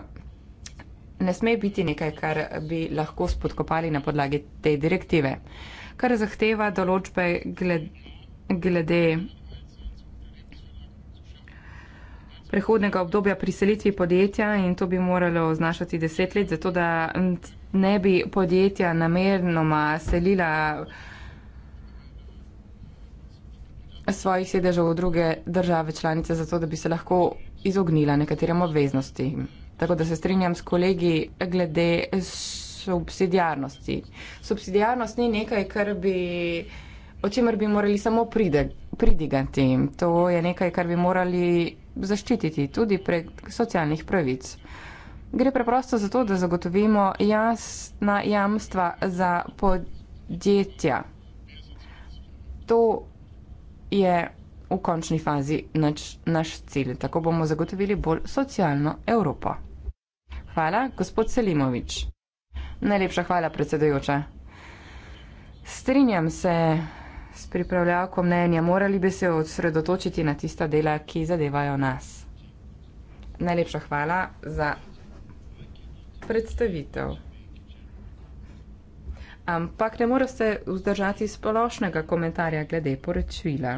ne sme biti nekaj, kar bi lahko spodkopali na podlagi te direktive, kar zahteva določbe glede, glede prehodnega obdobja priselitvi podjetja in to bi moralo znašati deset let, zato da ne bi podjetja namernoma selila svojih sedežev v druge države članice, zato da bi se lahko izognila nekaterim obveznosti. Tako da se strinjam s kolegi glede subsidijarnosti. Subsidijarnost ni nekaj, kar bi o čemer bi morali samo pride, pridigati. To je nekaj, kar bi morali zaščititi tudi prek socialnih pravic. Gre preprosto za to, da zagotovimo jasna jamstva za podjetja. To je v končni fazi nač, naš cilj. Tako bomo zagotovili bolj socialno Evropo. Hvala, gospod Selimovič. Najlepša hvala, predsedujoča. Strinjam se s pripravljalko mnenja, morali bi se osredotočiti na tista dela, ki zadevajo nas. Najlepša hvala za predstavitev. Ampak ne more se vzdržati splošnega komentarja glede poročila.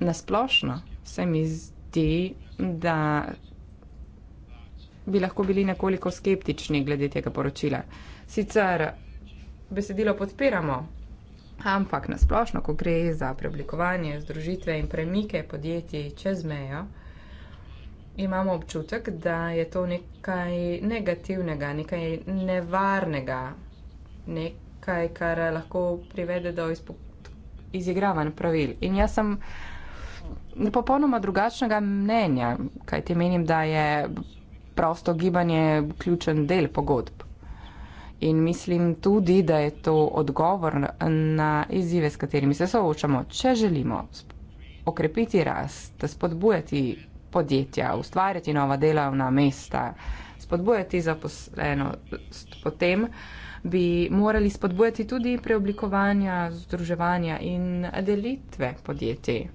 Nasplošno se mi zdi, da bi lahko bili nekoliko skeptični glede tega poročila. Sicer besedilo podpiramo, Ampak nasplošno, ko gre za preoblikovanje, združitve in premike podjetij čez mejo, imamo občutek, da je to nekaj negativnega, nekaj nevarnega, nekaj, kar lahko privede do izigravanj pravil. In jaz sem popolnoma drugačnega mnenja, kaj ti menim, da je prosto gibanje ključen del pogodb. In mislim tudi, da je to odgovor na izzive, s katerimi se soočamo, če želimo okrepiti rast, spodbujati podjetja, ustvarjati nova delovna mesta, spodbujati zaposlenost, potem bi morali spodbujati tudi preoblikovanja, združevanja in delitve podjetij.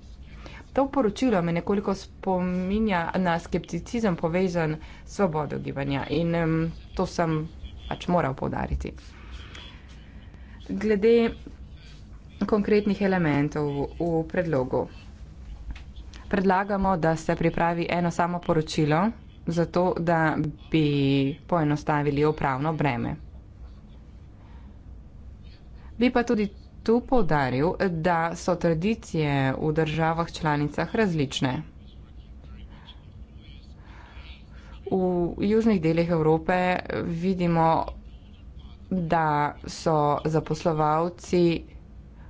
To poročilo me nekoliko spominja na skepticizem povezan s svobodo gibanja in to sem pač moral povdariti. Glede konkretnih elementov v predlogu. Predlagamo, da se pripravi eno samo poročilo, zato da bi poenostavili upravno breme. Bi pa tudi tu povdaril, da so tradicije v državah članicah različne. V južnih delih Evrope vidimo, da so zaposlovalci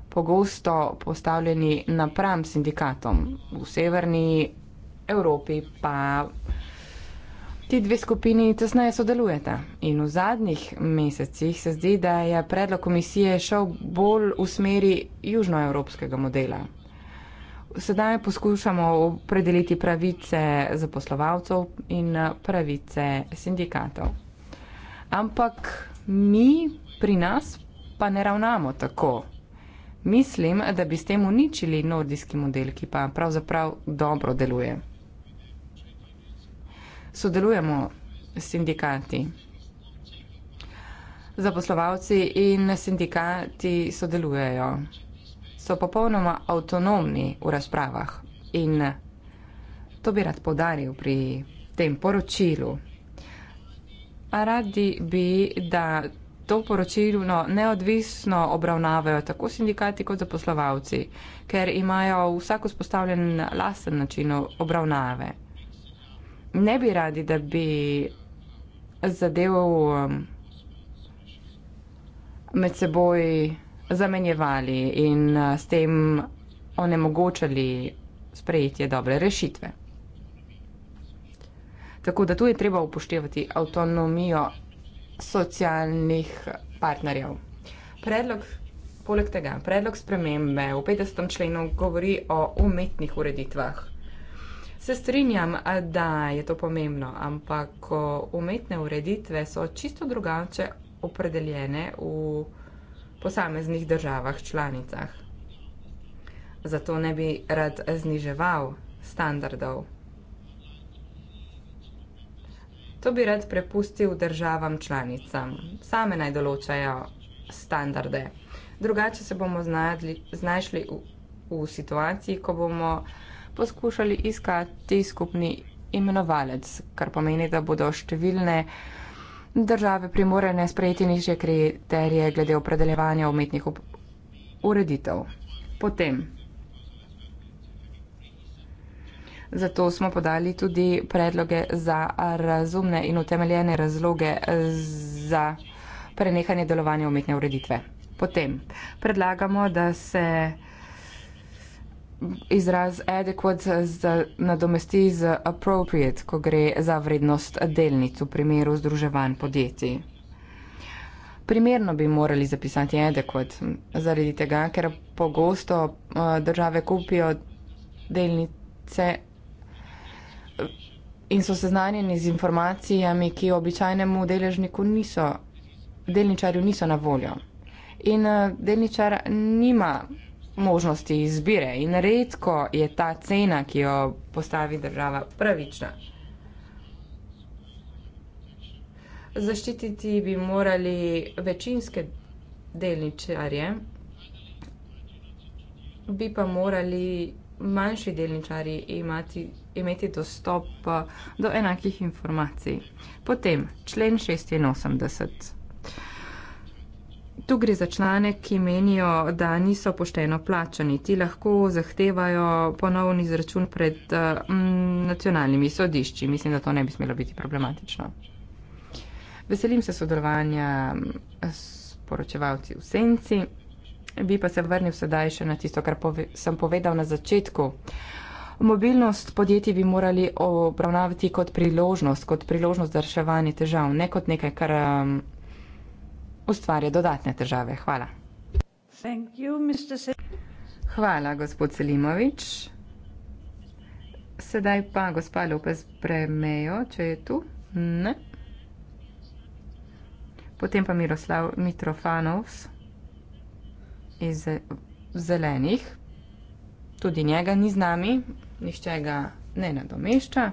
pogosto postavljeni napram sindikatom. V severni Evropi pa ti dve skupini tesneje sodelujeta. In v zadnjih mesecih se zdi, da je predlog komisije šel bolj v smeri južnoevropskega modela sedaj poskušamo predeliti pravice zaposlovalcev in eh, pravice sindikatov. Ampak mi pri nas pa ne ravnamo tako. Mislim, da bi s tem uničili nordijski model, ki pa pravzaprav dobro deluje. Sodelujemo s sindikati. Zaposlovalci in sindikati sodelujejo so popolnoma avtonomni v razpravah. In to bi rad podaril pri tem poročilu. A radi bi, da to poročilo neodvisno obravnavajo tako sindikati kot zaposlovalci, ker imajo vsak vzpostavljen lasten način obravnave. Ne bi radi, da bi zadev um, med seboj zamenjevali in eh, s tem onemogočali sprejetje dobre rešitve. Tako da tu je treba upoštevati avtonomijo socialnih partnerjev. Predlog, poleg tega, predlog spremembe v 50. členu govori o umetnih ureditvah. Se strinjam, da je to pomembno, ampak umetne ureditve so čisto drugače opredeljene v posameznih državah članicah. Zato ne bi rad zniževal standardov. To bi rad prepustil državam članicam. Same naj določajo standarde. Drugače se bomo znajdli, znašli v, v situaciji, ko bomo poskušali iskati skupni imenovalec, kar pomeni, da bodo številne uh, države primore ne sprejeti nižje kriterije glede opredeljevanja umetnih ureditev. Potem. Zato smo podali tudi predloge za razumne in utemeljene razloge za prenehanje delovanja umetne ureditve. Potem predlagamo, da se izraz adequate za, nadomesti z appropriate, ko gre za vrednost delnic v primeru združevanj podjetij. Primerno bi morali zapisati adequate, zaradi tega, ker pogosto eh, države kupijo delnice eh, in so seznanjeni z informacijami, ki običajnemu deležniku niso, delničarju niso na voljo. In eh, delničar nima možnosti izbire in redko je ta cena, ki jo postavi država, pravična. Zaščititi bi morali večinske delničarje, bi pa morali manjši delničarji imati, imeti dostop eh, do enakih informacij. Potem člen 86 tu gre za člane, ki menijo, da niso pošteno plačani. Ti lahko zahtevajo ponovni izračun pred mm, nacionalnimi sodišči. Mislim, da to ne bi smelo biti problematično. Veselim se sodelovanja s poročevalci v senci. Bi pa se vrnil sedaj še na tisto, kar pove, sem povedal na začetku. Mobilnost podjetij bi morali obravnavati kot priložnost, kot priložnost za reševanje težav, ne kot nekaj, kar. Um, ustvarja dodatne težave. Hvala. Hvala, gospod Selimovič. Sedaj pa gospa Lopez Premejo, če je tu. Ne. Potem pa Miroslav Mitrofanov iz zelenih. Tudi njega ni z nami, nišče ga ne nadomešča.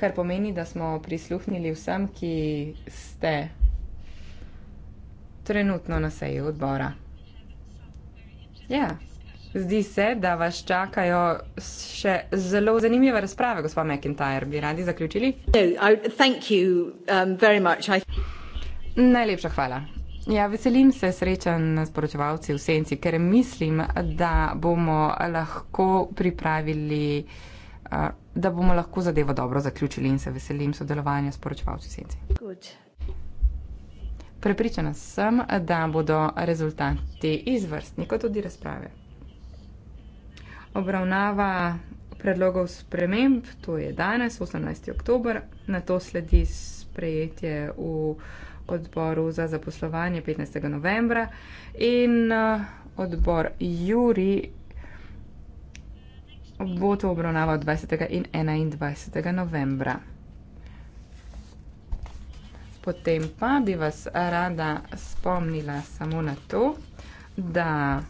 kar pomeni, da smo prisluhnili vsem, ki ste trenutno na seji odbora. Ja, zdi se, da vas čakajo še zelo zanimive razprave, gospod McIntyre. Bi radi zaključili? No, um, Najlepša hvala. Ja, veselim se srečen s poročevalci v senci, ker mislim, da bomo lahko pripravili uh, da bomo lahko zadevo dobro zaključili in se veselim sodelovanja s poročevalci Senci. Prepričana sem, da bodo rezultati izvrstni, kot tudi razprave. Obravnava predlogov sprememb, to je danes, 18. oktober, na to sledi sprejetje v odboru za zaposlovanje 15. novembra in eh, odbor Juri bo to obravnava 20. in 21. novembra. Potem pa bi vas rada spomnila samo na to, da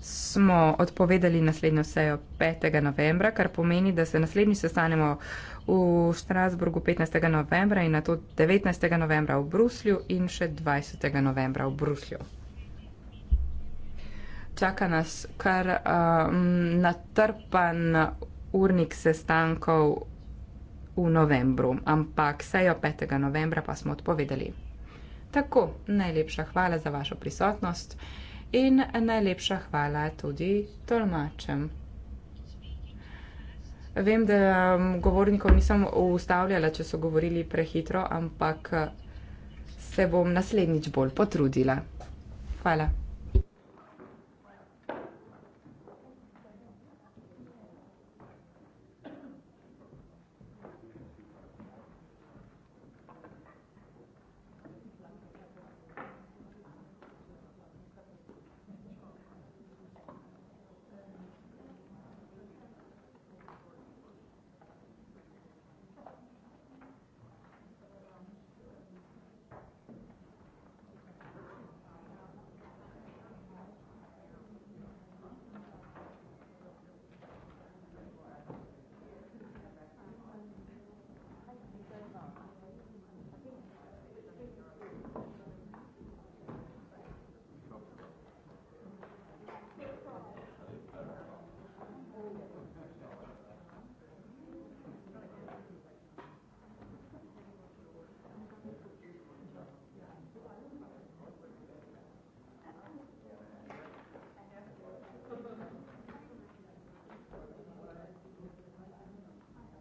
smo odpovedali naslednjo sejo 5. novembra, kar pomeni, da se naslednji sestanemo v Strasburgu 15. novembra in na to 19. novembra v Bruslju in še 20. novembra v Bruslju čaka nas kar um, natrpan urnik sestankov v novembru, ampak sejo 5. novembra pa smo odpovedali. Tako, najlepša hvala za vašo prisotnost in najlepša hvala tudi tolmačem. Vem, da um, govornikov nisem ustavljala, če so govorili prehitro, ampak se bom naslednjič bolj potrudila. Hvala.